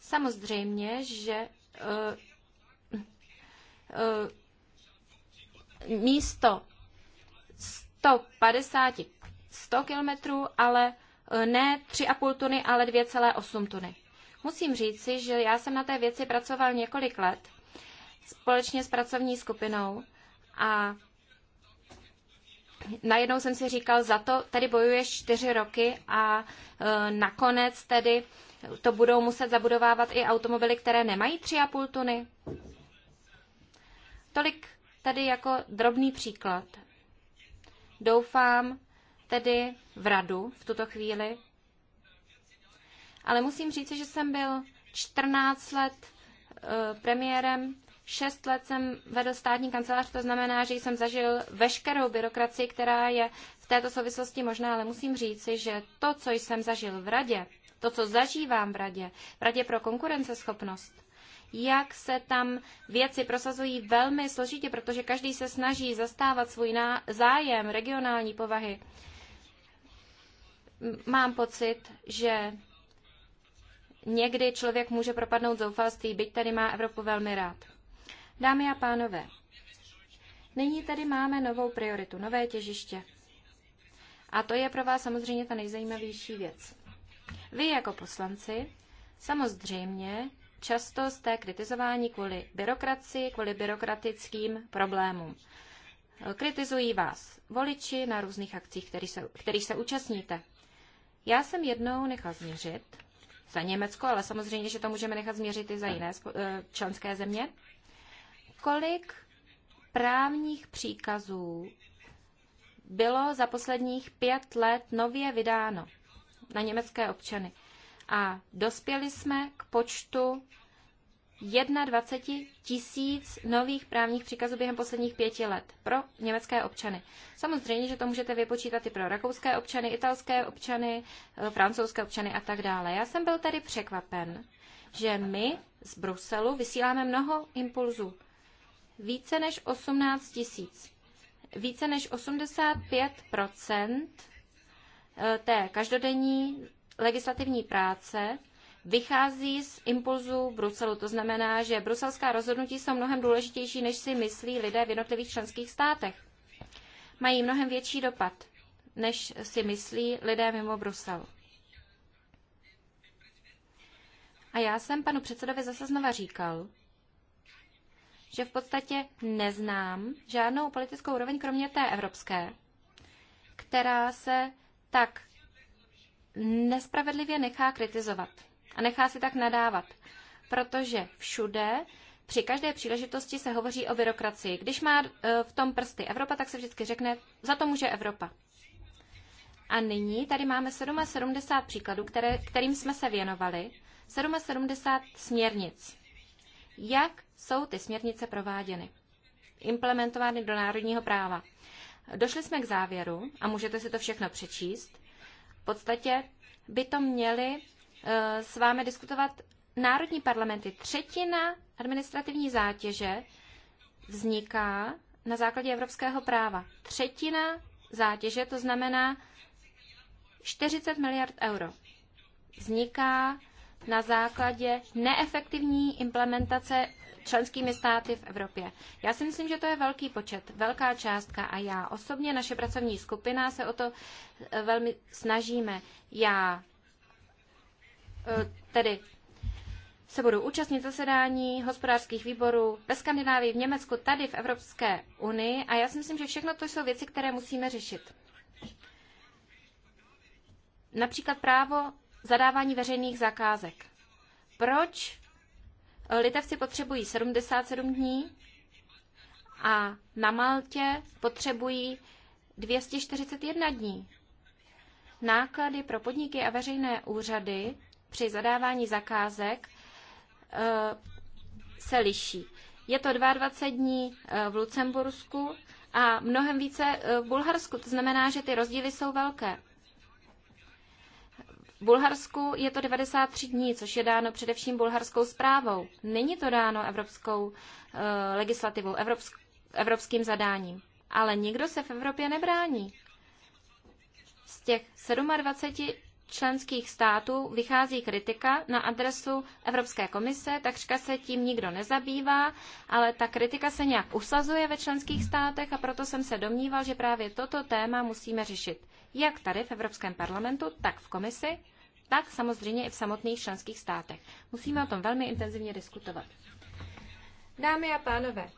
Speaker 2: Samozřejmě, že uh, uh, místo 150 100 kilometrů, ale eh, ne 3,5 tuny, ale 2,8 tuny. Musím říci, že já jsem na té věci pracoval několik let společně s pracovní skupinou a najednou jsem si říkal, za to tady bojuješ čtyři roky a e, nakonec tedy to budou muset zabudovávat i automobily, které nemají tři a půl tuny. Tolik tady jako drobný příklad. Doufám tedy v radu v tuto chvíli, ale musím říct, že jsem byl 14 let eh, premiérem, 6 let jsem vedl státní kancelář, to znamená, že jsem zažil veškerou byrokracii, která je v této souvislosti možná, ale musím říci, že to, co jsem zažil v radě, to, co zažívám v radě, v radě pro konkurenceschopnost, jak se tam věci prosazují velmi složitě, protože každý se snaží zastávat svůj zájem regionální povahy. Mám pocit, že někdy člověk může propadnout zoufalství, byť tady má Evropu velmi rád. Dámy a pánové, nyní tady máme novou prioritu, nové těžiště. A to je pro vás samozřejmě ta nejzajímavější věc. Vy jako poslanci samozřejmě často jste kritizováni kvůli byrokracii, kvůli byrokratickým problémům. Kritizují vás voliči na různých akcích, kterých se, který se účastníte. Já jsem jednou nechal změřit, za Německo, ale samozřejmě, že to můžeme nechat změřit i za jiné eh, členské země. Kolik právních příkazů bylo za posledních pět let nově vydáno na německé občany? A dospěli jsme k počtu 21 tisíc nových právních příkazů během posledních pěti let pro německé občany. Samozřejmě, že to můžete vypočítat i pro rakouské občany, italské občany, eh, francouzské občany a tak dále. Já jsem byl tady překvapen, že my z Bruselu vysíláme mnoho impulzů. Více než 18 tisíc. Více než 85 eh, té každodenní legislativní práce vychází z impulzu Bruselu. To znamená, že bruselská rozhodnutí jsou mnohem důležitější, než si myslí lidé v jednotlivých členských státech. Mají mnohem větší dopad, než si myslí lidé mimo Brusel. A já jsem panu předsedovi zase znova říkal, že v podstatě neznám žádnou politickou úroveň, kromě té evropské, která se tak nespravedlivě nechá kritizovat. A nechá si tak nadávat, protože všude při každé příležitosti se hovoří o byrokracii. Když má e, v tom prsty Evropa, tak se vždycky řekne, za to může Evropa. A nyní tady máme 77 příkladů, které, kterým jsme se věnovali, 77 směrnic. Jak jsou ty směrnice prováděny? Implementovány do národního práva. Došli jsme k závěru, a můžete si to všechno přečíst, v podstatě by to měly Eh, s vámi diskutovat národní parlamenty. Třetina administrativní zátěže vzniká na základě evropského práva. Třetina zátěže, to znamená 40 miliard euro, vzniká na základě neefektivní implementace členskými státy v Evropě. Já si myslím, že to je velký počet, velká částka a já osobně, naše pracovní skupina se o to eh, velmi snažíme. Já Eh, tedy se budou účastnit zasedání hospodářských výborů ve Skandinávii, v Německu, tady v Evropské unii a já si myslím, že všechno to jsou věci, které musíme řešit. Například právo zadávání veřejných zakázek. Proč litevci potřebují 77 dní a na Maltě potřebují 241 dní? Náklady pro podniky a veřejné úřady při zadávání zakázek eh, se liší. Je to 22 dní eh, v Lucembursku a mnohem více eh, v Bulharsku. To znamená, že ty rozdíly jsou velké. V Bulharsku je to 93 dní, což je dáno především bulharskou zprávou. Není to dáno evropskou legislativou, evropským zadáním. Ale nikdo se v Evropě nebrání. Z těch 27 členských států vychází kritika na adresu Evropské komise, takřka se tím nikdo nezabývá, ale ta kritika se nějak usazuje ve členských státech a proto jsem se domníval, že právě toto téma musíme řešit. Jak tady v Evropském parlamentu, tak v komisi, tak samozřejmě i v samotných členských státech. Musíme o tom velmi intenzivně diskutovat. Dámy a pánové,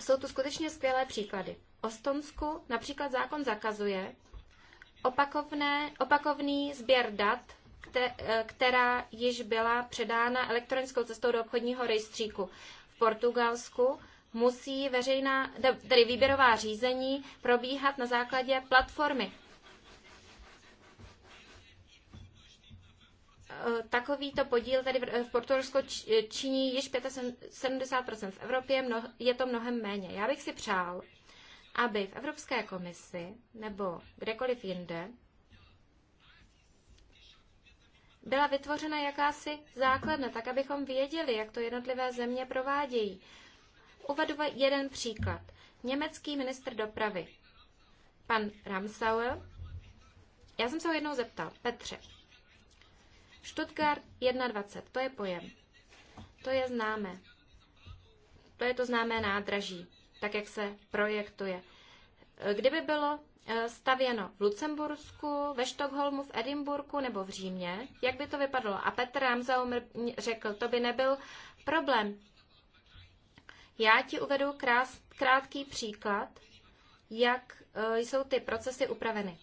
Speaker 2: jsou tu skutečně skvělé příklady. Ostonsku například zákon zakazuje, opakovné, opakovný sběr dat, eh, která již byla předána elektronickou cestou do obchodního rejstříku v Portugalsku, musí veřejná, tedy výběrová řízení probíhat na základě platformy. Eh, takovýto podíl tady eh, v Portugalsku činí již 75%, v Evropě je to mnohem méně. Já bych si přál, aby v Evropské komisi nebo kdekoliv jinde byla vytvořena jakási základna, tak abychom věděli, jak to jednotlivé země provádějí. Uvedu jeden příklad. Německý ministr dopravy, pan Ramsauer, já jsem se ho jednou zeptal, Petře, Stuttgart 21, to je pojem. To je známé. To je to známé nádraží tak jak se projektuje. Kdyby bylo eh, stavěno v Lucembursku, ve Štokholmu, v Edimburku nebo v Římě, jak by to vypadalo? A Petr Ramzaum řekl, to by nebyl problém. Já ti uvedu krás, krátký příklad, jak eh, jsou ty procesy upraveny.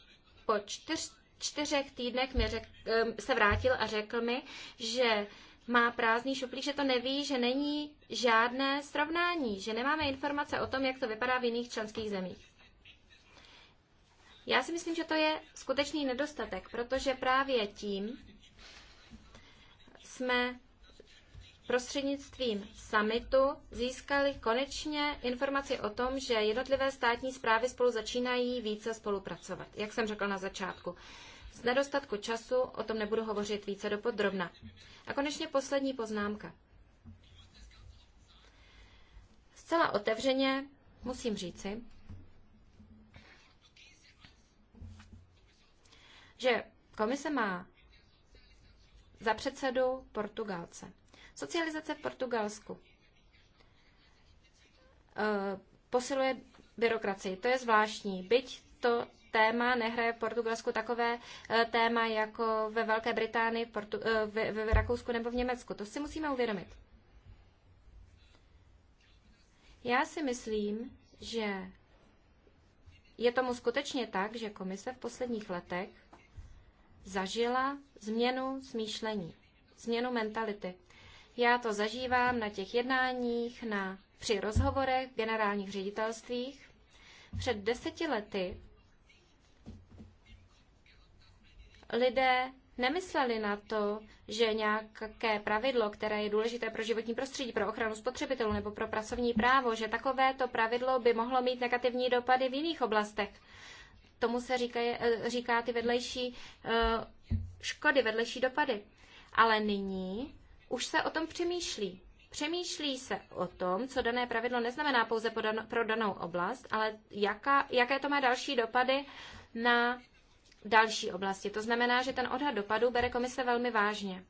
Speaker 2: Po čtyř, čtyřech týdnech mi řek, eh, se vrátil a řekl mi, že má prázdný šuplík, že to neví, že není žádné srovnání, že nemáme informace o tom, jak to vypadá v jiných členských zemích. Já si myslím, že to je skutečný nedostatek, protože právě tím jsme prostřednictvím summitu získali konečně informaci o tom, že jednotlivé státní zprávy spolu začínají více spolupracovat, jak jsem řekl na začátku. Z nedostatku času o tom nebudu hovořit více dopodrobna. A konečně poslední poznámka. Zcela otevřeně musím říci, že komise má za předsedu Portugalce. Socializace v Portugalsku eh, posiluje byrokracii. To je zvláštní, byť to téma, nehraje v Portugalsku takové e, téma jako ve Velké Británii, Portu, e, v, v Rakousku nebo v Německu. To si musíme uvědomit. Já si myslím, že je tomu skutečně tak, že komise v posledních letech zažila změnu smýšlení, změnu mentality. Já to zažívám na těch jednáních, na, při rozhovorech v generálních ředitelstvích. Před deseti lety lidé nemysleli na to, že nějaké pravidlo, které je důležité pro životní prostředí, pro ochranu spotřebitelů nebo pro pracovní právo, že takovéto pravidlo by mohlo mít negativní dopady v jiných oblastech. Tomu se říká, eh, říká ty vedlejší eh, škody, vedlejší dopady. Ale nyní už se o tom přemýšlí. Přemýšlí se o tom, co dané pravidlo neznamená pouze pro danou oblast, ale jaká, jaké to má další dopady na další oblasti. To znamená, že ten odhad dopadu bere komise velmi vážně.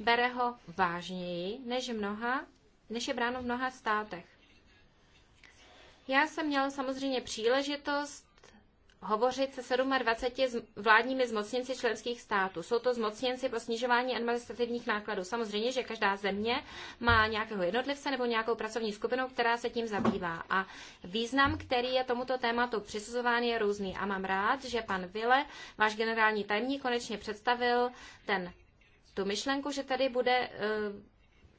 Speaker 2: Bere ho vážněji, než, mnoha, než je bráno v mnoha státech. Já jsem měl samozřejmě příležitost hovořit se 27 vládními zmocněnci členských států. Jsou to zmocněnci pro snižování administrativních nákladů. Samozřejmě, že každá země má nějakého jednotlivce nebo nějakou pracovní skupinu, která se tím zabývá. A význam, který je tomuto tématu přisuzován, je různý. A mám rád, že pan Vile, váš generální tajemník, konečně představil ten, tu myšlenku, že tady bude eh,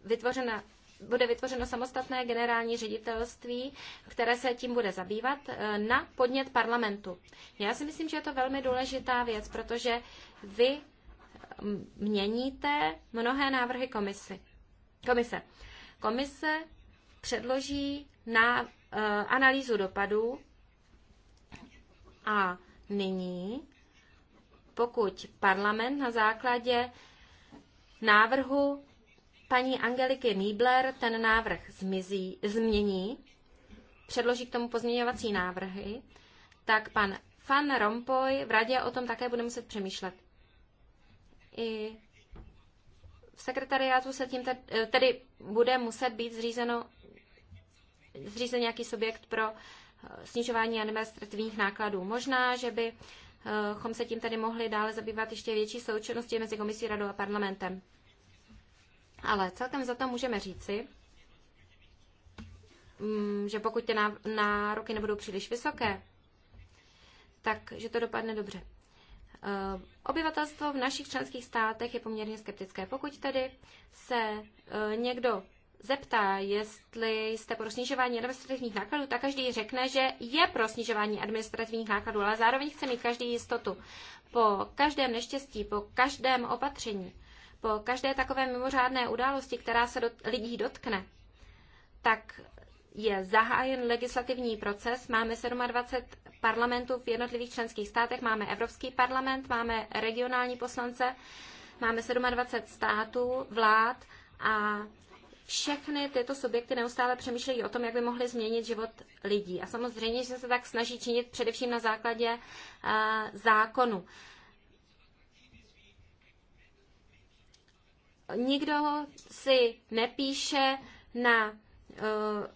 Speaker 2: vytvořena bude vytvořeno samostatné generální ředitelství, které se tím bude zabývat eh, na podnět parlamentu. Já si myslím, že je to velmi důležitá věc, protože vy mm, měníte mnohé návrhy komisy. komise. Komise předloží na eh, analýzu dopadů a nyní, pokud parlament na základě návrhu paní Angeliky Niebler ten návrh zmizí, změní, předloží k tomu pozměňovací návrhy, tak pan Fan Rompoy v radě o tom také bude muset přemýšlet. I v sekretariátu se tím tedy, eh, tedy bude muset být zřízeno, zřízen nějaký subjekt pro eh, snižování administrativních nákladů. Možná, že bychom se tím tedy mohli dále zabývat ještě větší součinnosti mezi komisí, radou a parlamentem. Ale celkem za to můžeme říci, mm, že pokud ty nároky nebudou příliš vysoké, tak že to dopadne dobře. Eh, obyvatelstvo v našich členských státech je poměrně skeptické. Pokud tedy se eh, někdo zeptá, jestli jste pro snižování administrativních nákladů, tak každý řekne, že je pro snižování administrativních nákladů, ale zároveň chce mít každý jistotu. Po každém neštěstí, po každém opatření, po každé takové mimořádné události, která se do, lidí dotkne, tak je zahájen legislativní proces. Máme 27 parlamentů v jednotlivých členských státech, máme Evropský parlament, máme regionální poslance, máme 27 států, vlád a všechny tyto subjekty neustále přemýšlejí o tom, jak by mohly změnit život lidí. A samozřejmě, že se tak snaží činit především na základě uh, zákonu. Uh, nikdo si nepíše na eh,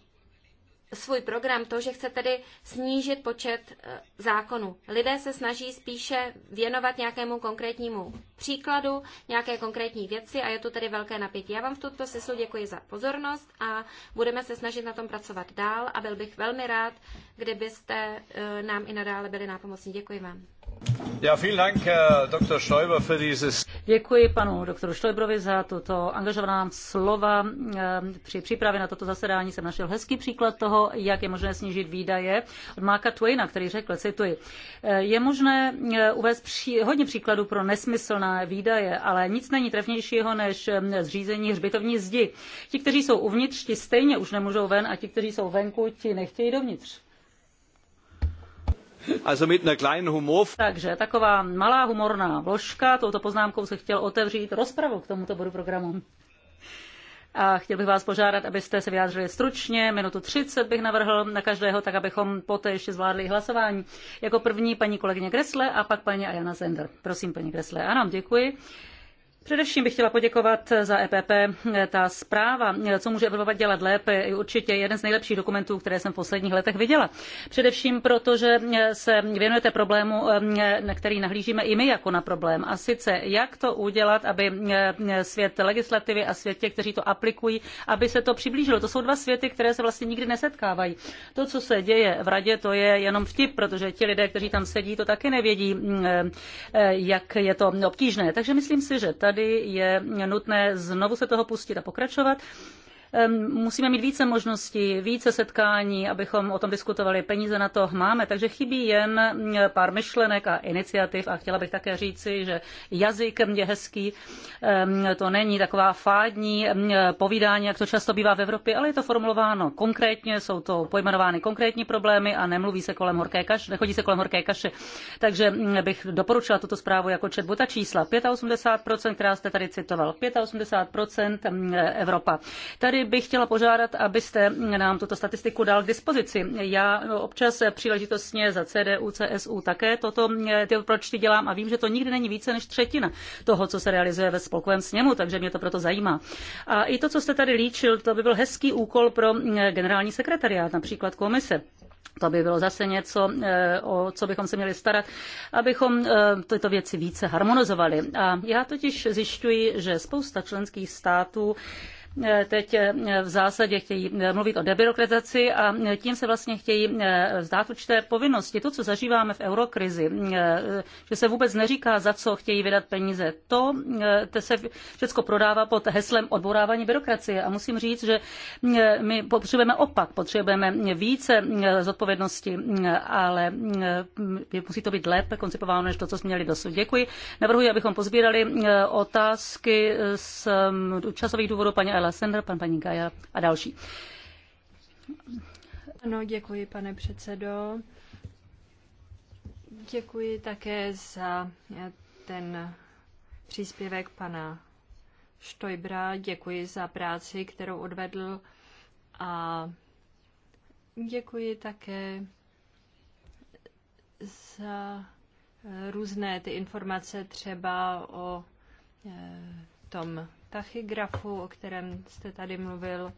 Speaker 2: svůj program to, že chce tedy snížit počet eh, zákonů. Lidé se snaží spíše věnovat nějakému konkrétnímu příkladu, nějaké konkrétní věci a je tu tedy velké napětí. Já vám v tuto sesu děkuji za pozornost a budeme se snažit na tom pracovat dál a byl bych velmi rád, kdybyste eh, nám i nadále byli nápomocní. Děkuji vám. Ja, Dank, Dr. dieses...
Speaker 4: Děkuji panu doktoru Stoiberovi za toto angažovaná slova. Ehm, při přípravě na toto zasedání jsem našel hezký příklad toho, jak je možné snížit výdaje od Marka Twaina, který řekl, cituji, eh, je možné eh, uvést pří, hodně příkladů pro nesmyslné výdaje, ale nic není trefnějšího než ehm, zřízení hřbitovní zdi. Ti, kteří jsou uvnitř, ti stejně už nemůžou ven a ti, kteří jsou venku, ti nechtějí dovnitř.
Speaker 2: Also mit einer kleinen Humor.
Speaker 4: Takže taková malá humorná vložka, touto poznámkou se chtěl otevřít rozpravu k tomuto bodu programu. A chtěl bych vás požádat, abyste se vyjádřili stručně, minutu 30 bych navrhl na každého, tak abychom poté ještě zvládli hlasování. Jako první paní kolegyně Gresle a pak paní Ajana Zender. Prosím, paní Gresle. Ano, děkuji. Především bych chtěla poděkovat za EPP. Ta zpráva, co může Evropa dělat lépe, je určitě jeden z nejlepších dokumentů, které jsem v posledních letech viděla. Především proto, že se věnujete problému, na který nahlížíme i my jako na problém. A sice, jak to udělat, aby svět legislativy a svět těch, kteří to aplikují, aby se to přiblížilo. To jsou dva světy, které se vlastně nikdy nesetkávají. To, co se děje v radě, to je jenom vtip, protože ti lidé, kteří tam sedí, to taky nevědí, jak je to obtížné. Takže myslím si, že tady tady je nutné znovu se toho pustit a pokračovat musíme mít více možností, více setkání, abychom o tom diskutovali. Peníze na to máme, takže chybí jen mm, pár myšlenek a iniciativ a chtěla bych také říci, že jazyk je hezký, to není taková fádní mm, povídání, jak to často bývá v Evropě, ale je to formulováno konkrétně, jsou to pojmenovány konkrétní problémy a nemluví se kolem horké kaše, nechodí se kolem horké kaše. Takže mm, bych doporučila tuto zprávu jako četbu. Ta čísla 85%, která jste tady citoval, 85% Evropa. Tady bych chtěla požádat, abyste nám tuto statistiku dal k dispozici. Já občas příležitostně za CDU, CSU také toto eh, ty pročty dělám a vím, že to nikdy není více než třetina toho, co se realizuje ve spolkovém sněmu, takže mě to proto zajímá. A i to, co jste tady líčil, to by byl hezký úkol pro eh, generální sekretariát, například komise. To by bylo zase něco, eh, o co bychom se měli starat, abychom tyto věci více harmonizovali. A já totiž zjišťuji, že spousta členských států teď eh, v zásadě chtějí eh, mluvit o debirokratizaci a tím se vlastně chtějí eh, vzdát určité povinnosti. To, co zažíváme v eurokrizi, že se vůbec neříká, za co chtějí vydat peníze, to, to se všechno prodává pod heslem odborávání byrokracie. A musím říct, že my potřebujeme opak, potřebujeme více zodpovědnosti, ale musí to být lépe koncipováno, než to, co jsme měli dosud. Děkuji. Navrhuji, abychom pozbírali otázky z mm, časových důvodů paní Ayala Sender, pan paní Gaja a další.
Speaker 1: Ano, děkuji, pane předsedo. Děkuji také za ten příspěvek pana Štojbra. Děkuji za práci, kterou odvedl a děkuji také za různé ty informace třeba o eh, tom tachygrafu, o kterém jste tady mluvil.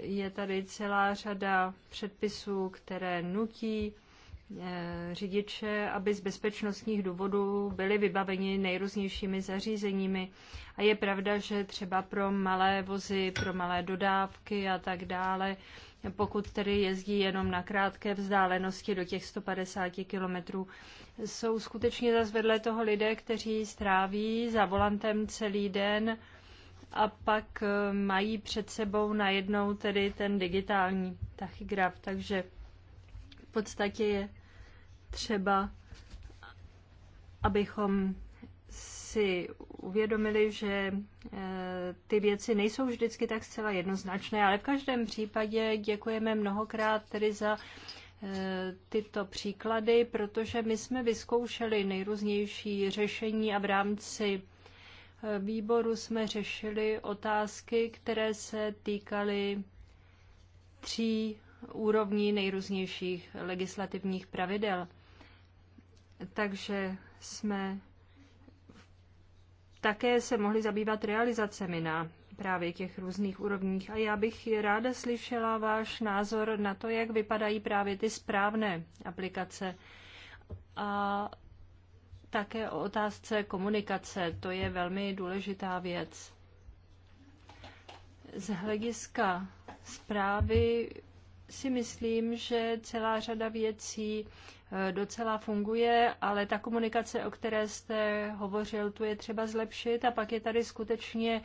Speaker 1: Je tady celá řada předpisů, které nutí eh, řidiče, aby z bezpečnostních důvodů byli vybaveni nejrůznějšími zařízeními. A je pravda, že třeba pro malé vozy, pro malé dodávky a tak dále, pokud tedy jezdí jenom na krátké vzdálenosti do těch 150 kilometrů. Jsou skutečně zase vedle toho lidé, kteří stráví za volantem celý den a pak eh, mají před sebou najednou tedy ten digitální tachygraf. takže v podstatě je třeba, abychom si uvědomili, že eh, ty věci nejsou vždycky tak zcela jednoznačné, ale v každém případě děkujeme mnohokrát tedy za eh, tyto příklady, protože my jsme vyzkoušeli nejrůznější řešení a v rámci eh, výboru jsme řešili otázky, které se týkaly tří úrovní nejrůznějších legislativních pravidel. Takže jsme také se mohli zabývat realizacemi na právě těch různých úrovních. A já bych ráda slyšela váš názor na to, jak vypadají právě ty správné aplikace. A také o otázce komunikace. To je velmi důležitá věc. Z hlediska zprávy si myslím, že celá řada věcí Eh, docela funguje, ale ta komunikace, o které jste hovořil, tu je třeba zlepšit a pak je tady skutečně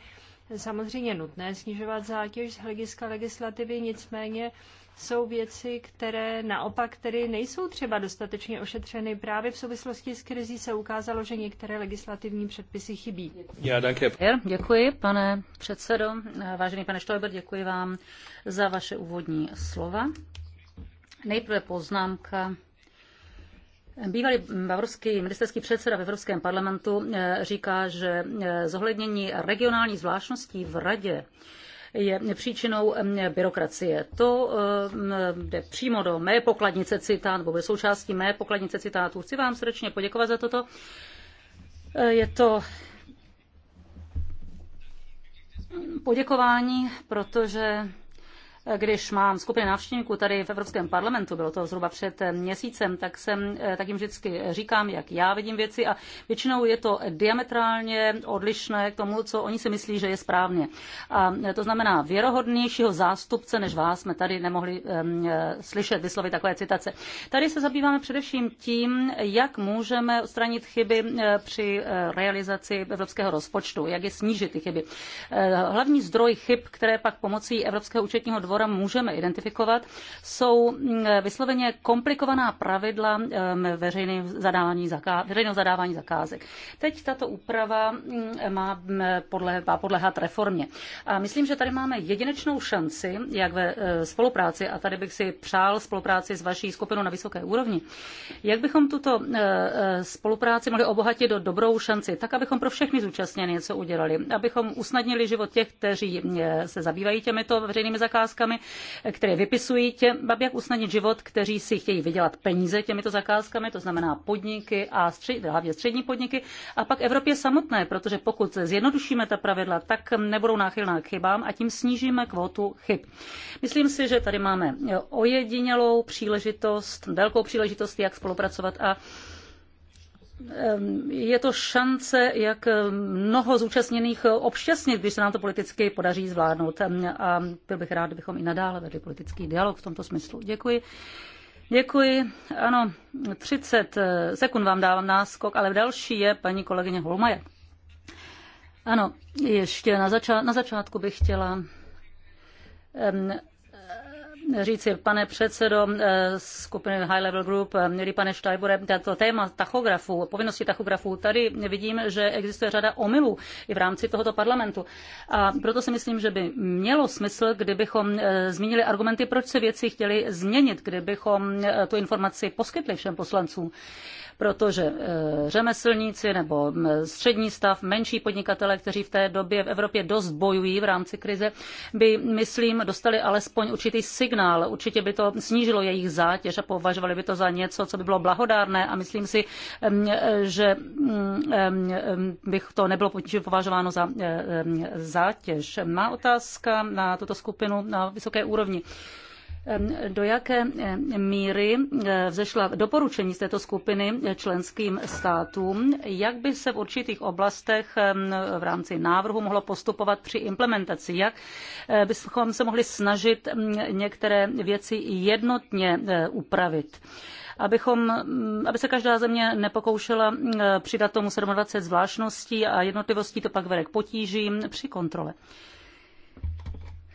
Speaker 1: samozřejmě nutné snižovat zátěž z hlediska legislativy, nicméně jsou věci, které naopak tedy nejsou třeba dostatečně ošetřeny. Právě v souvislosti s krizí se
Speaker 4: ukázalo, že některé legislativní předpisy chybí. Já děkuji. Děkuji, pane předsedo. Vážený pane Štojber, děkuji vám za vaše úvodní slova. Nejprve poznámka Bývalý bavorský ministerský předseda v Evropském parlamentu eh, říká, že eh, zohlednění regionální zvláštností v radě je příčinou eh, byrokracie. To jde přímo do mé pokladnice citát, nebo bude součástí mé pokladnice citátů. Chci vám srdečně poděkovat za toto. Je to poděkování, protože když mám skupinu návštěvníků tady v Evropském parlamentu, bylo to zhruba před eh, měsícem, tak, jsem, eh, tak jim vždycky říkám, jak já vidím věci a většinou je to diametrálně odlišné k tomu, co oni si myslí, že je správně. A eh, to znamená, věrohodnějšího zástupce než vás jsme tady nemohli um, slyšet vyslovit takové citace. Tady se zabýváme především tím, jak můžeme odstranit chyby při realizaci evropského rozpočtu, jak je snížit ty chyby. Hlavní zdroj chyb, které pak pomocí Evropského účetního dvora můžeme identifikovat, jsou mm, vysloveně komplikovaná pravidla mm, veřejného zadávání, zaká, veřejného zadávání zakázek. Teď tato úprava mm, má, podle, má podlehat reformě. A myslím, že tady máme jedinečnou šanci, jak ve e, spolupráci, a tady bych si přál spolupráci s vaší skupinou na vysoké úrovni, jak bychom tuto e, e, spolupráci mohli obohatit do dobrou šanci, tak abychom pro všechny zúčastněné něco udělali, abychom usnadnili život těch, kteří se zabývají těmito veřejnými zakázkami, zakázkami, které vypisují těm, jak usnadnit život, kteří si chtějí vydělat peníze těmito zakázkami, to znamená podniky a střed, hlavně střední podniky, a pak Evropě samotné, protože pokud zjednodušíme ta pravidla, tak nebudou náchylná k chybám a tím snížíme kvotu chyb. Myslím si, že tady máme ojedinělou příležitost, velkou příležitost, jak spolupracovat a Ehm, je to šance, jak ehm, mnoho zúčastněných eh, obšťastnit, když se nám to politicky podaří zvládnout. Ehm, a byl bych rád, kdybychom i nadále vedli politický dialog v tomto smyslu. Děkuji. Děkuji. Ano, 30 eh, sekund vám dávám náskok, ale další je paní kolegyně Holmaje. Ano, ještě na, zača- na začátku bych chtěla říci, pane předsedo eh, skupiny High Level Group, eh, milý pane Štajbore, tato téma tachografů, povinnosti tachografů, tady vidím, že existuje řada omylů i v rámci tohoto parlamentu. A proto si myslím, že by mělo smysl, kdybychom eh, zmínili argumenty, proč se věci chtěli změnit, kdybychom tu informaci poskytli všem poslancům protože eh, řemeslníci nebo střední stav, menší podnikatele, kteří v té době v Evropě dost bojují v rámci krize, by, myslím, dostali alespoň určitý signál. Určitě by to snížilo jejich zátěž a považovali by to za něco, co by bylo blahodárné a myslím si, že bych to nebylo považováno za eh, zátěž. Má otázka na tuto skupinu na vysoké úrovni do jaké míry eh, vzešla doporučení z této skupiny eh, členským státům, jak by se v určitých oblastech v rámci návrhu mohlo postupovat při implementaci, jak eh, bychom se mohli snažit některé věci jednotně upravit abychom, mm, aby se každá země nepokoušela přidat tomu 27 zvláštností a jednotlivostí, to pak vede k potížím při kontrole.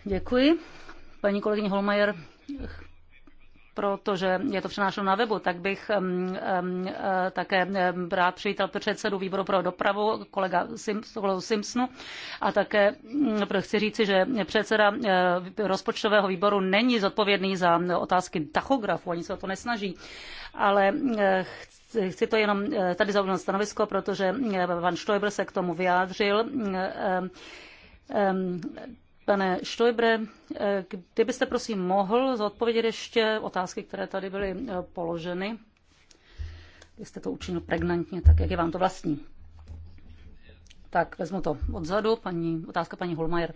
Speaker 4: Děkuji. Paní kolegyně Holmajer, protože je to přenášeno na webu, tak bych um, um, také rád přivítal předsedu výboru pro dopravu, kolega Simpsonu, Simpsonu a také mm, chci říci, že předseda eh, rozpočtového výboru není zodpovědný za otázky tachografu, ani se o to nesnaží, ale eh, chci to jenom tady zaujímat stanovisko, protože pan Stoiber se k tomu vyjádřil. Um, Pane Štojbre, kdybyste prosím mohl zodpovědět ještě otázky, které tady byly eh, položeny. Vy jste to učinil pregnantně, tak jak je vám to vlastní. Tak vezmu to odzadu, paní, otázka paní Holmajer.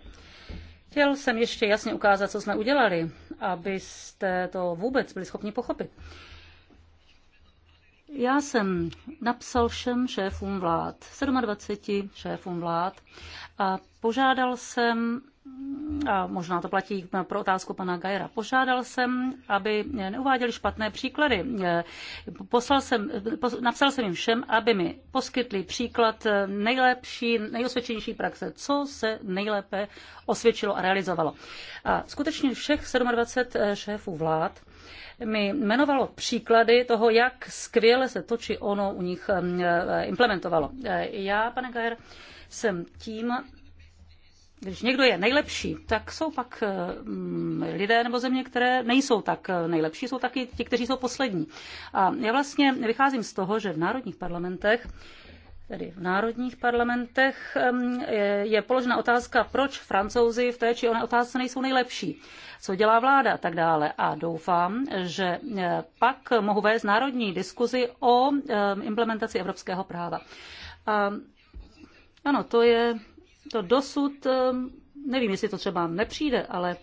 Speaker 4: Chtěl jsem ještě jasně ukázat, co jsme udělali, abyste to vůbec byli schopni pochopit. Já jsem napsal všem šéfům vlád, 27 šéfům vlád, a požádal jsem a možná to platí pro otázku pana Gajera. Požádal jsem, aby neuváděli špatné příklady. Poslal jsem, napsal jsem jim všem, aby mi poskytli příklad nejlepší, nejosvědčenější praxe, co se nejlépe osvědčilo a realizovalo. A skutečně všech 27 šéfů vlád mi jmenovalo příklady toho, jak skvěle se to či ono u nich eh, implementovalo. Eh, já, pane Gajer, jsem tím, když někdo je nejlepší, tak jsou pak eh, mm, lidé nebo země, které nejsou tak eh, nejlepší, jsou taky ti, kteří jsou poslední. A já vlastně vycházím z toho, že v národních parlamentech tedy v národních parlamentech je položena otázka, proč francouzi v té či oné otázce nejsou nejlepší, co dělá vláda a tak dále. A doufám, že eh, pak mohu vést národní diskuzi o implementaci evropského práva. A ano, to je to dosud, ehm, nevím, jestli to třeba nepřijde, ale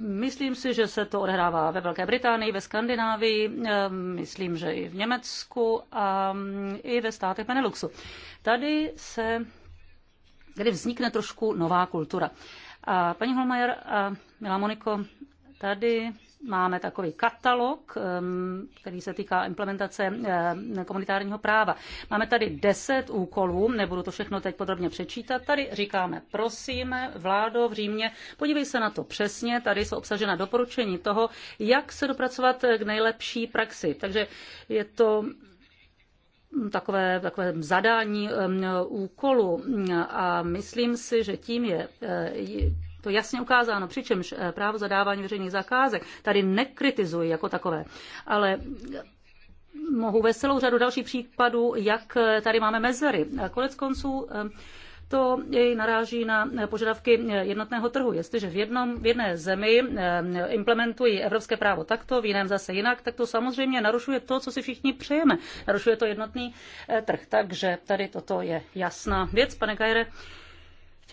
Speaker 4: Myslím si, že se to odehrává ve Velké Británii, ve Skandinávii, ehm, myslím, že i v Německu a mm, i ve státech Beneluxu. Tady se kdy vznikne trošku nová kultura. A paní Holmajer a milá Moniko, tady máme takový katalog, který se týká implementace komunitárního práva. Máme tady deset úkolů, nebudu to všechno teď podrobně přečítat. Tady říkáme, prosíme, vládo v Římě, podívej se na to přesně, tady jsou obsažena doporučení toho, jak se dopracovat k nejlepší praxi. Takže je to takové, takové zadání úkolu a myslím si, že tím je to jasně ukázáno, přičemž eh, právo zadávání veřejných zakázek tady nekritizuji jako takové, ale eh, mohu ve celou řadu dalších případů, jak eh, tady máme mezery. Konec konců to jej naráží na požadavky jednotného trhu. Jestliže v, jednom, v jedné zemi implementují evropské právo takto, v jiném zase jinak, tak to samozřejmě narušuje to, co si všichni přejeme. Narušuje to jednotný trh. Takže tady toto je jasná věc, pane Kajere.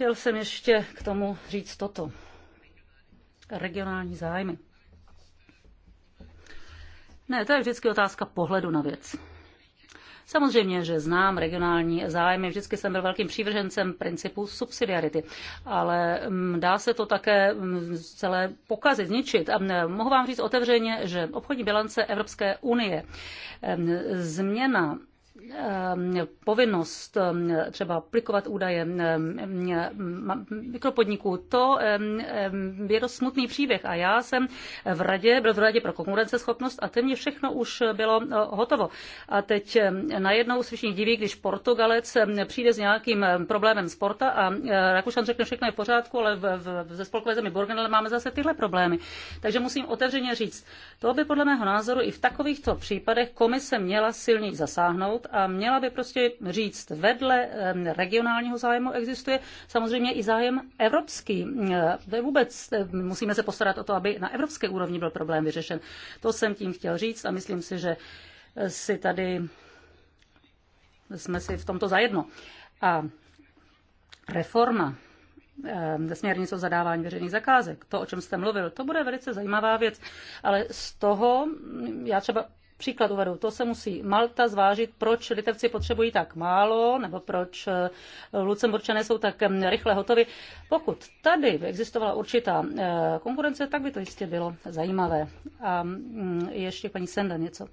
Speaker 4: Chtěl jsem ještě k tomu říct toto. Regionální zájmy. Ne, to je vždycky otázka pohledu na věc. Samozřejmě, že znám regionální zájmy, vždycky jsem byl velkým přívržencem principu subsidiarity, ale mm, dá se to také mm, celé pokazit, zničit. A mm, mohu vám říct otevřeně, že obchodní bilance Evropské unie, změna Ehm, povinnost ehm, třeba aplikovat údaje ehm, mikropodniků, to je dost smutný příběh. A já jsem v radě, byl v radě pro konkurenceschopnost a téměř všechno už bylo eh, hotovo. A teď najednou se všichni diví, když Portugalec přijde s nějakým problémem sporta a eh, Rakušan řekne všechno je v pořádku, ale v, v, ze spolkové zemi Burgenland máme zase tyhle problémy. Takže musím otevřeně říct, to by podle mého názoru i v takovýchto případech komise měla silně zasáhnout dohodnout a měla by prostě říct, vedle regionálního zájmu existuje samozřejmě i zájem evropský. E, vůbec e, musíme se postarat o to, aby na evropské úrovni byl problém vyřešen. To jsem tím chtěl říct a myslím si, že e, si tady jsme si v tomto zajedno. A reforma směrnice o zadávání veřejných zakázek, to, o čem jste mluvil, to bude velice zajímavá věc, ale z toho já třeba Příklad uvedu, to se musí Malta zvážit, proč Litevci potřebují tak málo, nebo proč eh, Lucemburčané jsou tak mm, rychle hotovi. Pokud tady by existovala určitá eh, konkurence, tak by to jistě bylo zajímavé. A mm, ještě paní Senda něco.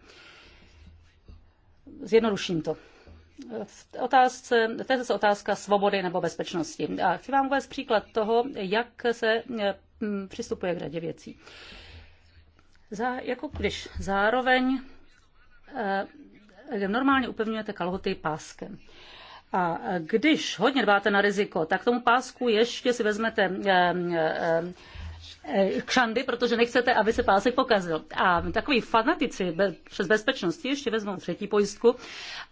Speaker 4: Zjednoduším to v otázce, to je zase otázka svobody nebo bezpečnosti. A chci vám uvést příklad toho, jak se eh, mm, přistupuje k radě věcí. Za, jako když zároveň Eh, normálně upevňujete kalhoty páskem. A když hodně dbáte na riziko, tak tomu pásku ještě si vezmete eh, eh, kšandy, protože nechcete, aby se pásek pokazil. A takový fanatici přes bezpečnosti, ještě vezmou třetí pojistku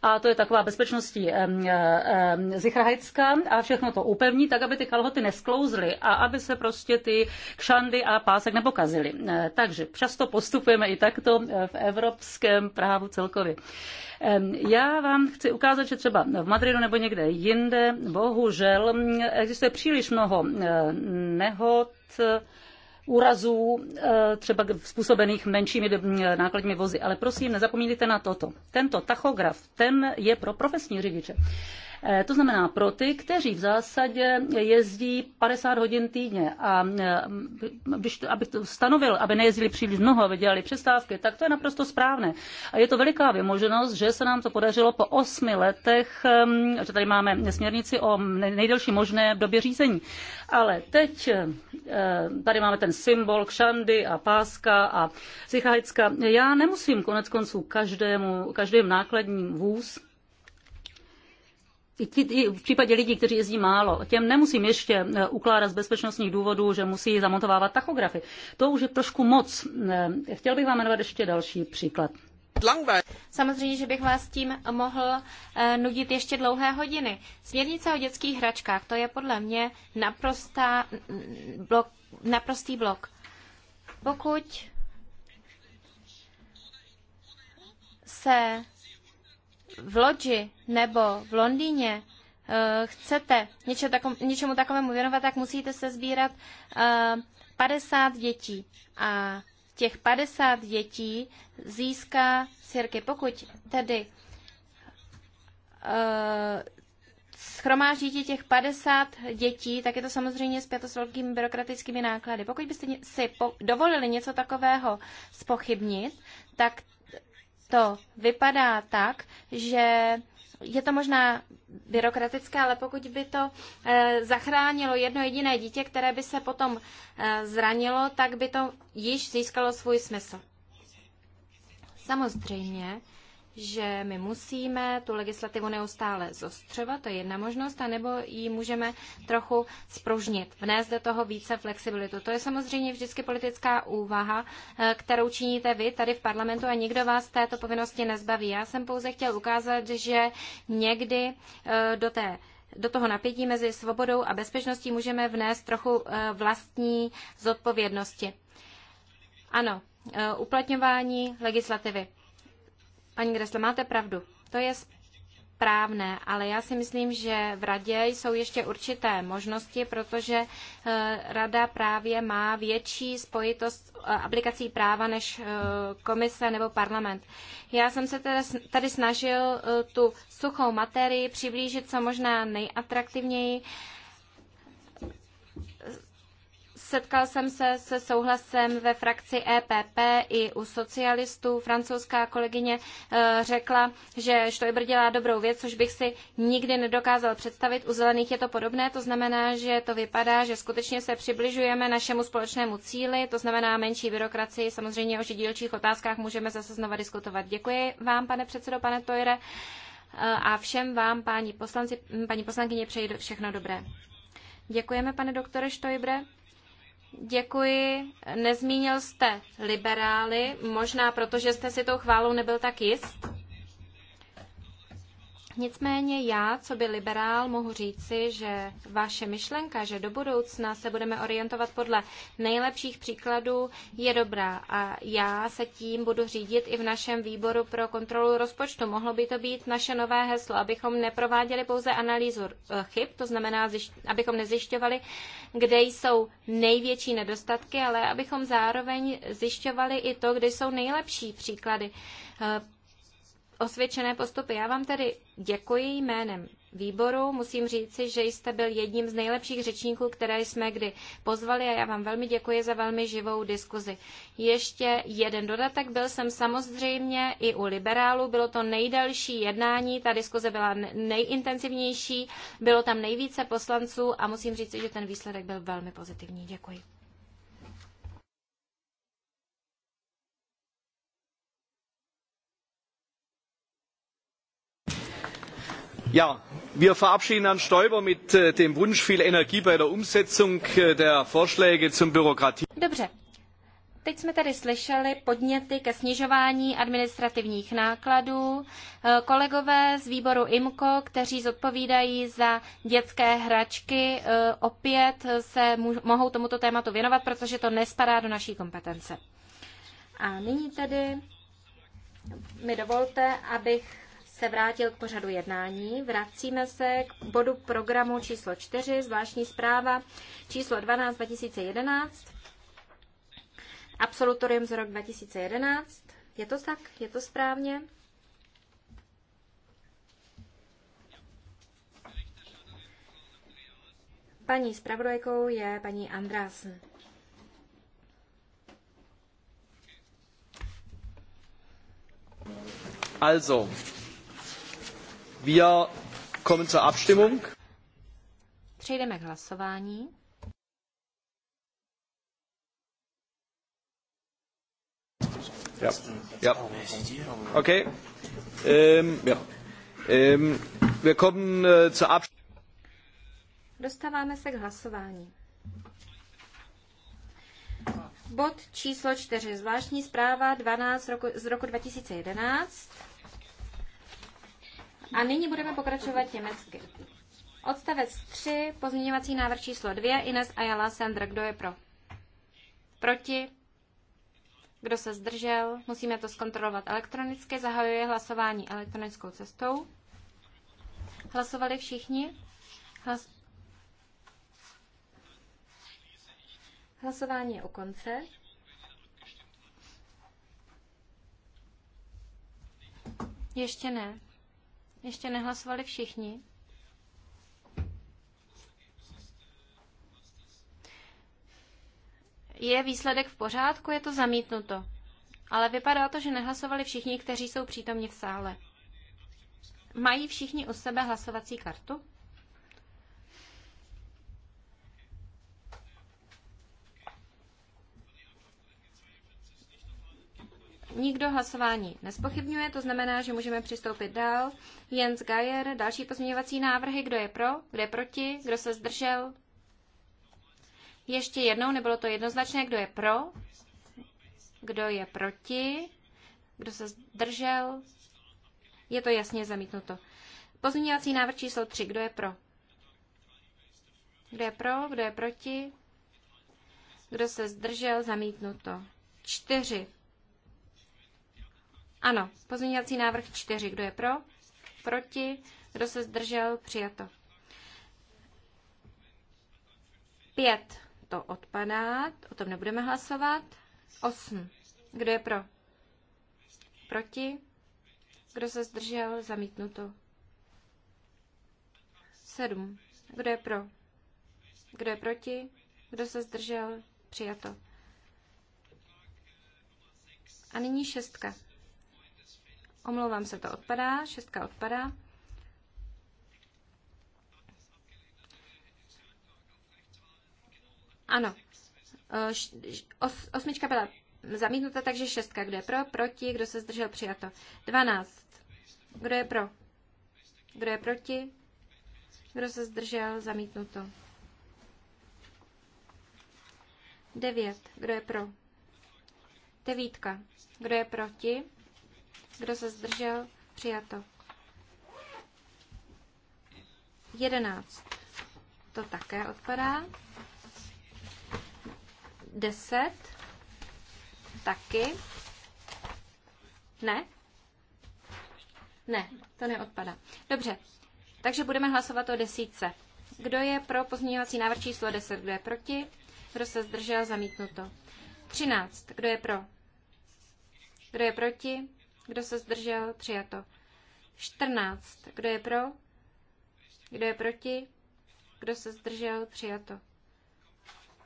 Speaker 4: a to je taková bezpečností zichrahajská a všechno to upevní, tak aby ty kalhoty nesklouzly a aby se prostě ty kšandy a pásek nepokazily. E, takže často postupujeme i takto e, v evropském právu celkově. Já vám chci ukázat, že třeba v Madridu nebo někde jinde, bohužel, existuje příliš mnoho e, nehod, úrazů eh, třeba způsobených menšími nákladními vozy. Ale prosím, nezapomínejte na toto. Tento tachograf, ten je pro profesní řidiče. Eh, to znamená pro ty, kteří v zásadě jezdí 50 hodin týdně a eh, když to, aby to stanovil, aby nejezdili příliš mnoho, aby dělali přestávky, tak to je naprosto správné. A je to veliká vymoženost, že se nám to podařilo po osmi letech, eh, že tady máme směrnici o nejdelší možné době řízení. Ale teď tady máme ten symbol kšandy a páska a Sichajcka. Já nemusím konec konců každému, každým nákladním vůz v případě lidí, kteří jezdí málo, těm nemusím ještě eh, ukládat z bezpečnostních důvodů, že musí zamontovávat tachografy. To už je trošku moc. Eh, chtěl bych vám jmenovat ještě další příklad.
Speaker 2: Samozřejmě, že bych vás tím mohl eh, nudit ještě dlouhé hodiny. Směrnice o dětských hračkách, to je podle mě naprostá mm, blok, naprostý blok. Pokud se v Lodži nebo v Londýně eh, chcete něčemu, takom, něčemu takovému věnovat, tak musíte se sbírat 50 eh, dětí. A těch 50 dětí získá sirky. Pokud tedy eh, schromáždíte těch 50 dětí, tak je to samozřejmě zpěto s velkými byrokratickými náklady. Pokud byste si dovolili něco takového spochybnit, tak to vypadá tak, že je to možná byrokratické, ale pokud by to eh, zachránilo jedno jediné dítě, které by se potom eh, zranilo, tak by to již získalo svůj smysl. Samozřejmě, že my musíme tu legislativu neustále zostřovat, to je jedna možnost, anebo ji můžeme trochu spružnit, vnést do toho více flexibilitu. To je samozřejmě vždycky politická úvaha, eh, kterou činíte vy tady v parlamentu a nikdo vás této povinnosti nezbaví. Já jsem pouze chtěl ukázat, že někdy eh, do té do toho napětí mezi svobodou a bezpečností můžeme vnést trochu eh, vlastní zodpovědnosti. Ano, uplatňování legislativy. Paní Gressle, máte pravdu. To je správné, ale já si myslím, že v radě jsou ještě určité možnosti, protože eh, rada právě má větší spojitost eh, aplikací práva než eh, komise nebo parlament. Já jsem se tady snažil tu suchou materii přiblížit co možná nejatraktivněji Setkal jsem se se souhlasem ve frakci EPP i u socialistů. Francouzská kolegyně eh, řekla, že Štojbr dělá dobrou věc, což bych si nikdy nedokázal představit. U zelených je to podobné, to znamená, že to vypadá, že skutečně se přibližujeme našemu společnému cíli, to znamená menší byrokracii. Samozřejmě o dílčích otázkách můžeme zase znova diskutovat. Děkuji vám, pane předsedo, pane Tojre eh, a všem vám, páni poslanci, paní poslankyně, přeji všechno dobré. Děkujeme, pane doktore Štojbre. Děkuji. Nezmínil jste liberály, možná proto, že jste si tou chválou nebyl tak jist. Nicméně já, co by liberál, mohu říci, že vaše myšlenka, že do budoucna se budeme orientovat podle nejlepších příkladů, je dobrá. A já se tím budu řídit i v našem výboru pro kontrolu rozpočtu. Mohlo by to být naše nové heslo, abychom neprováděli pouze analýzu eh, chyb, to znamená, abychom nezjišťovali, kde jsou největší nedostatky, ale abychom zároveň zjišťovali i to, kde jsou nejlepší příklady eh, osvědčené postupy. Já vám tedy děkuji jménem výboru. Musím říci, že jste byl jedním z nejlepších řečníků, které jsme kdy pozvali a já vám velmi děkuji za velmi živou diskuzi. Ještě jeden dodatek. Byl jsem samozřejmě i u liberálu. Bylo to nejdelší jednání. Ta diskuze byla nejintenzivnější. Bylo tam nejvíce poslanců a musím říci, že ten výsledek byl velmi pozitivní. Děkuji. Ja, wir verabschieden herrn stoiber mit äh, dem wunsch viel energie bei der umsetzung äh, der vorschläge zum bürokratie. Dobře. Teď jsme tady slyšeli podněty ke snižování administrativních nákladů. Äh, kolegové z výboru IMCO, kteří zodpovídají za dětské hračky, opět se mohou tomuto tématu věnovat, protože to nespadá do naší kompetence. A nyní tedy mi dovolte, abych se vrátil k pořadu jednání. Vracíme se k bodu programu číslo 4, zvláštní zpráva číslo 12 2011, absolutorium z rok 2011. Je to tak? Je to správně? Paní zpravodajkou je paní Andrásen.
Speaker 3: Also, Wir kommen zur Abstimmung.
Speaker 2: Přejdeme k hlasování.
Speaker 3: Ja. Ja. Okay. Ähm, ja. Ähm, wir kommen äh, zur
Speaker 2: Dostáváme se k hlasování. Bod číslo 4. Zvláštní zpráva 12 roku, z roku 2011. A nyní budeme pokračovat německy. Odstavec 3, pozměňovací návrh číslo 2, Ines Ayala Sandr, Kdo je pro? Proti? Kdo se zdržel? Musíme to zkontrolovat elektronicky. Zahajuje hlasování elektronickou cestou. Hlasovali všichni? Hlas... Hlasování je u konce. Ještě ne. Ještě nehlasovali všichni? Je výsledek v pořádku, je to zamítnuto. Ale vypadá to, že nehlasovali všichni, kteří jsou přítomni v sále. Mají všichni u sebe hlasovací kartu? Nikdo hlasování nespochybňuje, to znamená, že můžeme přistoupit dál. Jens Geier, další pozměňovací návrhy, kdo je pro, kdo je proti, kdo se zdržel. Ještě jednou, nebylo to jednoznačné, kdo je pro, kdo je proti, kdo se zdržel. Je to jasně zamítnuto. Pozměňovací návrh číslo 3, kdo je pro? Kdo je pro, kdo je proti? Kdo se zdržel, zamítnuto. 4. Ano, pozměňovací návrh 4. Kdo je pro? Proti? Kdo se zdržel? Přijato. 5. To odpadá, o tom nebudeme hlasovat. 8. Kdo je pro? Proti? Kdo se zdržel? Zamítnuto. 7. Kdo je pro? Kdo je proti? Kdo se zdržel? Přijato. A nyní šestka. Omlouvám se, to odpadá. Šestka odpadá. Ano. E, osmička byla zamítnuta, takže šestka. Kdo je pro? Proti. Kdo se zdržel? Přijato. Dvanáct. Kdo je pro? Kdo je proti? Kdo se zdržel? Zamítnuto. Devět. Kdo je pro? Devítka. Kdo je proti? Kdo se zdržel? Přijato. 11. To také odpadá. 10. Taky. Ne? Ne, to neodpadá. Dobře, takže budeme hlasovat o desítce. Kdo je pro pozměňovací návrh číslo 10? Kdo je proti? Kdo se zdržel? Zamítnuto. 13. Kdo je pro? Kdo je proti? Kdo se zdržel? Přijato. 14. Kdo je pro? Kdo je proti? Kdo se zdržel? Přijato.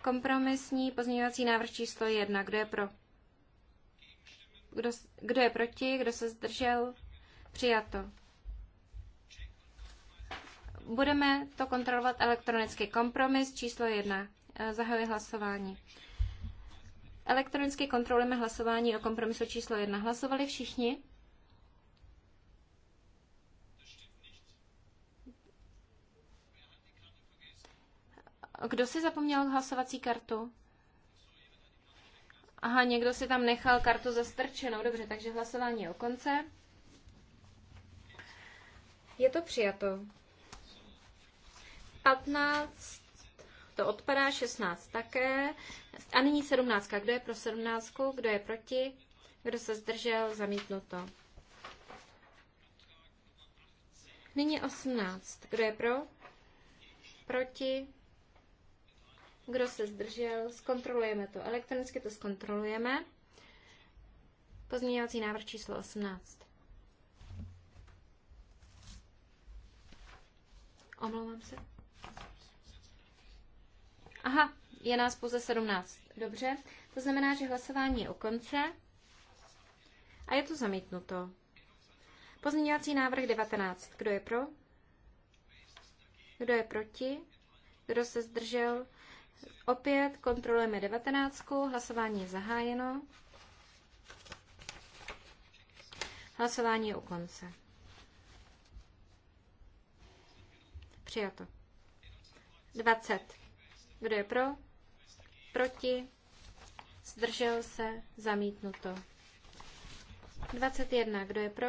Speaker 2: Kompromisní pozměňovací návrh číslo 1. Kdo je pro? Kdo, kdo je proti? Kdo se zdržel? Přijato. Budeme to kontrolovat elektronicky. Kompromis číslo 1. Eh, zahajuji hlasování. Elektronicky kontrolujeme hlasování o kompromisu číslo jedna. Hlasovali všichni? Kdo si zapomněl hlasovací kartu? Aha, někdo si tam nechal kartu zastrčenou. Dobře, takže hlasování je o konce. Je to přijato. 15 to odpadá, 16 také. A nyní 17. Kdo je pro 17? Kdo je proti? Kdo se zdržel? Zamítnuto. Nyní 18. Kdo je pro? Proti? Kdo se zdržel? Zkontrolujeme to. Elektronicky to zkontrolujeme. Pozměňovací návrh číslo 18. Omlouvám se. Aha, je nás pouze 17. Dobře, to znamená, že hlasování je u konce a je to zamítnuto. Pozměňovací návrh 19. Kdo je pro? Kdo je proti? Kdo se zdržel? Opět kontrolujeme 19. Hlasování je zahájeno. Hlasování je u konce. Přijato.
Speaker 1: 20. Kdo je pro?
Speaker 2: Proti? Zdržel se? Zamítnuto. 21. Kdo je pro?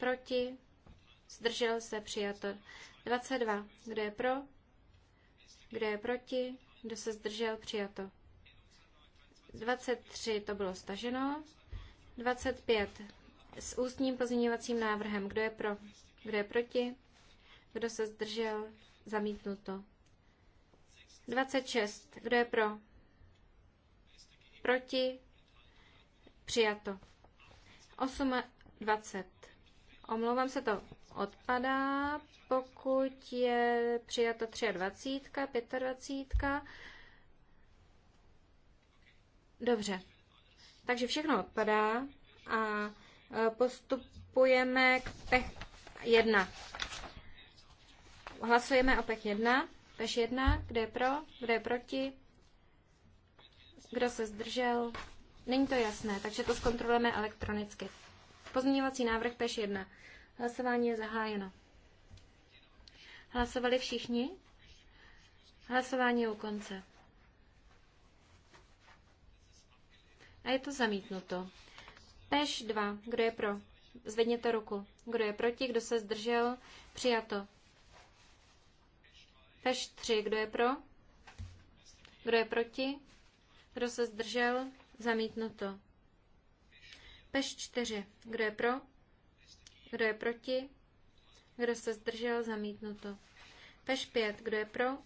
Speaker 2: Proti? Zdržel se? Přijato. 22. Kdo je pro? Kdo je proti? Kdo se zdržel? Přijato. 23. To bylo staženo. 25. S ústním pozměňovacím návrhem. Kdo je pro? Kdo je proti? Kdo se zdržel? Zamítnuto. 26. Kdo je pro? Proti? Přijato. 8. 20. Omlouvám se, to odpadá, pokud je přijato 23, 25. Dobře. Takže všechno odpadá a e, postupujeme k pech 1. Hlasujeme o pech 1. Peš jedna, kdo je pro, kdo je proti, kdo se zdržel. Není to jasné, takže to zkontrolujeme elektronicky. Pozměňovací návrh Peš 1. Hlasování je zahájeno. Hlasovali všichni? Hlasování je u konce. A je to zamítnuto. Peš 2. Kdo je pro? Zvedněte ruku. Kdo je proti? Kdo se zdržel? Přijato. Peš 3, kdo je pro? Kdo je proti? Kdo se zdržel? Zamítnuto. Peš 4, kdo je pro? Kdo je proti? Kdo se zdržel? Zamítnuto. Peš 5, kdo je pro?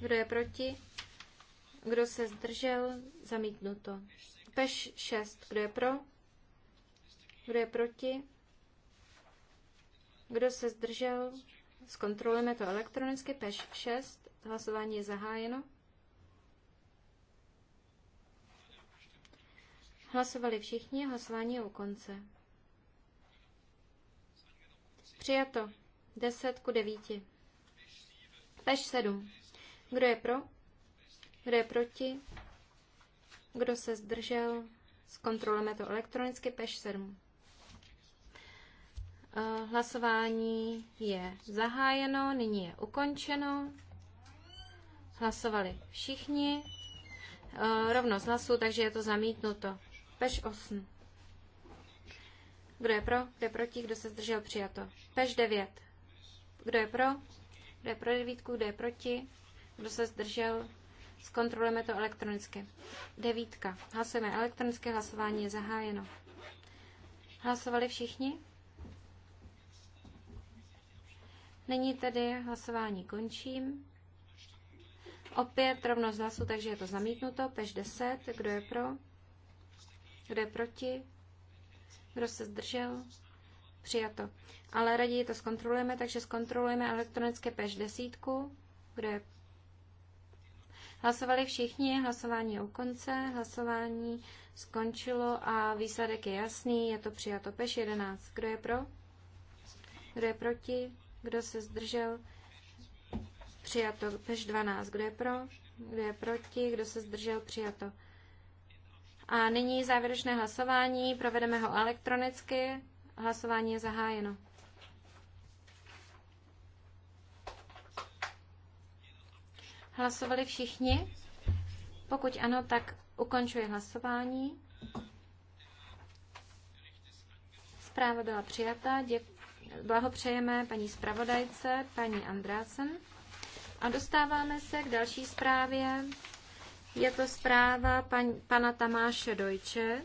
Speaker 2: Kdo je proti? Kdo se zdržel? Zamítnuto. Peš 6. Kdo je pro? Kdo je proti? Kdo se zdržel? Zkontrolujeme to elektronicky. Peš 6. Hlasování je zahájeno. Hlasovali všichni, hlasování je u konce. Přijato. 10 ku 9. Peš 7. Kdo je pro? Kdo je proti? Kdo se zdržel? Zkontrolujeme to elektronicky. Peš 7. Hlasování je zahájeno, nyní je ukončeno. Hlasovali všichni. E, rovnost hlasů, takže je to zamítnuto. Peš 8. Kdo je pro? Kdo je proti? Kdo se zdržel? Přijato. Peš 9. Kdo je pro? Kdo je pro devítku? Kdo je proti? Kdo se zdržel? Zkontrolujeme to elektronicky. Devítka. Hlasujeme elektronické, hlasování je zahájeno. Hlasovali všichni? Není tedy hlasování končím. Opět rovnost hlasu, takže je to zamítnuto. Peš 10, kdo je pro? Kdo je proti? Kdo se zdržel? Přijato. Ale raději to zkontrolujeme, takže zkontrolujeme elektronické peš desítku. Kdo je Hlasovali všichni, hlasování je u konce, hlasování skončilo a výsledek je jasný, je to přijato peš 11. Kdo je pro? Kdo je proti? Kdo se zdržel? Přijato. Peš 12. Kdo je pro? Kdo je proti? Kdo se zdržel? Přijato. A nyní závěrečné hlasování. Provedeme ho elektronicky. Hlasování je zahájeno. Hlasovali všichni? Pokud ano, tak ukončuji hlasování. Zpráva byla přijata. Děkuji Blahopřejeme paní zpravodajce, paní Andrásen. A dostáváme se k další zprávě. Je to zpráva pan, pana Tamáše Dojče.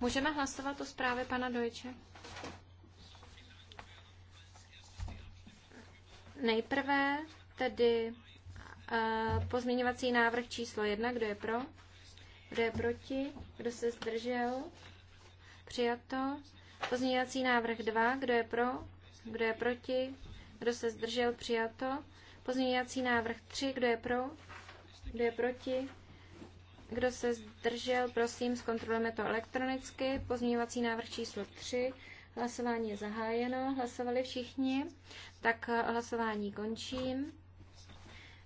Speaker 2: Můžeme hlasovat o zprávě pana Dojče? Nejprve tedy eh, pozměňovací návrh číslo jedna, kdo je pro? Kdo je proti? Kdo se zdržel? Přijato. Pozměňovací návrh 2. Kdo je pro? Kdo je proti? Kdo se zdržel? Přijato. Pozměňovací návrh 3. Kdo je pro? Kdo je proti? Kdo se zdržel? Prosím, zkontrolujeme to elektronicky. Pozměňovací návrh číslo 3. Hlasování je zahájeno. Hlasovali všichni. Tak eh, hlasování končím.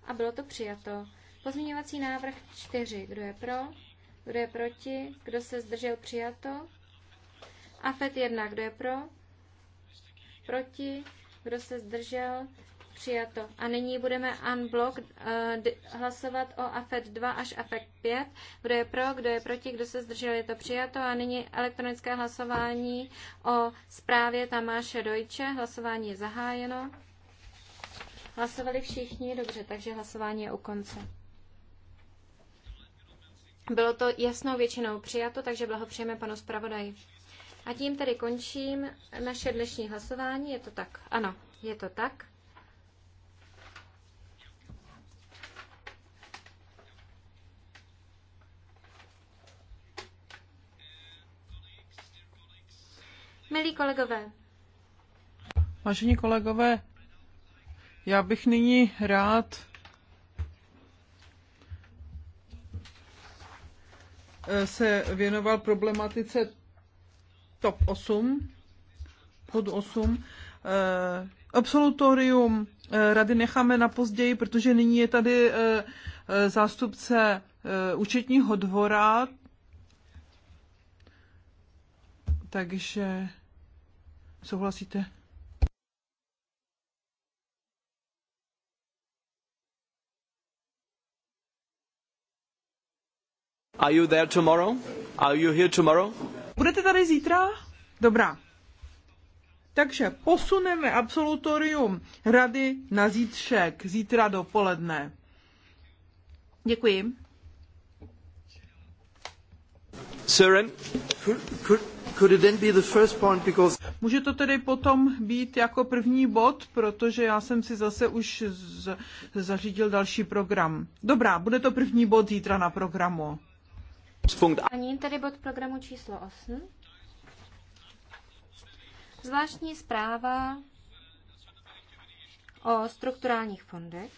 Speaker 2: A bylo to přijato. Pozměňovací návrh 4. Kdo je pro? Kdo je proti? Kdo se zdržel? Přijato. AFET 1. Kdo je pro? Proti? Kdo se zdržel? Přijato. A nyní budeme unblock uh, hlasovat o AFET 2 až AFET 5. Kdo je pro, kdo je proti, kdo se zdržel, je to přijato. A nyní elektronické hlasování o zprávě Tamáše Dojče. Hlasování je zahájeno. Hlasovali všichni, dobře, takže hlasování je u konce. Bylo to jasnou většinou přijato, takže blahopřejeme panu zpravodaji. A tím tedy končím naše dnešní hlasování. Je to tak? Ano, je to tak. Milí kolegové.
Speaker 3: Vážení kolegové, já bych nyní rád Eh, se věnoval problematice TOP 8, pod 8. Eh, absolutorium eh, rady necháme na později, protože nyní je tady zástupce účetního dvora, takže souhlasíte? Are you there tomorrow?
Speaker 2: Are you here tomorrow?
Speaker 3: Budete tady zítra? Dobrá. Takže posuneme absolutorium rady na zítřek, zítra dopoledne. Děkuji. Søren, could, could, could it then be the first point because... Může to tedy potom být jako první bod, protože já jsem si zase už z, zařídil další program. Dobrá, bude to první bod zítra na programu. A nyní
Speaker 2: tedy bod programu číslo 8. Zvláštní zpráva o strukturálních fondech.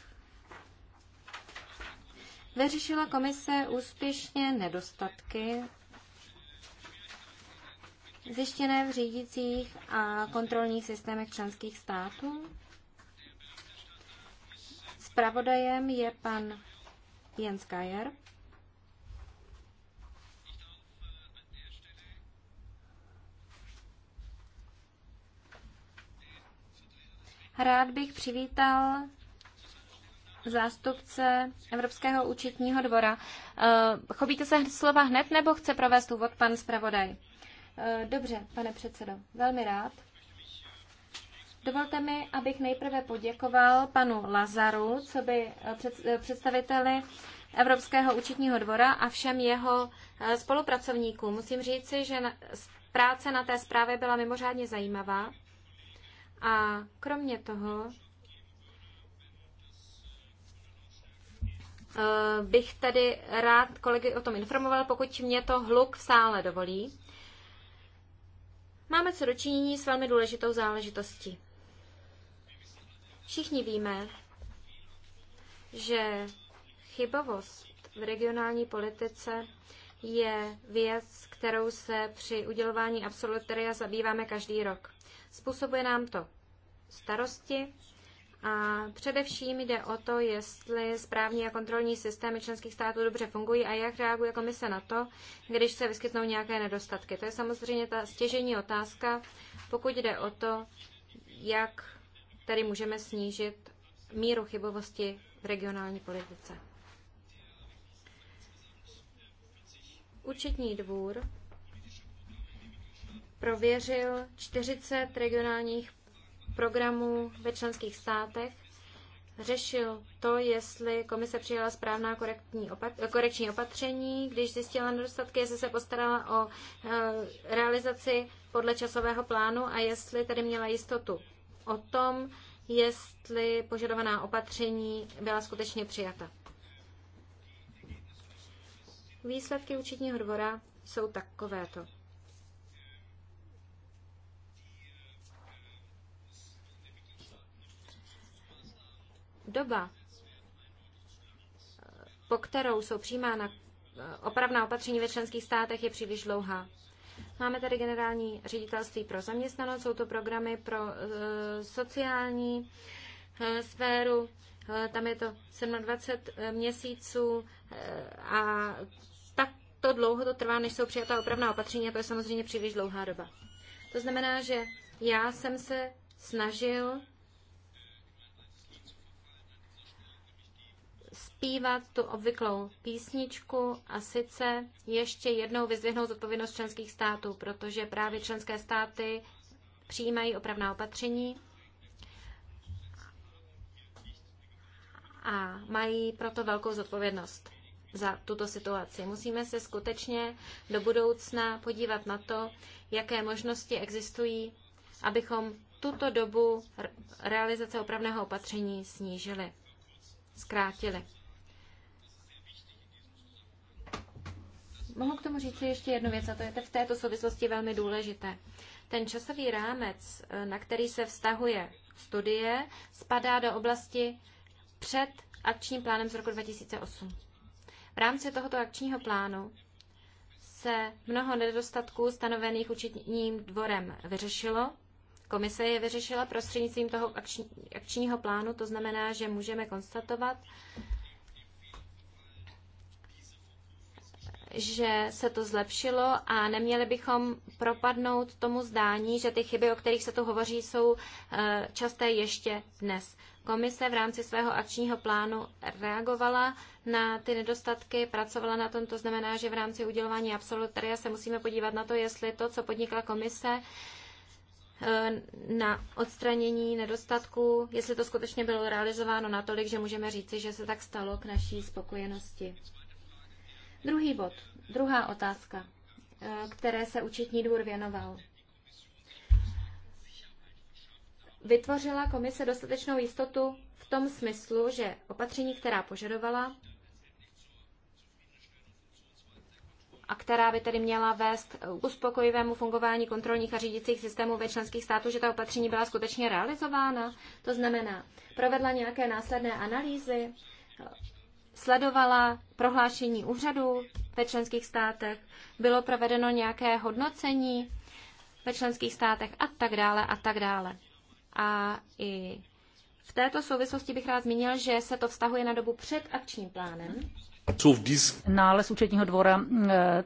Speaker 2: Vyřešila komise úspěšně nedostatky zjištěné v řídících a kontrolních systémech členských států. Spravodajem je pan Jens Kajer. Rád bych přivítal zástupce Evropského účetního dvora. Eh, chopíte se slova hned nebo chce provést úvod pan zpravodaj? Eh, dobře, pane předsedo, velmi rád. Dovolte mi, abych nejprve poděkoval panu Lazaru, co by eh, představiteli Evropského účetního dvora a všem jeho spolupracovníkům. Musím říci, že práce na té zprávě byla mimořádně zajímavá. A kromě toho eh, bych tady rád kolegy o tom informoval, pokud mě to hluk v sále dovolí. Máme co dočinění s velmi důležitou záležitostí. Všichni víme, že chybovost v regionální politice je věc, kterou se při udělování absolutoria zabýváme každý rok. Způsobuje nám to starosti a především jde o to, jestli správní a kontrolní systémy členských států dobře fungují a jak reaguje komise na to, když se vyskytnou nějaké nedostatky. To je samozřejmě ta stěžení otázka, pokud jde o to, jak tady můžeme snížit míru chybovosti v regionální politice. Účetní dvůr prověřil 40 regionálních programů ve členských státech, řešil to, jestli komise přijala správná korektní opat- korekční opatření, když zjistila nedostatky, jestli se postarala o e, realizaci podle časového plánu a jestli tedy měla jistotu o tom, jestli požadovaná opatření byla skutečně přijata. Výsledky účetního dvora jsou takovéto. doba, po kterou jsou přijímána opravná opatření ve členských státech, je příliš dlouhá. Máme tady generální ředitelství pro zaměstnanost, jsou to programy pro eh, sociální eh, sféru, eh, tam je to 27 měsíců a tak to dlouho to trvá, než jsou přijatá opravná opatření a to je samozřejmě příliš dlouhá doba. To znamená, že já jsem se snažil zpívat tu obvyklou písničku a sice ještě jednou vyzvihnout zodpovědnost členských států, protože právě členské státy přijímají opravná opatření a mají proto velkou zodpovědnost za tuto situaci. Musíme se skutečně do budoucna podívat na to, jaké možnosti existují, abychom tuto dobu realizace opravného opatření snížili, zkrátili. mohu k tomu říct ještě jednu věc, a to je v této souvislosti velmi důležité. Ten časový rámec, eh, na který se vztahuje studie, spadá do oblasti před akčním plánem z roku 2008. V rámci tohoto akčního plánu se mnoho nedostatků stanovených učitním dvorem vyřešilo. Komise je vyřešila prostřednictvím toho akční, akčního plánu, to znamená, že můžeme konstatovat, že se to zlepšilo a neměli bychom propadnout tomu zdání, že ty chyby, o kterých se tu hovoří, jsou eh, časté ještě dnes. Komise v rámci svého akčního plánu reagovala na ty nedostatky, pracovala na tom, to znamená, že v rámci udělování absolutoria se musíme podívat na to, jestli to, co podnikla komise, eh, na odstranění nedostatků, jestli to skutečně bylo realizováno natolik, že můžeme říci, že se tak stalo k naší spokojenosti. Druhý bod, druhá otázka, eh, které se účetní dvůr věnoval. Vytvořila komise dostatečnou jistotu v tom smyslu, že opatření, která požadovala, a která by tedy měla vést k uspokojivému fungování kontrolních a řídicích systémů ve členských států, že ta opatření byla skutečně realizována. To znamená, provedla nějaké následné analýzy, sledovala prohlášení úřadu ve členských státech, bylo provedeno nějaké hodnocení ve členských státech a tak dále a tak dále. A i v této souvislosti bych rád zmínil, že se to vztahuje na dobu před akčním plánem
Speaker 4: Nález účetního dvora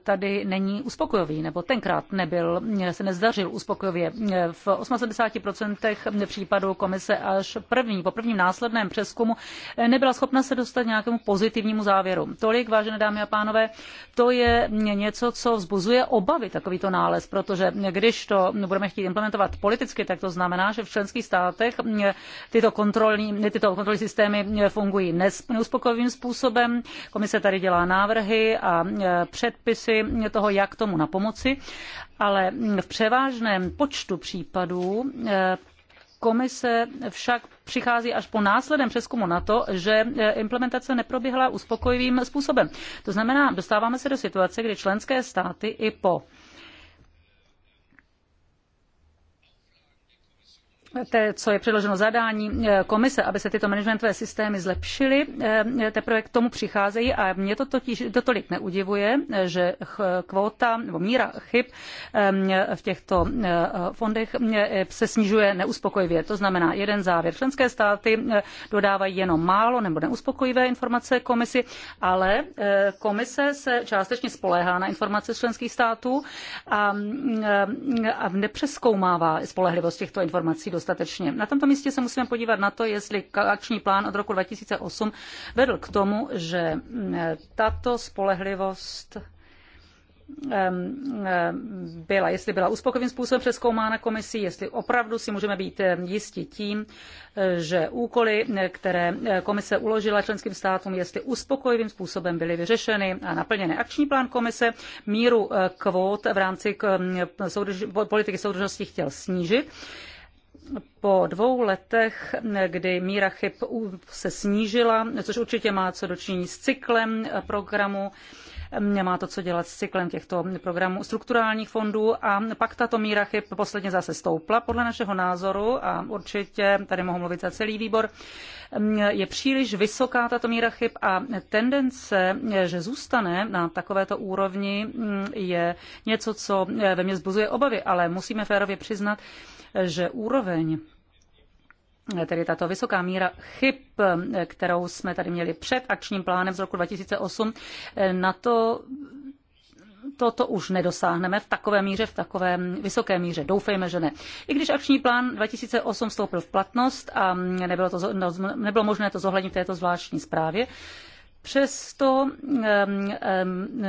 Speaker 4: tady není uspokojivý, nebo tenkrát nebyl, se nezdařil uspokojivě. V 80% případů komise až první, po prvním následném přeskumu e, nebyla schopna se dostat nějakému pozitivnímu závěru. Tolik, vážené dámy a pánové, to je něco, co vzbuzuje obavy, takovýto nález, protože když to budeme chtít implementovat politicky, tak to znamená, že v členských státech tyto kontrolní, tyto kontrolní systémy fungují neuspokojivým způsobem. Komise Komise tady dělá návrhy a e, předpisy toho, jak tomu na pomoci, ale v převážném počtu případů e, Komise však přichází až po následném přeskumu na to, že e, implementace neproběhla uspokojivým způsobem. To znamená, dostáváme se do situace, kdy členské státy i po té, co je předloženo zadání eh, komise, aby se tyto managementové systémy zlepšily, eh, teprve k tomu přicházejí a mě to totiž tolik neudivuje, eh, že kvóta nebo míra chyb v těchto fondech se snižuje neuspokojivě. To znamená jeden závěr. Členské státy dodávají jenom málo nebo neuspokojivé informace komisi, ale komise se částečně spoléhá na informace z členských států a, mm, a nepřeskoumává spolehlivost těchto informací dostatečně. Na tomto místě se musíme podívat na to, jestli akční plán od roku 2008 vedl k tomu, že mm, tato spolehlivost byla, jestli byla uspokojivým způsobem přeskoumána komisí, jestli opravdu si můžeme být jisti tím, že úkoly, které e, komise uložila členským státům, jestli uspokojivým způsobem byly vyřešeny a naplněny. Akční plán komise míru e, kvót v rámci politiky soudržnosti chtěl snížit po dvou letech, kdy míra chyb se snížila, což určitě má co dočinit s cyklem programu, má to co dělat s cyklem těchto programů strukturálních fondů a pak tato míra chyb posledně zase stoupla podle našeho názoru a určitě, tady mohu mluvit za celý výbor, je příliš vysoká tato míra chyb a tendence, že zůstane na takovéto úrovni, je něco, co ve mně zbuzuje obavy, ale musíme férově přiznat, že úroveň tedy tato vysoká míra chyb, kterou jsme tady měli před akčním plánem z roku 2008, na to toto už nedosáhneme v takové míře, v takové vysoké míře. Doufejme, že ne. I když akční plán 2008 vstoupil v platnost a nebylo, to, no, nebylo možné to zohlednit v této zvláštní zprávě, Přesto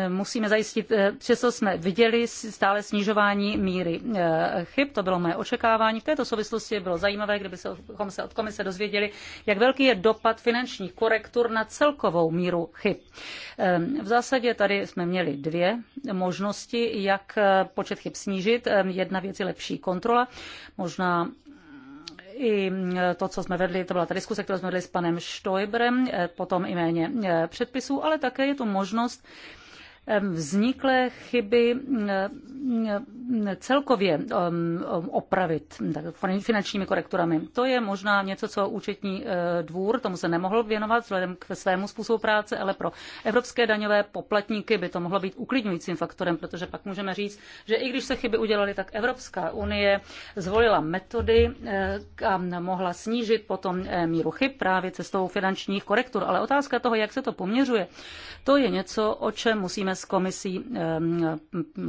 Speaker 4: musíme zajistit, eh, přesto jsme viděli stále snižování míry eh, chyb, to bylo mé očekávání. V této souvislosti bylo zajímavé, kdybychom se od komise dozvěděli, jak velký je dopad finančních korektur na celkovou míru chyb. V zásadě tady jsme měli dvě možnosti, jak eh, počet chyb snížit. Jedna věc je lepší kontrola, možná i e, to, co jsme vedli, to byla ta diskuse, kterou jsme vedli s panem Stoiberem, e, potom i méně e, předpisů, ale také je tu možnost vzniklé chyby celkově opravit finančními korekturami. To je možná něco, co účetní eh, dvůr, tomu se nemohl věnovat vzhledem k svému způsobu práce, ale pro evropské daňové poplatníky by to mohlo být uklidňujícím faktorem, protože pak můžeme říct, že i když se chyby udělaly, tak Evropská unie zvolila metody eh, a mohla snížit potom eh, míru chyb právě cestou finančních korektur. Ale otázka toho, jak se to poměřuje, to je něco, o čem musíme s komisí ehm,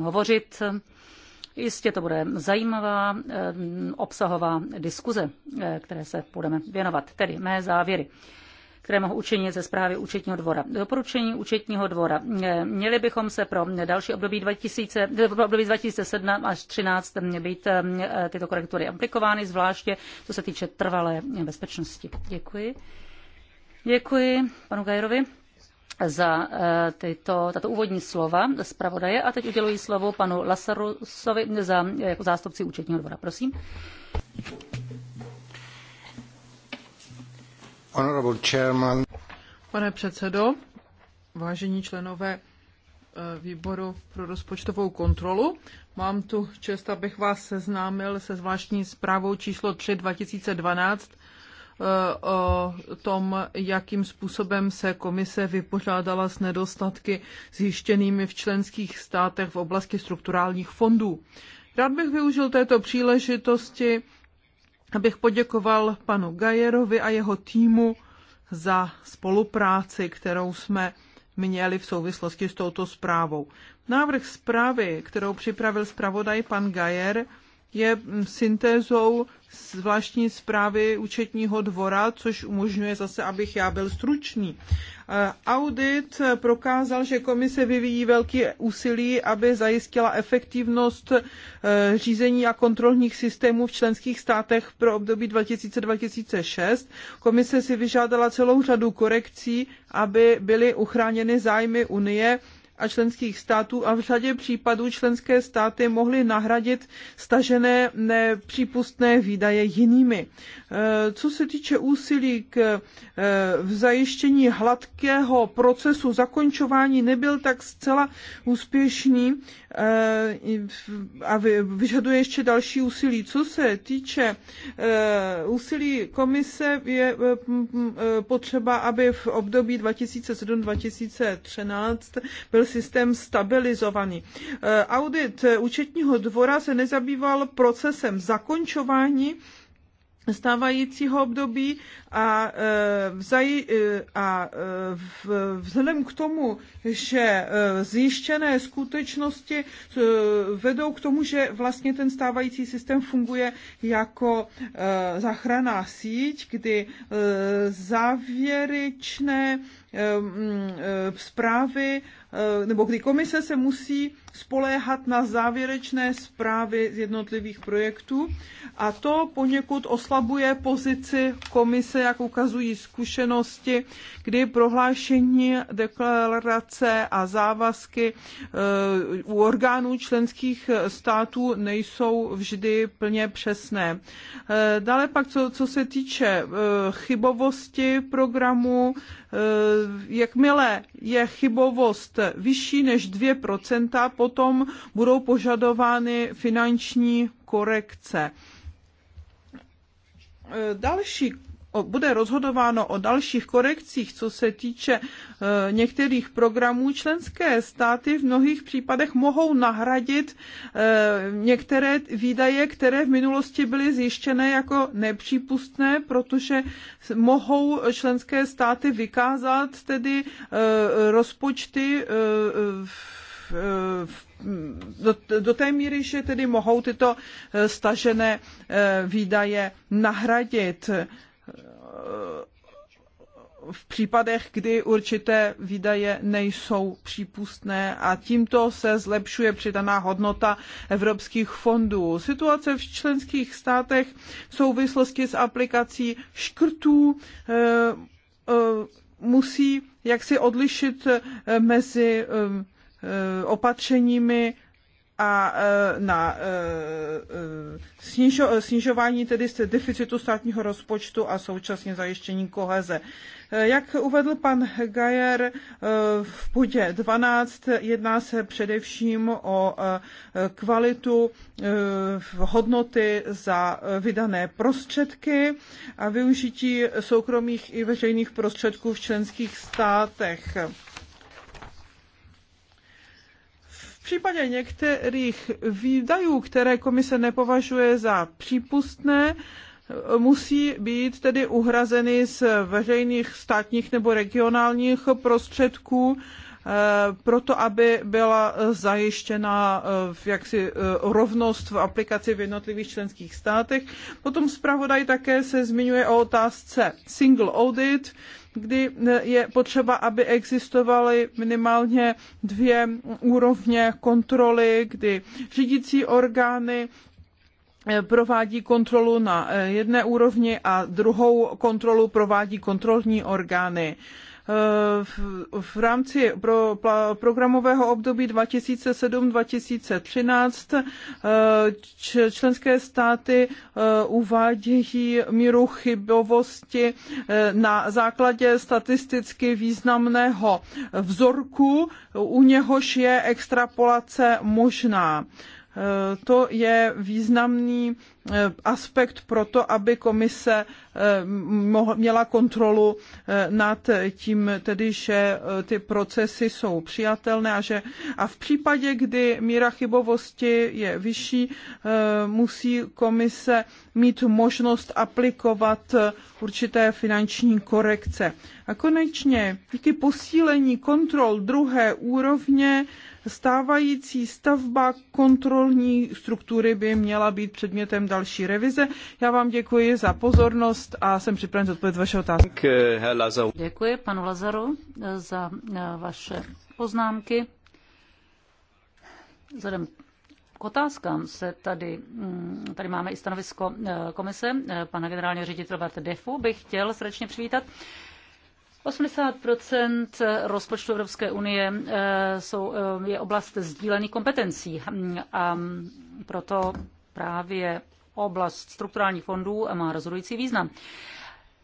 Speaker 4: hovořit. Jistě to bude zajímavá ehm, obsahová diskuze, eh, které se budeme věnovat. Tedy mé závěry které mohu učinit ze zprávy účetního dvora. Doporučení účetního dvora. Eh, měli bychom se pro další období, 2000, eh, období 2007 až 2013 být tyto korektury aplikovány, zvláště co se týče trvalé bezpečnosti. Děkuji. Děkuji panu Gajerovi za eh, tyto, tato úvodní slova zpravodaje a teď uděluji slovo panu Lasarusovi za, eh, jako zástupci účetního dvora. Prosím.
Speaker 1: Honorable Chairman.
Speaker 4: Pane
Speaker 3: předsedo, vážení členové eh, výboru pro rozpočtovou kontrolu. Mám tu čest, abych vás seznámil se zvláštní zprávou číslo 3 2012 o tom, jakým způsobem se komise vypořádala s nedostatky zjištěnými v členských státech v oblasti strukturálních fondů. Rád bych využil této příležitosti, abych poděkoval panu Gajerovi a jeho týmu za spolupráci, kterou jsme měli v souvislosti s touto zprávou. Návrh zprávy, kterou připravil zpravodaj pan Gajer, je syntézou zvláštní zprávy účetního dvora, což umožňuje zase, abych já byl stručný. Eh, audit prokázal, že komise vyvíjí velký úsilí, aby zajistila efektivnost eh, řízení a kontrolních systémů v členských státech pro období 2000-2006. Komise si vyžádala celou řadu korekcí, aby byly uchráněny zájmy Unie a členských států a v řadě případů členské státy mohly nahradit stažené nepřípustné výdaje jinými. E, co se týče úsilí k e, v zajištění hladkého procesu zakončování, nebyl tak zcela úspěšný e, a vyžaduje ještě další úsilí. Co se týče úsilí komise, je potřeba, aby v období 2007-2013 byl systém stabilizovaný. Eh, audit účetního dvora se nezabýval procesem zakončování stávajícího období a, eh, vzaj, eh, a vzhledem k tomu, že zjištěné skutečnosti vedou k tomu, že vlastně ten stávající systém funguje jako zachraná síť, kdy závěrečné mm, zprávy Eh, nebo kdy komise se musí spoléhat na závěrečné zprávy z jednotlivých projektů a to poněkud oslabuje pozici komise, jak ukazují zkušenosti, kdy prohlášení, deklarace a závazky eh, u orgánů členských států nejsou vždy plně přesné. Eh, dále pak, co, co se týče chybovosti programu, Eh, jakmile je chybovost vyšší než 2%, potom budou požadovány finanční korekce. Eh, další bude rozhodováno o dalších korekcích, co se týče e, některých programů, členské státy v mnohých případech mohou nahradit e, některé výdaje, které v minulosti byly zjištěné jako nepřípustné, protože mohou členské státy vykázat tedy e, rozpočty v do, do té míry, že tedy mohou tyto stažené výdaje nahradit. Eh, v případech, kdy určité výdaje nejsou přípustné a tímto se zlepšuje přidaná hodnota evropských fondů. Situace v členských státech v souvislosti s aplikací škrtů eh, eh, musí jaksi odlišit mezi opatřeními a e, na e, e, snižování tedy deficitu státního rozpočtu a současně zajištění koheze. Jak uvedl pan Gajer v bodě 12, jedná se především o kvalitu hodnoty za vydané prostředky a využití soukromých i veřejných prostředků v členských státech. případě některých výdajů, které komise nepovažuje za přípustné, musí být tedy uhrazeny z veřejných státních nebo regionálních prostředků, eh, proto aby byla zajištěna eh, jaksi eh, rovnost v aplikaci v jednotlivých členských státech. Potom zpravodaj také se zmiňuje o otázce single audit, kdy eh, je potřeba, aby existovaly minimálně dvě úrovně kontroly, kdy řídící orgány eh, provádí kontrolu na eh, jedné úrovni a druhou kontrolu provádí kontrolní orgány. Eh, v, rámci pro, programového období 2007-2013 eh, členské státy eh, uvádějí míru chybovosti na základě statisticky významného vzorku, u něhož je extrapolace možná. Eh, to je významný eh, aspekt pro to, aby komise eh, měla kontrolu nad tím, tedy, že ty procesy jsou přijatelné a, že, a v případě, kdy míra chybovosti je vyšší, musí komise mít možnost aplikovat určité finanční korekce. A konečně díky posílení kontrol druhé úrovně Stávající stavba kontrolní struktury by měla být předmětem další revize. Já vám děkuji
Speaker 4: za pozornost
Speaker 3: a jsem připraven zodpovědět vaše otázky.
Speaker 4: Děkuji panu Lazaru za eh, vaše poznámky. Vzhledem k otázkám se tady, mm, tady máme i stanovisko eh, komise eh, pana generálního ředitele Barta Defu, bych chtěl srdečně přivítat. 80 rozpočtu Evropské unie eh, jsou, eh, je oblast sdílených kompetencí a proto právě oblast strukturálních fondů má rozhodující význam.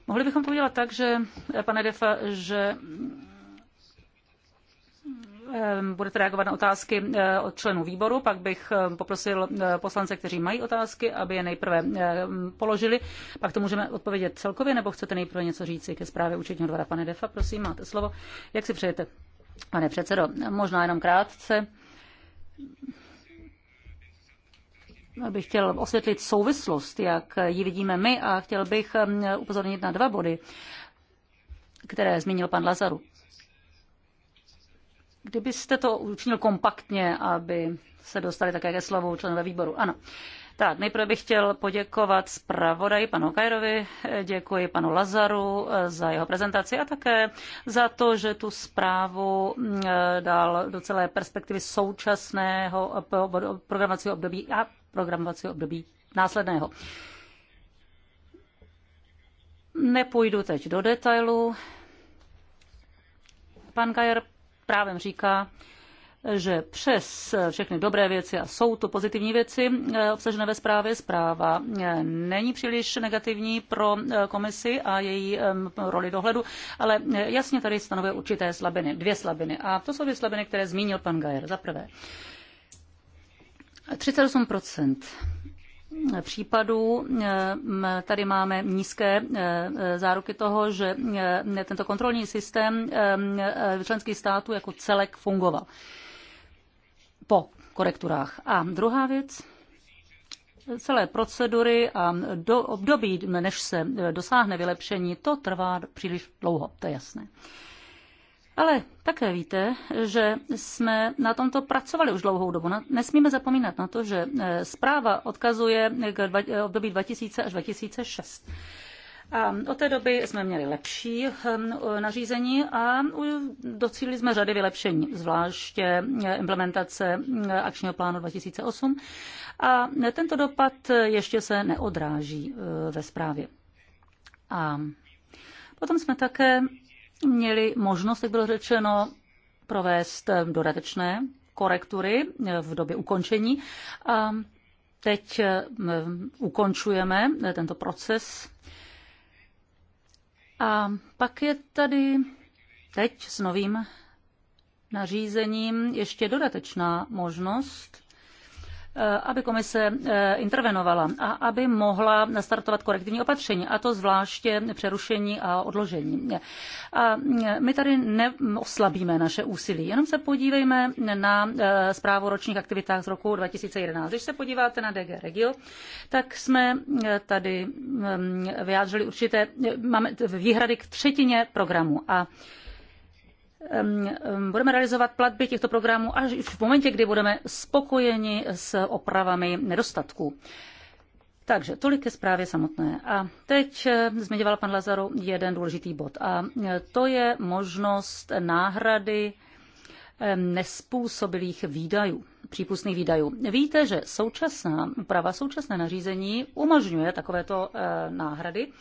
Speaker 4: Mohli bychom to udělat tak, že, eh, pane Defa, že Ehm, budete reagovat na otázky eh, od členů výboru, pak bych ehm, poprosil eh, poslance, kteří mají otázky, aby je nejprve ehm, položili. Pak to můžeme odpovědět celkově, nebo chcete nejprve něco říci ke zprávě účetního dvora. Pane Defa, prosím, máte slovo. Jak si přejete? Pane předsedo, možná jenom krátce bych chtěl osvětlit souvislost, jak ji vidíme my, a chtěl bych upozornit na dva body, které zmínil pan Lazaru. Kdybyste to učinil kompaktně, aby se dostali také ke slovu členové výboru. Ano. Tak, nejprve bych chtěl poděkovat zpravodaji panu Kajrovi, děkuji panu Lazaru eh, za jeho prezentaci a také za to, že tu zprávu eh, dal do celé perspektivy současného programovacího období a programovacího období následného. Nepůjdu teď do detailu. Pan Kajer právem říká, že přes všechny dobré věci, a jsou to pozitivní věci eh, obsažené ve zprávě, zpráva eh, není příliš negativní pro eh, komisi a její roli dohledu, ale jasně tady stanovuje určité slabiny, dvě slabiny. A to jsou dvě slabiny, které zmínil pan Gajer. Za prvé, 38 případů ehm, tady máme nízké eh, záruky toho, že eh, tento kontrolní systém ehm, členských států jako celek fungoval po korekturách. A druhá věc, celé procedury a do období, než se dosáhne vylepšení, to trvá příliš dlouho, to je jasné. Ale také víte, že jsme na tomto pracovali už dlouhou dobu. Nesmíme zapomínat na to, že eh, zpráva odkazuje k období 2000 až 2006. A od té doby jsme měli lepší hm, eh, nařízení a docílili jsme řady vylepšení, zvláště eh, implementace hm, akčního plánu 2008. A tento dopad ještě se neodráží ve zprávě. A potom jsme také měli možnost, jak bylo řečeno, provést eh, dodatečné korektury eh, v době ukončení. A teď eh, ukončujeme tento proces. A pak je tady teď s novým nařízením ještě dodatečná možnost Eh, aby komise eh, intervenovala a aby mohla nastartovat korektivní opatření, a to zvláště přerušení a odložení. A mm, my tady neoslabíme naše úsilí, jenom se podívejme na eh, zprávu o ročních aktivitách z roku 2011. Když se podíváte na DG Regio, tak jsme tady mm, vyjádřili určité máme výhrady k třetině programu a budeme realizovat platby těchto programů až v momentě, kdy budeme spokojeni s opravami nedostatků. Takže tolik ke zprávě samotné. A teď eh, zmiňoval pan Lazaru jeden důležitý bod a eh, to je možnost náhrady nespůsobilých výdajů, přípustných výdajů. Víte, že současná úprava, současné nařízení umožňuje takovéto eh, náhrady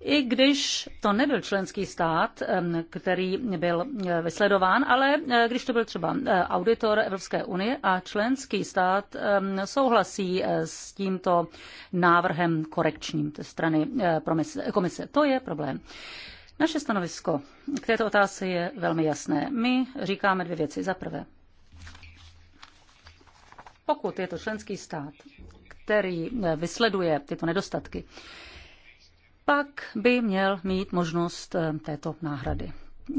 Speaker 4: i když to nebyl členský stát, který byl e, vysledován, ale e, když to byl třeba e, auditor Evropské unie a členský stát souhlasí s tímto návrhem korekčním té strany komise. To je problém. Naše stanovisko k této otázce je velmi jasné. My říkáme dvě věci. Za prvé, pokud je to členský stát, který vysleduje tyto nedostatky, pak by měl mít možnost eh, této náhrady.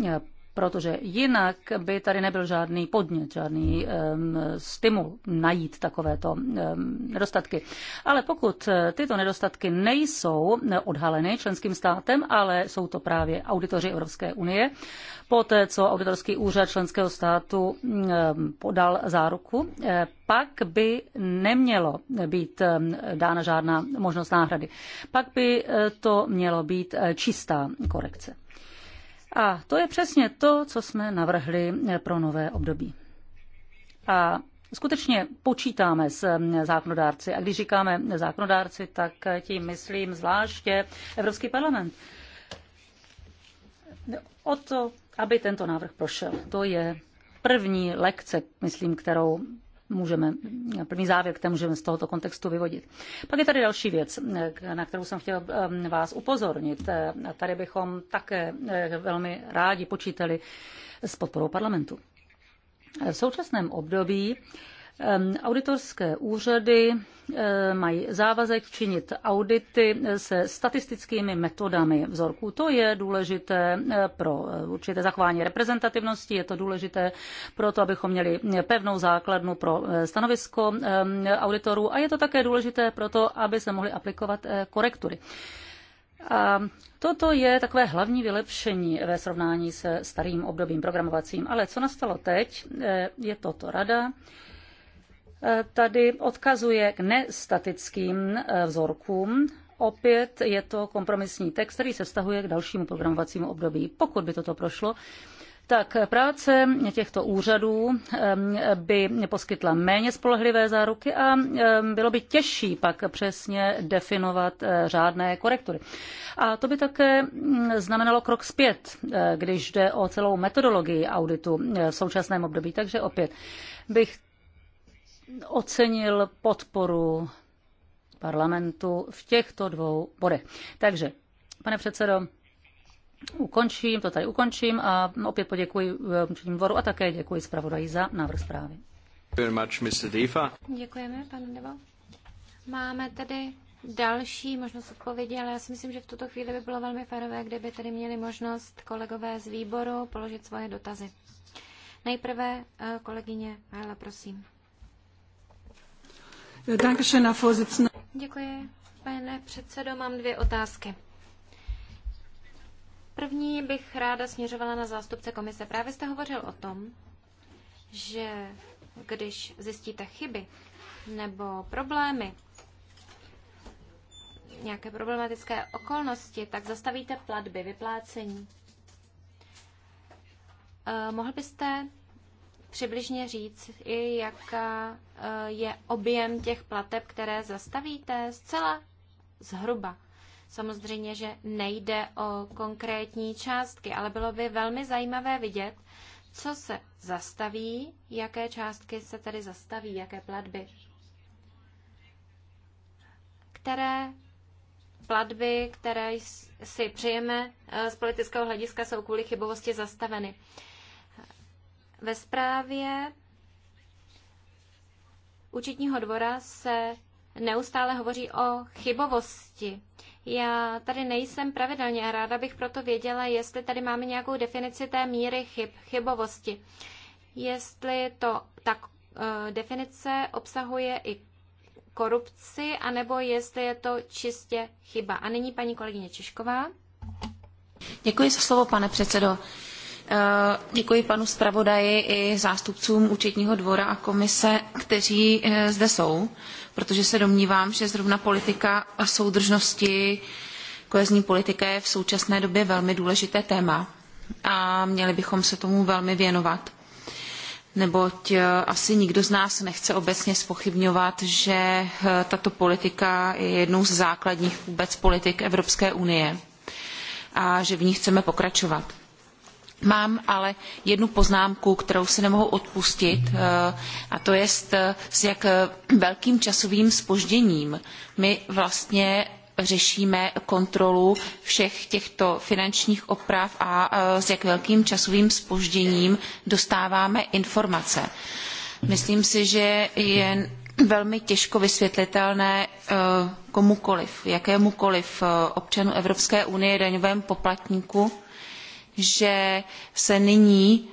Speaker 4: Eh, protože jinak by tady nebyl žádný podnět, žádný um, stimul najít takovéto um, nedostatky. Ale pokud eh, tyto nedostatky nejsou odhaleny členským státem, ale jsou to právě auditoři Evropské unie, poté co auditorský úřad členského státu um, podal záruku, eh, pak by nemělo být dána žádná možnost náhrady. Pak by eh, to mělo být čistá korekce. A to je přesně to, co jsme navrhli eh, pro nové období. A skutečně počítáme s mm, zákonodárci. A když říkáme zákonodárci, tak eh, tím myslím zvláště Evropský parlament. O to, aby tento návrh prošel. To je první lekce, myslím, kterou můžeme, první závěr, který můžeme z tohoto kontextu vyvodit. Pak je tady další věc, na kterou jsem chtěla um, vás upozornit. tady bychom také eh, velmi rádi počítali s podporou parlamentu. V současném období Auditorské úřady eh, mají závazek činit audity eh, se statistickými metodami vzorků. To je důležité eh, pro určité zachování reprezentativnosti, je to důležité pro to, abychom měli pevnou základnu pro stanovisko auditorů a je to také důležité pro to, aby se mohly aplikovat korektury. A toto je takové hlavní vylepšení ve srovnání se starým obdobím programovacím. Ale co nastalo teď, je toto rada tady odkazuje k nestatickým eh, vzorkům. Opět je to kompromisní text, který se vztahuje k dalšímu programovacímu období. Pokud by toto prošlo, tak práce těchto úřadů eh, by poskytla méně spolehlivé záruky a eh, bylo by těžší pak přesně definovat řádné korektury. A to by také mm, znamenalo krok zpět, když jde o celou metodologii auditu v současném období. Takže opět bych ocenil podporu parlamentu v těchto dvou bodech. Takže, pane předsedo, ukončím, to tady ukončím a opět poděkuji eh, členům dvoru a také děkuji zpravodaji za návrh zprávy.
Speaker 2: Děkujeme, pane Devo. Máme tady další možnost odpovědi, ale já si myslím, že v tuto chvíli by bylo velmi férové, kdyby tady měli možnost kolegové z výboru položit svoje dotazy. Nejprve eh, kolegyně Hela, prosím. Děkuji, pane předsedo. Mám dvě otázky. První bych ráda směřovala na zástupce komise. Právě jste hovořil o tom, že když zjistíte chyby nebo problémy, nějaké problematické okolnosti, tak zastavíte platby, vyplácení. Eh, mohl byste přibližně říct i, jaká eh, je objem těch plateb, které zastavíte zcela zhruba? Samozřejmě, že nejde o konkrétní částky, ale bylo by velmi zajímavé vidět, co se zastaví, jaké částky se tedy zastaví, jaké platby. Které platby, které si přejeme eh, z politického hlediska, jsou kvůli chybovosti zastaveny. Ve zprávě účetního dvora se neustále hovoří o chybovosti. Já tady nejsem pravidelně a ráda bych proto věděla, jestli tady máme nějakou definici té míry chyb, chybovosti. Jestli to tak e, definice obsahuje i korupci, anebo jestli je to čistě chyba. A nyní paní kolegyně Češková.
Speaker 5: Děkuji za slovo, pane předsedo. Eh, děkuji panu zpravodaji i zástupcům účetního dvora a komise, kteří eh, zde jsou, protože se domnívám, že zrovna politika a soudržnosti kohezní politika je v současné době velmi důležité téma a měli bychom se tomu velmi věnovat neboť eh, asi nikdo z nás nechce obecně spochybňovat, že tato politika je jednou z základních vůbec politik Evropské unie a že v ní chceme pokračovat. Mám ale jednu poznámku, kterou si nemohu odpustit, eh, a to je s jak eh, velkým časovým spožděním my vlastně řešíme kontrolu všech těchto finančních oprav a eh, s jak velkým časovým spožděním dostáváme informace. Myslím si, že je velmi těžko vysvětlitelné komukoliv, jakémukoliv občanu Evropské unie, daňovému poplatníku, že se nyní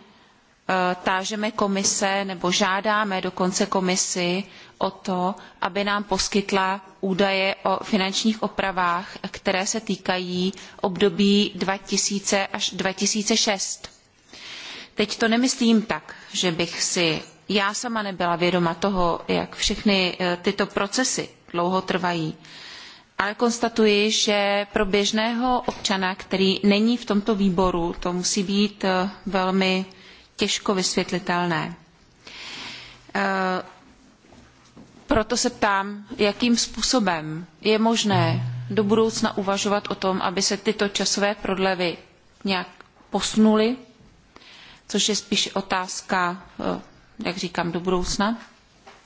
Speaker 5: eh, tážeme komise nebo žádáme dokonce komisi o to, aby nám poskytla údaje o finančních opravách, které se týkají období 2000 až 2006. Teď to nemyslím tak, že bych si já sama nebyla vědoma toho, jak všechny eh, tyto procesy dlouho trvají, ale konstatuji, že pro běžného občana, který není v tomto výboru, to musí být eh, velmi těžko vysvětlitelné. Eh, proto se ptám, jakým způsobem je možné do budoucna uvažovat o tom, aby se tyto časové prodlevy nějak posunuly, což je spíš otázka, eh, jak říkám, do budoucna,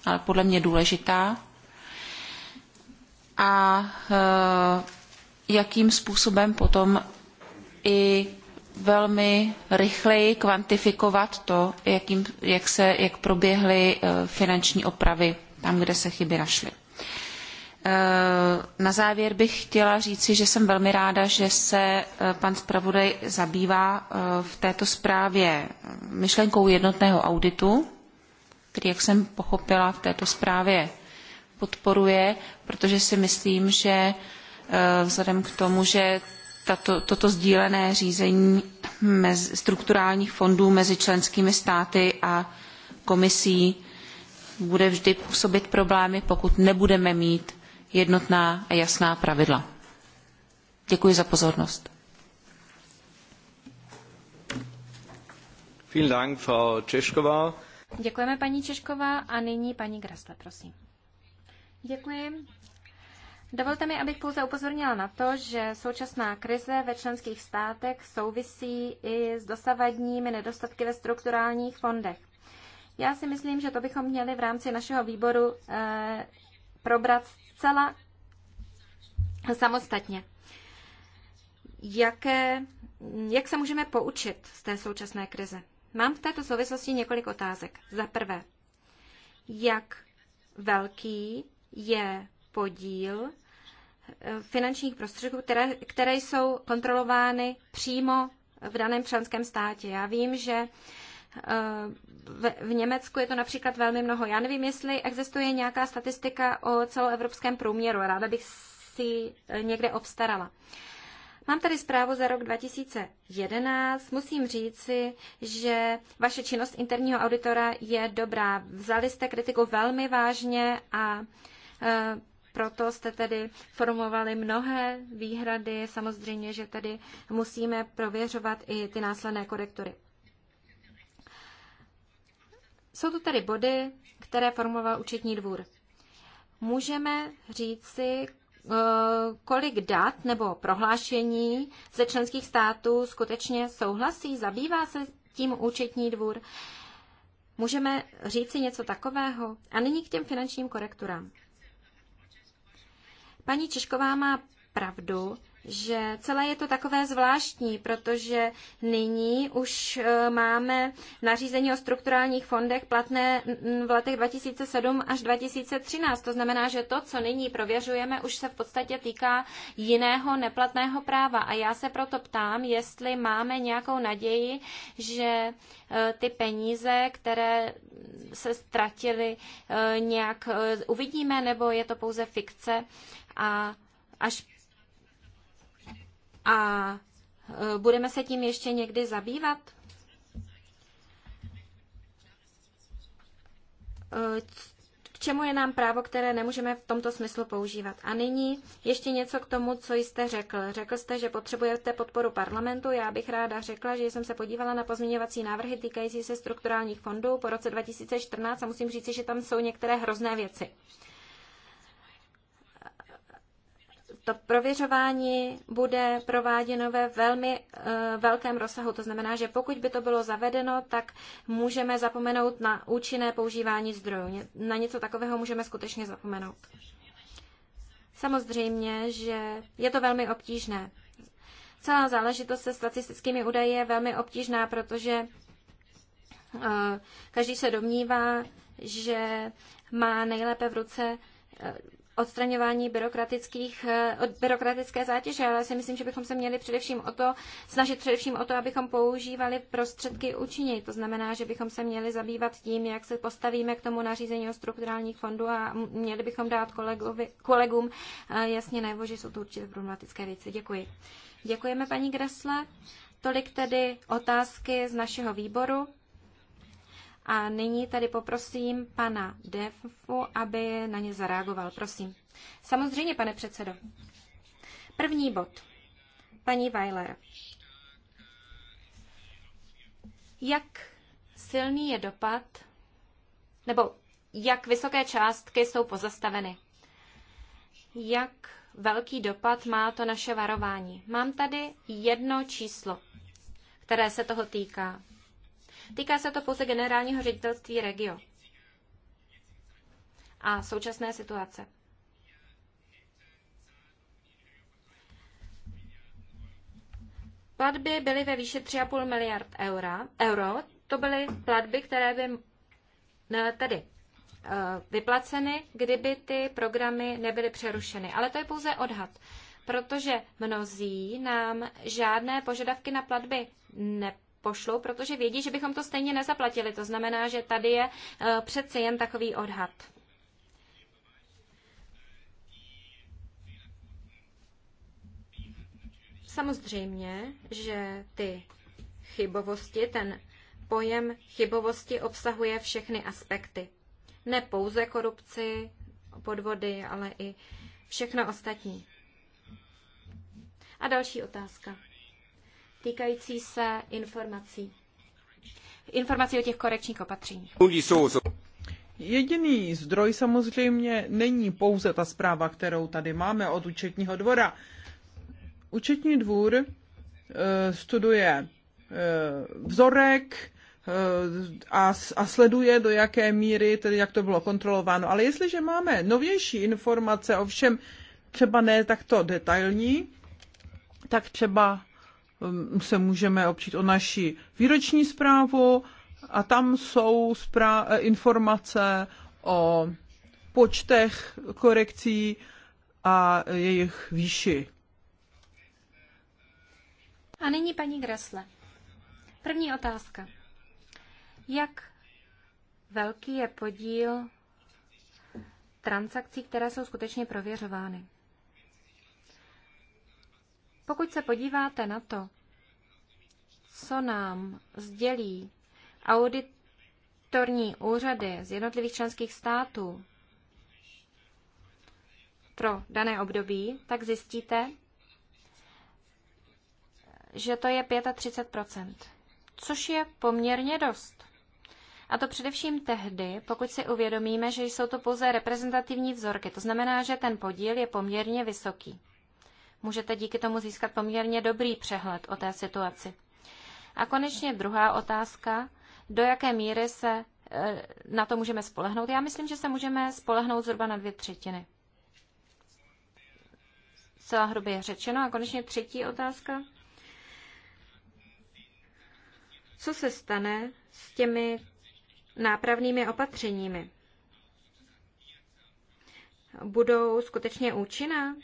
Speaker 5: ale podle mě důležitá a eh, jakým způsobem potom i velmi rychleji kvantifikovat to, jakým, jak, se, jak proběhly eh, finanční opravy tam, kde se chyby našly. Eh, na závěr bych chtěla říci, že jsem velmi ráda, že se pan zpravodaj zabývá v této zprávě myšlenkou jednotného auditu, který, jak jsem pochopila, v této zprávě podporuje protože si myslím, že eh, vzhledem k tomu, že tato, toto sdílené řízení mezi, strukturálních fondů mezi členskými státy a komisí bude vždy působit problémy, pokud nebudeme mít jednotná a jasná pravidla. Děkuji za pozornost.
Speaker 2: Děkujeme paní Češková a nyní paní Grasle, prosím. Děkuji. Dovolte mi, abych pouze upozornila na to, že současná krize ve členských státech souvisí i s dosavadními nedostatky ve strukturálních fondech. Já si myslím, že to bychom měli v rámci našeho výboru eh, probrat zcela samostatně. Jaké, jak se můžeme poučit z té současné krize? Mám v této souvislosti několik otázek. Za prvé, jak velký je podíl finančních prostředků, které, které jsou kontrolovány přímo v daném členském státě. Já vím, že eh, v, Německu je to například velmi mnoho. Já nevím, jestli existuje nějaká statistika o celoevropském průměru. Ráda bych si ji eh, někde obstarala. Mám tady zprávu za rok 2011. Musím říci, že vaše činnost interního auditora je dobrá. Vzali jste kritiku velmi vážně a eh, proto jste tedy formovali mnohé výhrady. Samozřejmě, že tedy musíme prověřovat i ty následné korektury. Jsou tu tedy body, které formoval účetní dvůr. Můžeme říci, eh, kolik dat nebo prohlášení ze členských států skutečně souhlasí, zabývá se tím účetní dvůr. Můžeme říci něco takového? A nyní k těm finančním korekturám. Paní Češková má pravdu, že celé je to takové zvláštní, protože nyní už e, máme nařízení o strukturálních fondech platné mm, v letech 2007 až 2013. To znamená, že to, co nyní prověřujeme, už se v podstatě týká jiného neplatného práva. A já se proto ptám, jestli máme nějakou naději, že e, ty peníze, které se ztratily, e, nějak uvidíme, nebo je to pouze fikce a až a e, budeme se tím ještě někdy zabývat? E, k čemu je nám právo, které nemůžeme v tomto smyslu používat? A nyní ještě něco k tomu, co jste řekl. Řekl jste, že potřebujete podporu parlamentu. Já bych ráda řekla, že jsem se podívala na pozměňovací návrhy týkající se strukturálních fondů po roce 2014 a musím říci, že tam jsou některé hrozné věci. to prověřování bude prováděno ve velmi eh, velkém rozsahu. To znamená, že pokud by to bylo zavedeno, tak můžeme zapomenout na účinné používání zdrojů. Na něco takového můžeme skutečně zapomenout. Samozřejmě, že je to velmi obtížné. Celá záležitost se statistickými údaji je velmi obtížná, protože eh, každý se domnívá, že má nejlépe v ruce eh, odstraňování byrokratických, eh, od byrokratické zátěže, ale já si myslím, že bychom se měli především o to, snažit především o to, abychom používali prostředky účinněji. To znamená, že bychom se měli zabývat tím, jak se postavíme k tomu nařízení o strukturálních fondů a měli bychom dát kolegovi, kolegům eh, jasně najevo, že jsou to určitě problematické věci. Děkuji. Děkujeme, paní Gresle. Tolik tedy otázky z našeho výboru. A nyní tady poprosím pana Defu, aby na ně zareagoval. Prosím. Samozřejmě, pane předsedo. První bod. Paní Weiler. Jak silný je dopad, nebo jak vysoké částky jsou pozastaveny? Jak velký dopad má to naše varování? Mám tady jedno číslo, které se toho týká. Týká se to pouze generálního ředitelství regio a současné situace. Platby byly ve výši 3,5 miliard eura, euro. To byly platby, které by eh, tedy eh, vyplaceny, kdyby ty programy nebyly přerušeny. Ale to je pouze odhad, protože mnozí nám žádné požadavky na platby ne, pošlou, protože vědí, že bychom to stejně nezaplatili. To znamená, že tady je eh, přece jen takový odhad. Samozřejmě, že ty chybovosti, ten pojem chybovosti obsahuje všechny aspekty. Ne pouze korupci, podvody, ale i všechno ostatní. A další otázka týkající se informací. Informací o těch korekčních opatřeních.
Speaker 3: Jediný zdroj samozřejmě není pouze ta zpráva, kterou tady máme od účetního dvora. Účetní dvůr eh, studuje eh, vzorek, eh, a, a sleduje, do jaké míry, tedy jak to bylo kontrolováno. Ale jestliže máme novější informace, ovšem třeba ne takto detailní, tak třeba Um, se můžeme opřít o naši výroční zprávu a tam jsou eh, informace o počtech korekcí a jejich výši.
Speaker 2: A nyní paní Gresle. První otázka. Jak velký je podíl transakcí, které jsou skutečně prověřovány? Pokud se podíváte na to, co nám sdělí auditorní úřady z jednotlivých členských států pro dané období, tak zjistíte, že to je 35 což je poměrně dost. A to především tehdy, pokud si uvědomíme, že jsou to pouze reprezentativní vzorky. To znamená, že ten podíl je poměrně vysoký. Můžete díky tomu získat poměrně dobrý přehled o té situaci. A konečně druhá otázka, do jaké míry se e, na to můžeme spolehnout. Já myslím, že se můžeme spolehnout zhruba na dvě třetiny. Celá hrubě řečeno. A konečně třetí otázka. Co se stane s těmi nápravnými opatřeními? Budou skutečně účinná?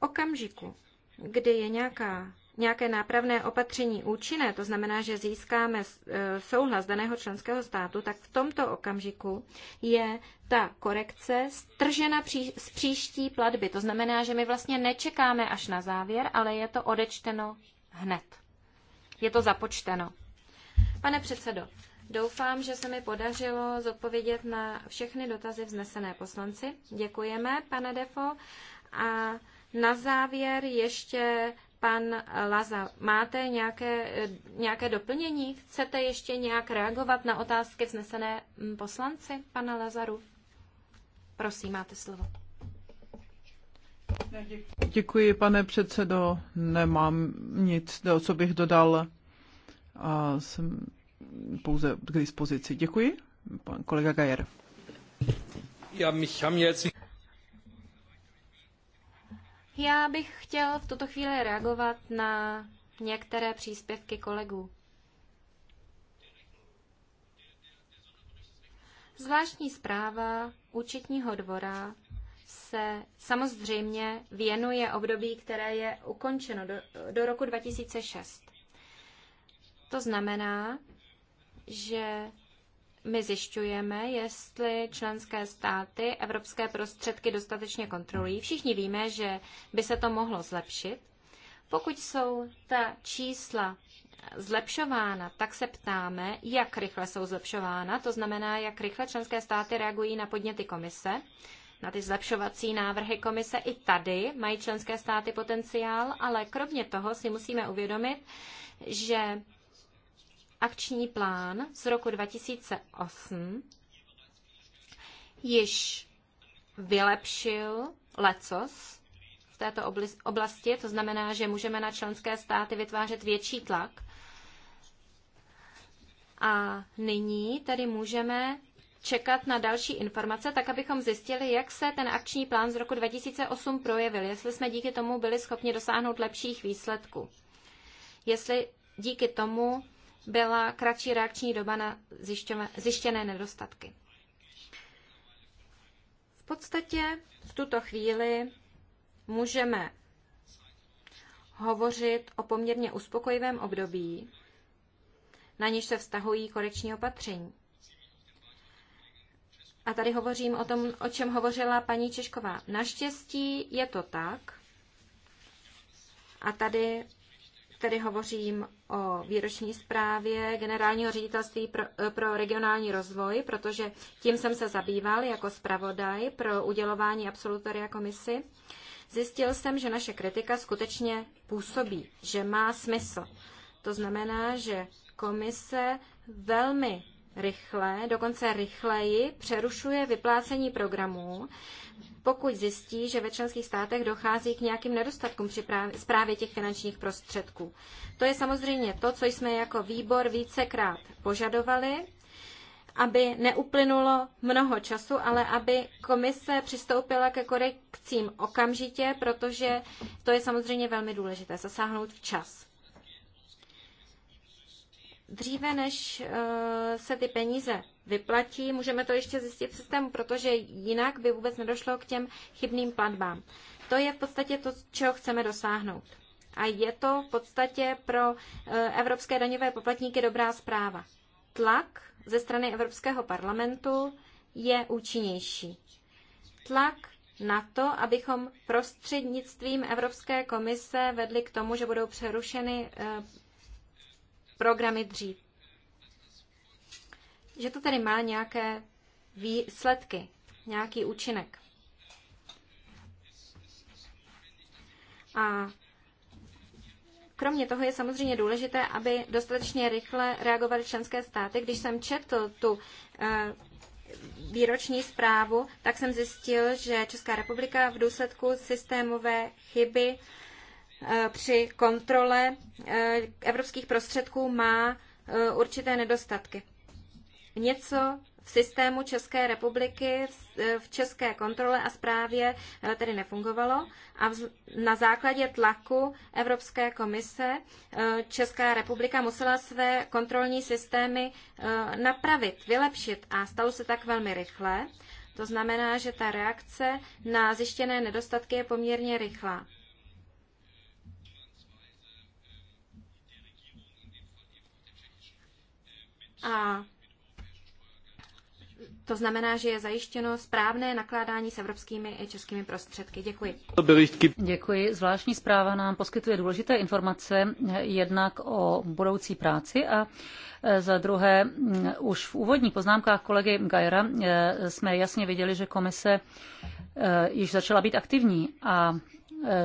Speaker 2: okamžiku, kdy je nějaká, nějaké nápravné opatření účinné, to znamená, že získáme e, souhlas daného členského státu, tak v tomto okamžiku je ta korekce stržena pří, z příští platby. To znamená, že my vlastně nečekáme až na závěr, ale je to odečteno hned. Je to započteno. Pane předsedo, Doufám, že se mi podařilo zodpovědět na všechny dotazy vznesené poslanci. Děkujeme, pane Defo. A na závěr ještě pan Laza. Máte nějaké, nějaké doplnění? Chcete ještě nějak reagovat na otázky vznesené mm, poslanci pana Lazaru? Prosím, máte slovo.
Speaker 3: Děkuji, pane předsedo. Nemám nic, co bych dodal. A jsem pouze k dispozici. Děkuji. Pan kolega Gajer. Já mich haben jetzt...
Speaker 2: Já bych chtěl v tuto chvíli reagovat na některé příspěvky kolegů. Zvláštní zpráva účetního dvora se samozřejmě věnuje období, které je ukončeno do, do roku 2006. To znamená, že my zjišťujeme, jestli členské státy evropské prostředky dostatečně kontrolují. Všichni víme, že by se to mohlo zlepšit. Pokud jsou ta čísla zlepšována, tak se ptáme, jak rychle jsou zlepšována, to znamená, jak rychle členské státy reagují na podněty komise, na ty zlepšovací návrhy komise. I tady mají členské státy potenciál, ale kromě toho si musíme uvědomit, že akční plán z roku 2008 již vylepšil lecos v této oblasti, to znamená, že můžeme na členské státy vytvářet větší tlak. A nyní tedy můžeme čekat na další informace, tak abychom zjistili, jak se ten akční plán z roku 2008 projevil, jestli jsme díky tomu byli schopni dosáhnout lepších výsledků. Jestli díky tomu byla kratší reakční doba na zjištěné nedostatky. V podstatě v tuto chvíli můžeme hovořit o poměrně uspokojivém období, na něž se vztahují korekční opatření. A tady hovořím o tom, o čem hovořila paní Češková. Naštěstí je to tak, a tady tedy hovořím o výroční zprávě Generálního ředitelství pro, pro regionální rozvoj, protože tím jsem se zabýval jako zpravodaj pro udělování absolutoria komisi. Zjistil jsem, že naše kritika skutečně působí, že má smysl. To znamená, že komise velmi rychle, dokonce rychleji přerušuje vyplácení programů, pokud zjistí, že ve členských státech dochází k nějakým nedostatkům při zprávě těch finančních prostředků. To je samozřejmě to, co jsme jako výbor vícekrát požadovali, aby neuplynulo mnoho času, ale aby komise přistoupila ke korekcím okamžitě, protože to je samozřejmě velmi důležité, zasáhnout včas dříve než eh, se ty peníze vyplatí, můžeme to ještě zjistit v systému, protože jinak by vůbec nedošlo k těm chybným platbám. To je v podstatě to, čeho chceme dosáhnout. A je to v podstatě pro eh, evropské daňové poplatníky dobrá zpráva. Tlak ze strany Evropského parlamentu je účinnější. Tlak na to, abychom prostřednictvím Evropské komise vedli k tomu, že budou přerušeny eh, programy dřív. Že to tedy má nějaké výsledky, nějaký účinek. A Kromě toho je samozřejmě důležité, aby dostatečně rychle reagovaly členské státy. Když jsem četl tu eh, výroční zprávu, tak jsem zjistil, že Česká republika v důsledku systémové chyby Eh, při kontrole eh, evropských prostředků má eh, určité nedostatky. Něco v systému České republiky v české kontrole a správě tedy nefungovalo a na základě tlaku Evropské komise Česká republika musela své kontrolní systémy napravit, vylepšit a stalo se tak velmi rychle. To znamená, že ta reakce na zjištěné nedostatky je poměrně rychlá. A to znamená, že je zajištěno správné nakládání s evropskými i českými prostředky. Děkuji.
Speaker 4: Děkuji. Zvláštní zpráva nám poskytuje důležité informace jednak o budoucí práci a e, za druhé, mm, už v úvodních poznámkách kolegy Gajera e, jsme jasně viděli, že komise e, již začala být aktivní a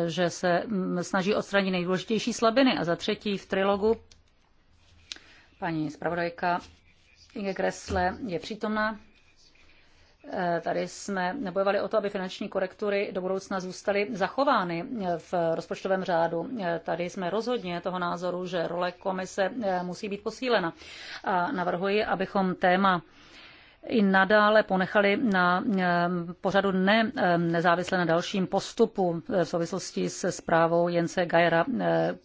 Speaker 4: že se mm, snaží odstranit nejdůležitější slabiny. A za třetí, v trilogu Paní zpravodajka Inge Gressle je přítomna. Eh, tady jsme nebojovali o to, aby finanční korektury do budoucna zůstaly zachovány eh, v rozpočtovém řádu. Eh, tady jsme rozhodně toho názoru, že role komise musí být posílena. A navrhuji, abychom téma i nadále ponechali na ehm, pořadu ne ehm, nezávisle na dalším postupu e, v souvislosti se zprávou Jence Gajera, e,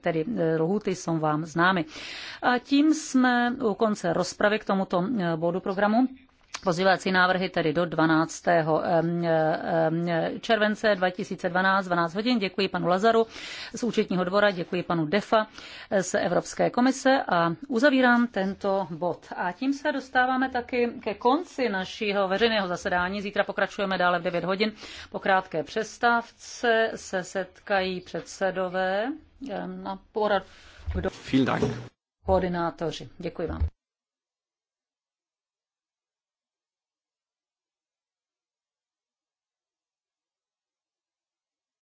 Speaker 4: tedy lhuty e, jsou vám známy. A tím jsme u konce rozpravy k tomuto bodu programu. Pozývací návrhy tedy do 12. Eh, eh, eh, července 2012, 12 hodin. Děkuji panu Lazaru z účetního dvora, děkuji panu Defa z Evropské komise a uzavírám tento bod. A tím se dostáváme taky ke konci našeho veřejného zasedání. Zítra pokračujeme dále v 9 hodin. Po krátké přestávce se setkají předsedové na porad. Kdo? Vielen Dank. Koordinátoři. Děkuji vám.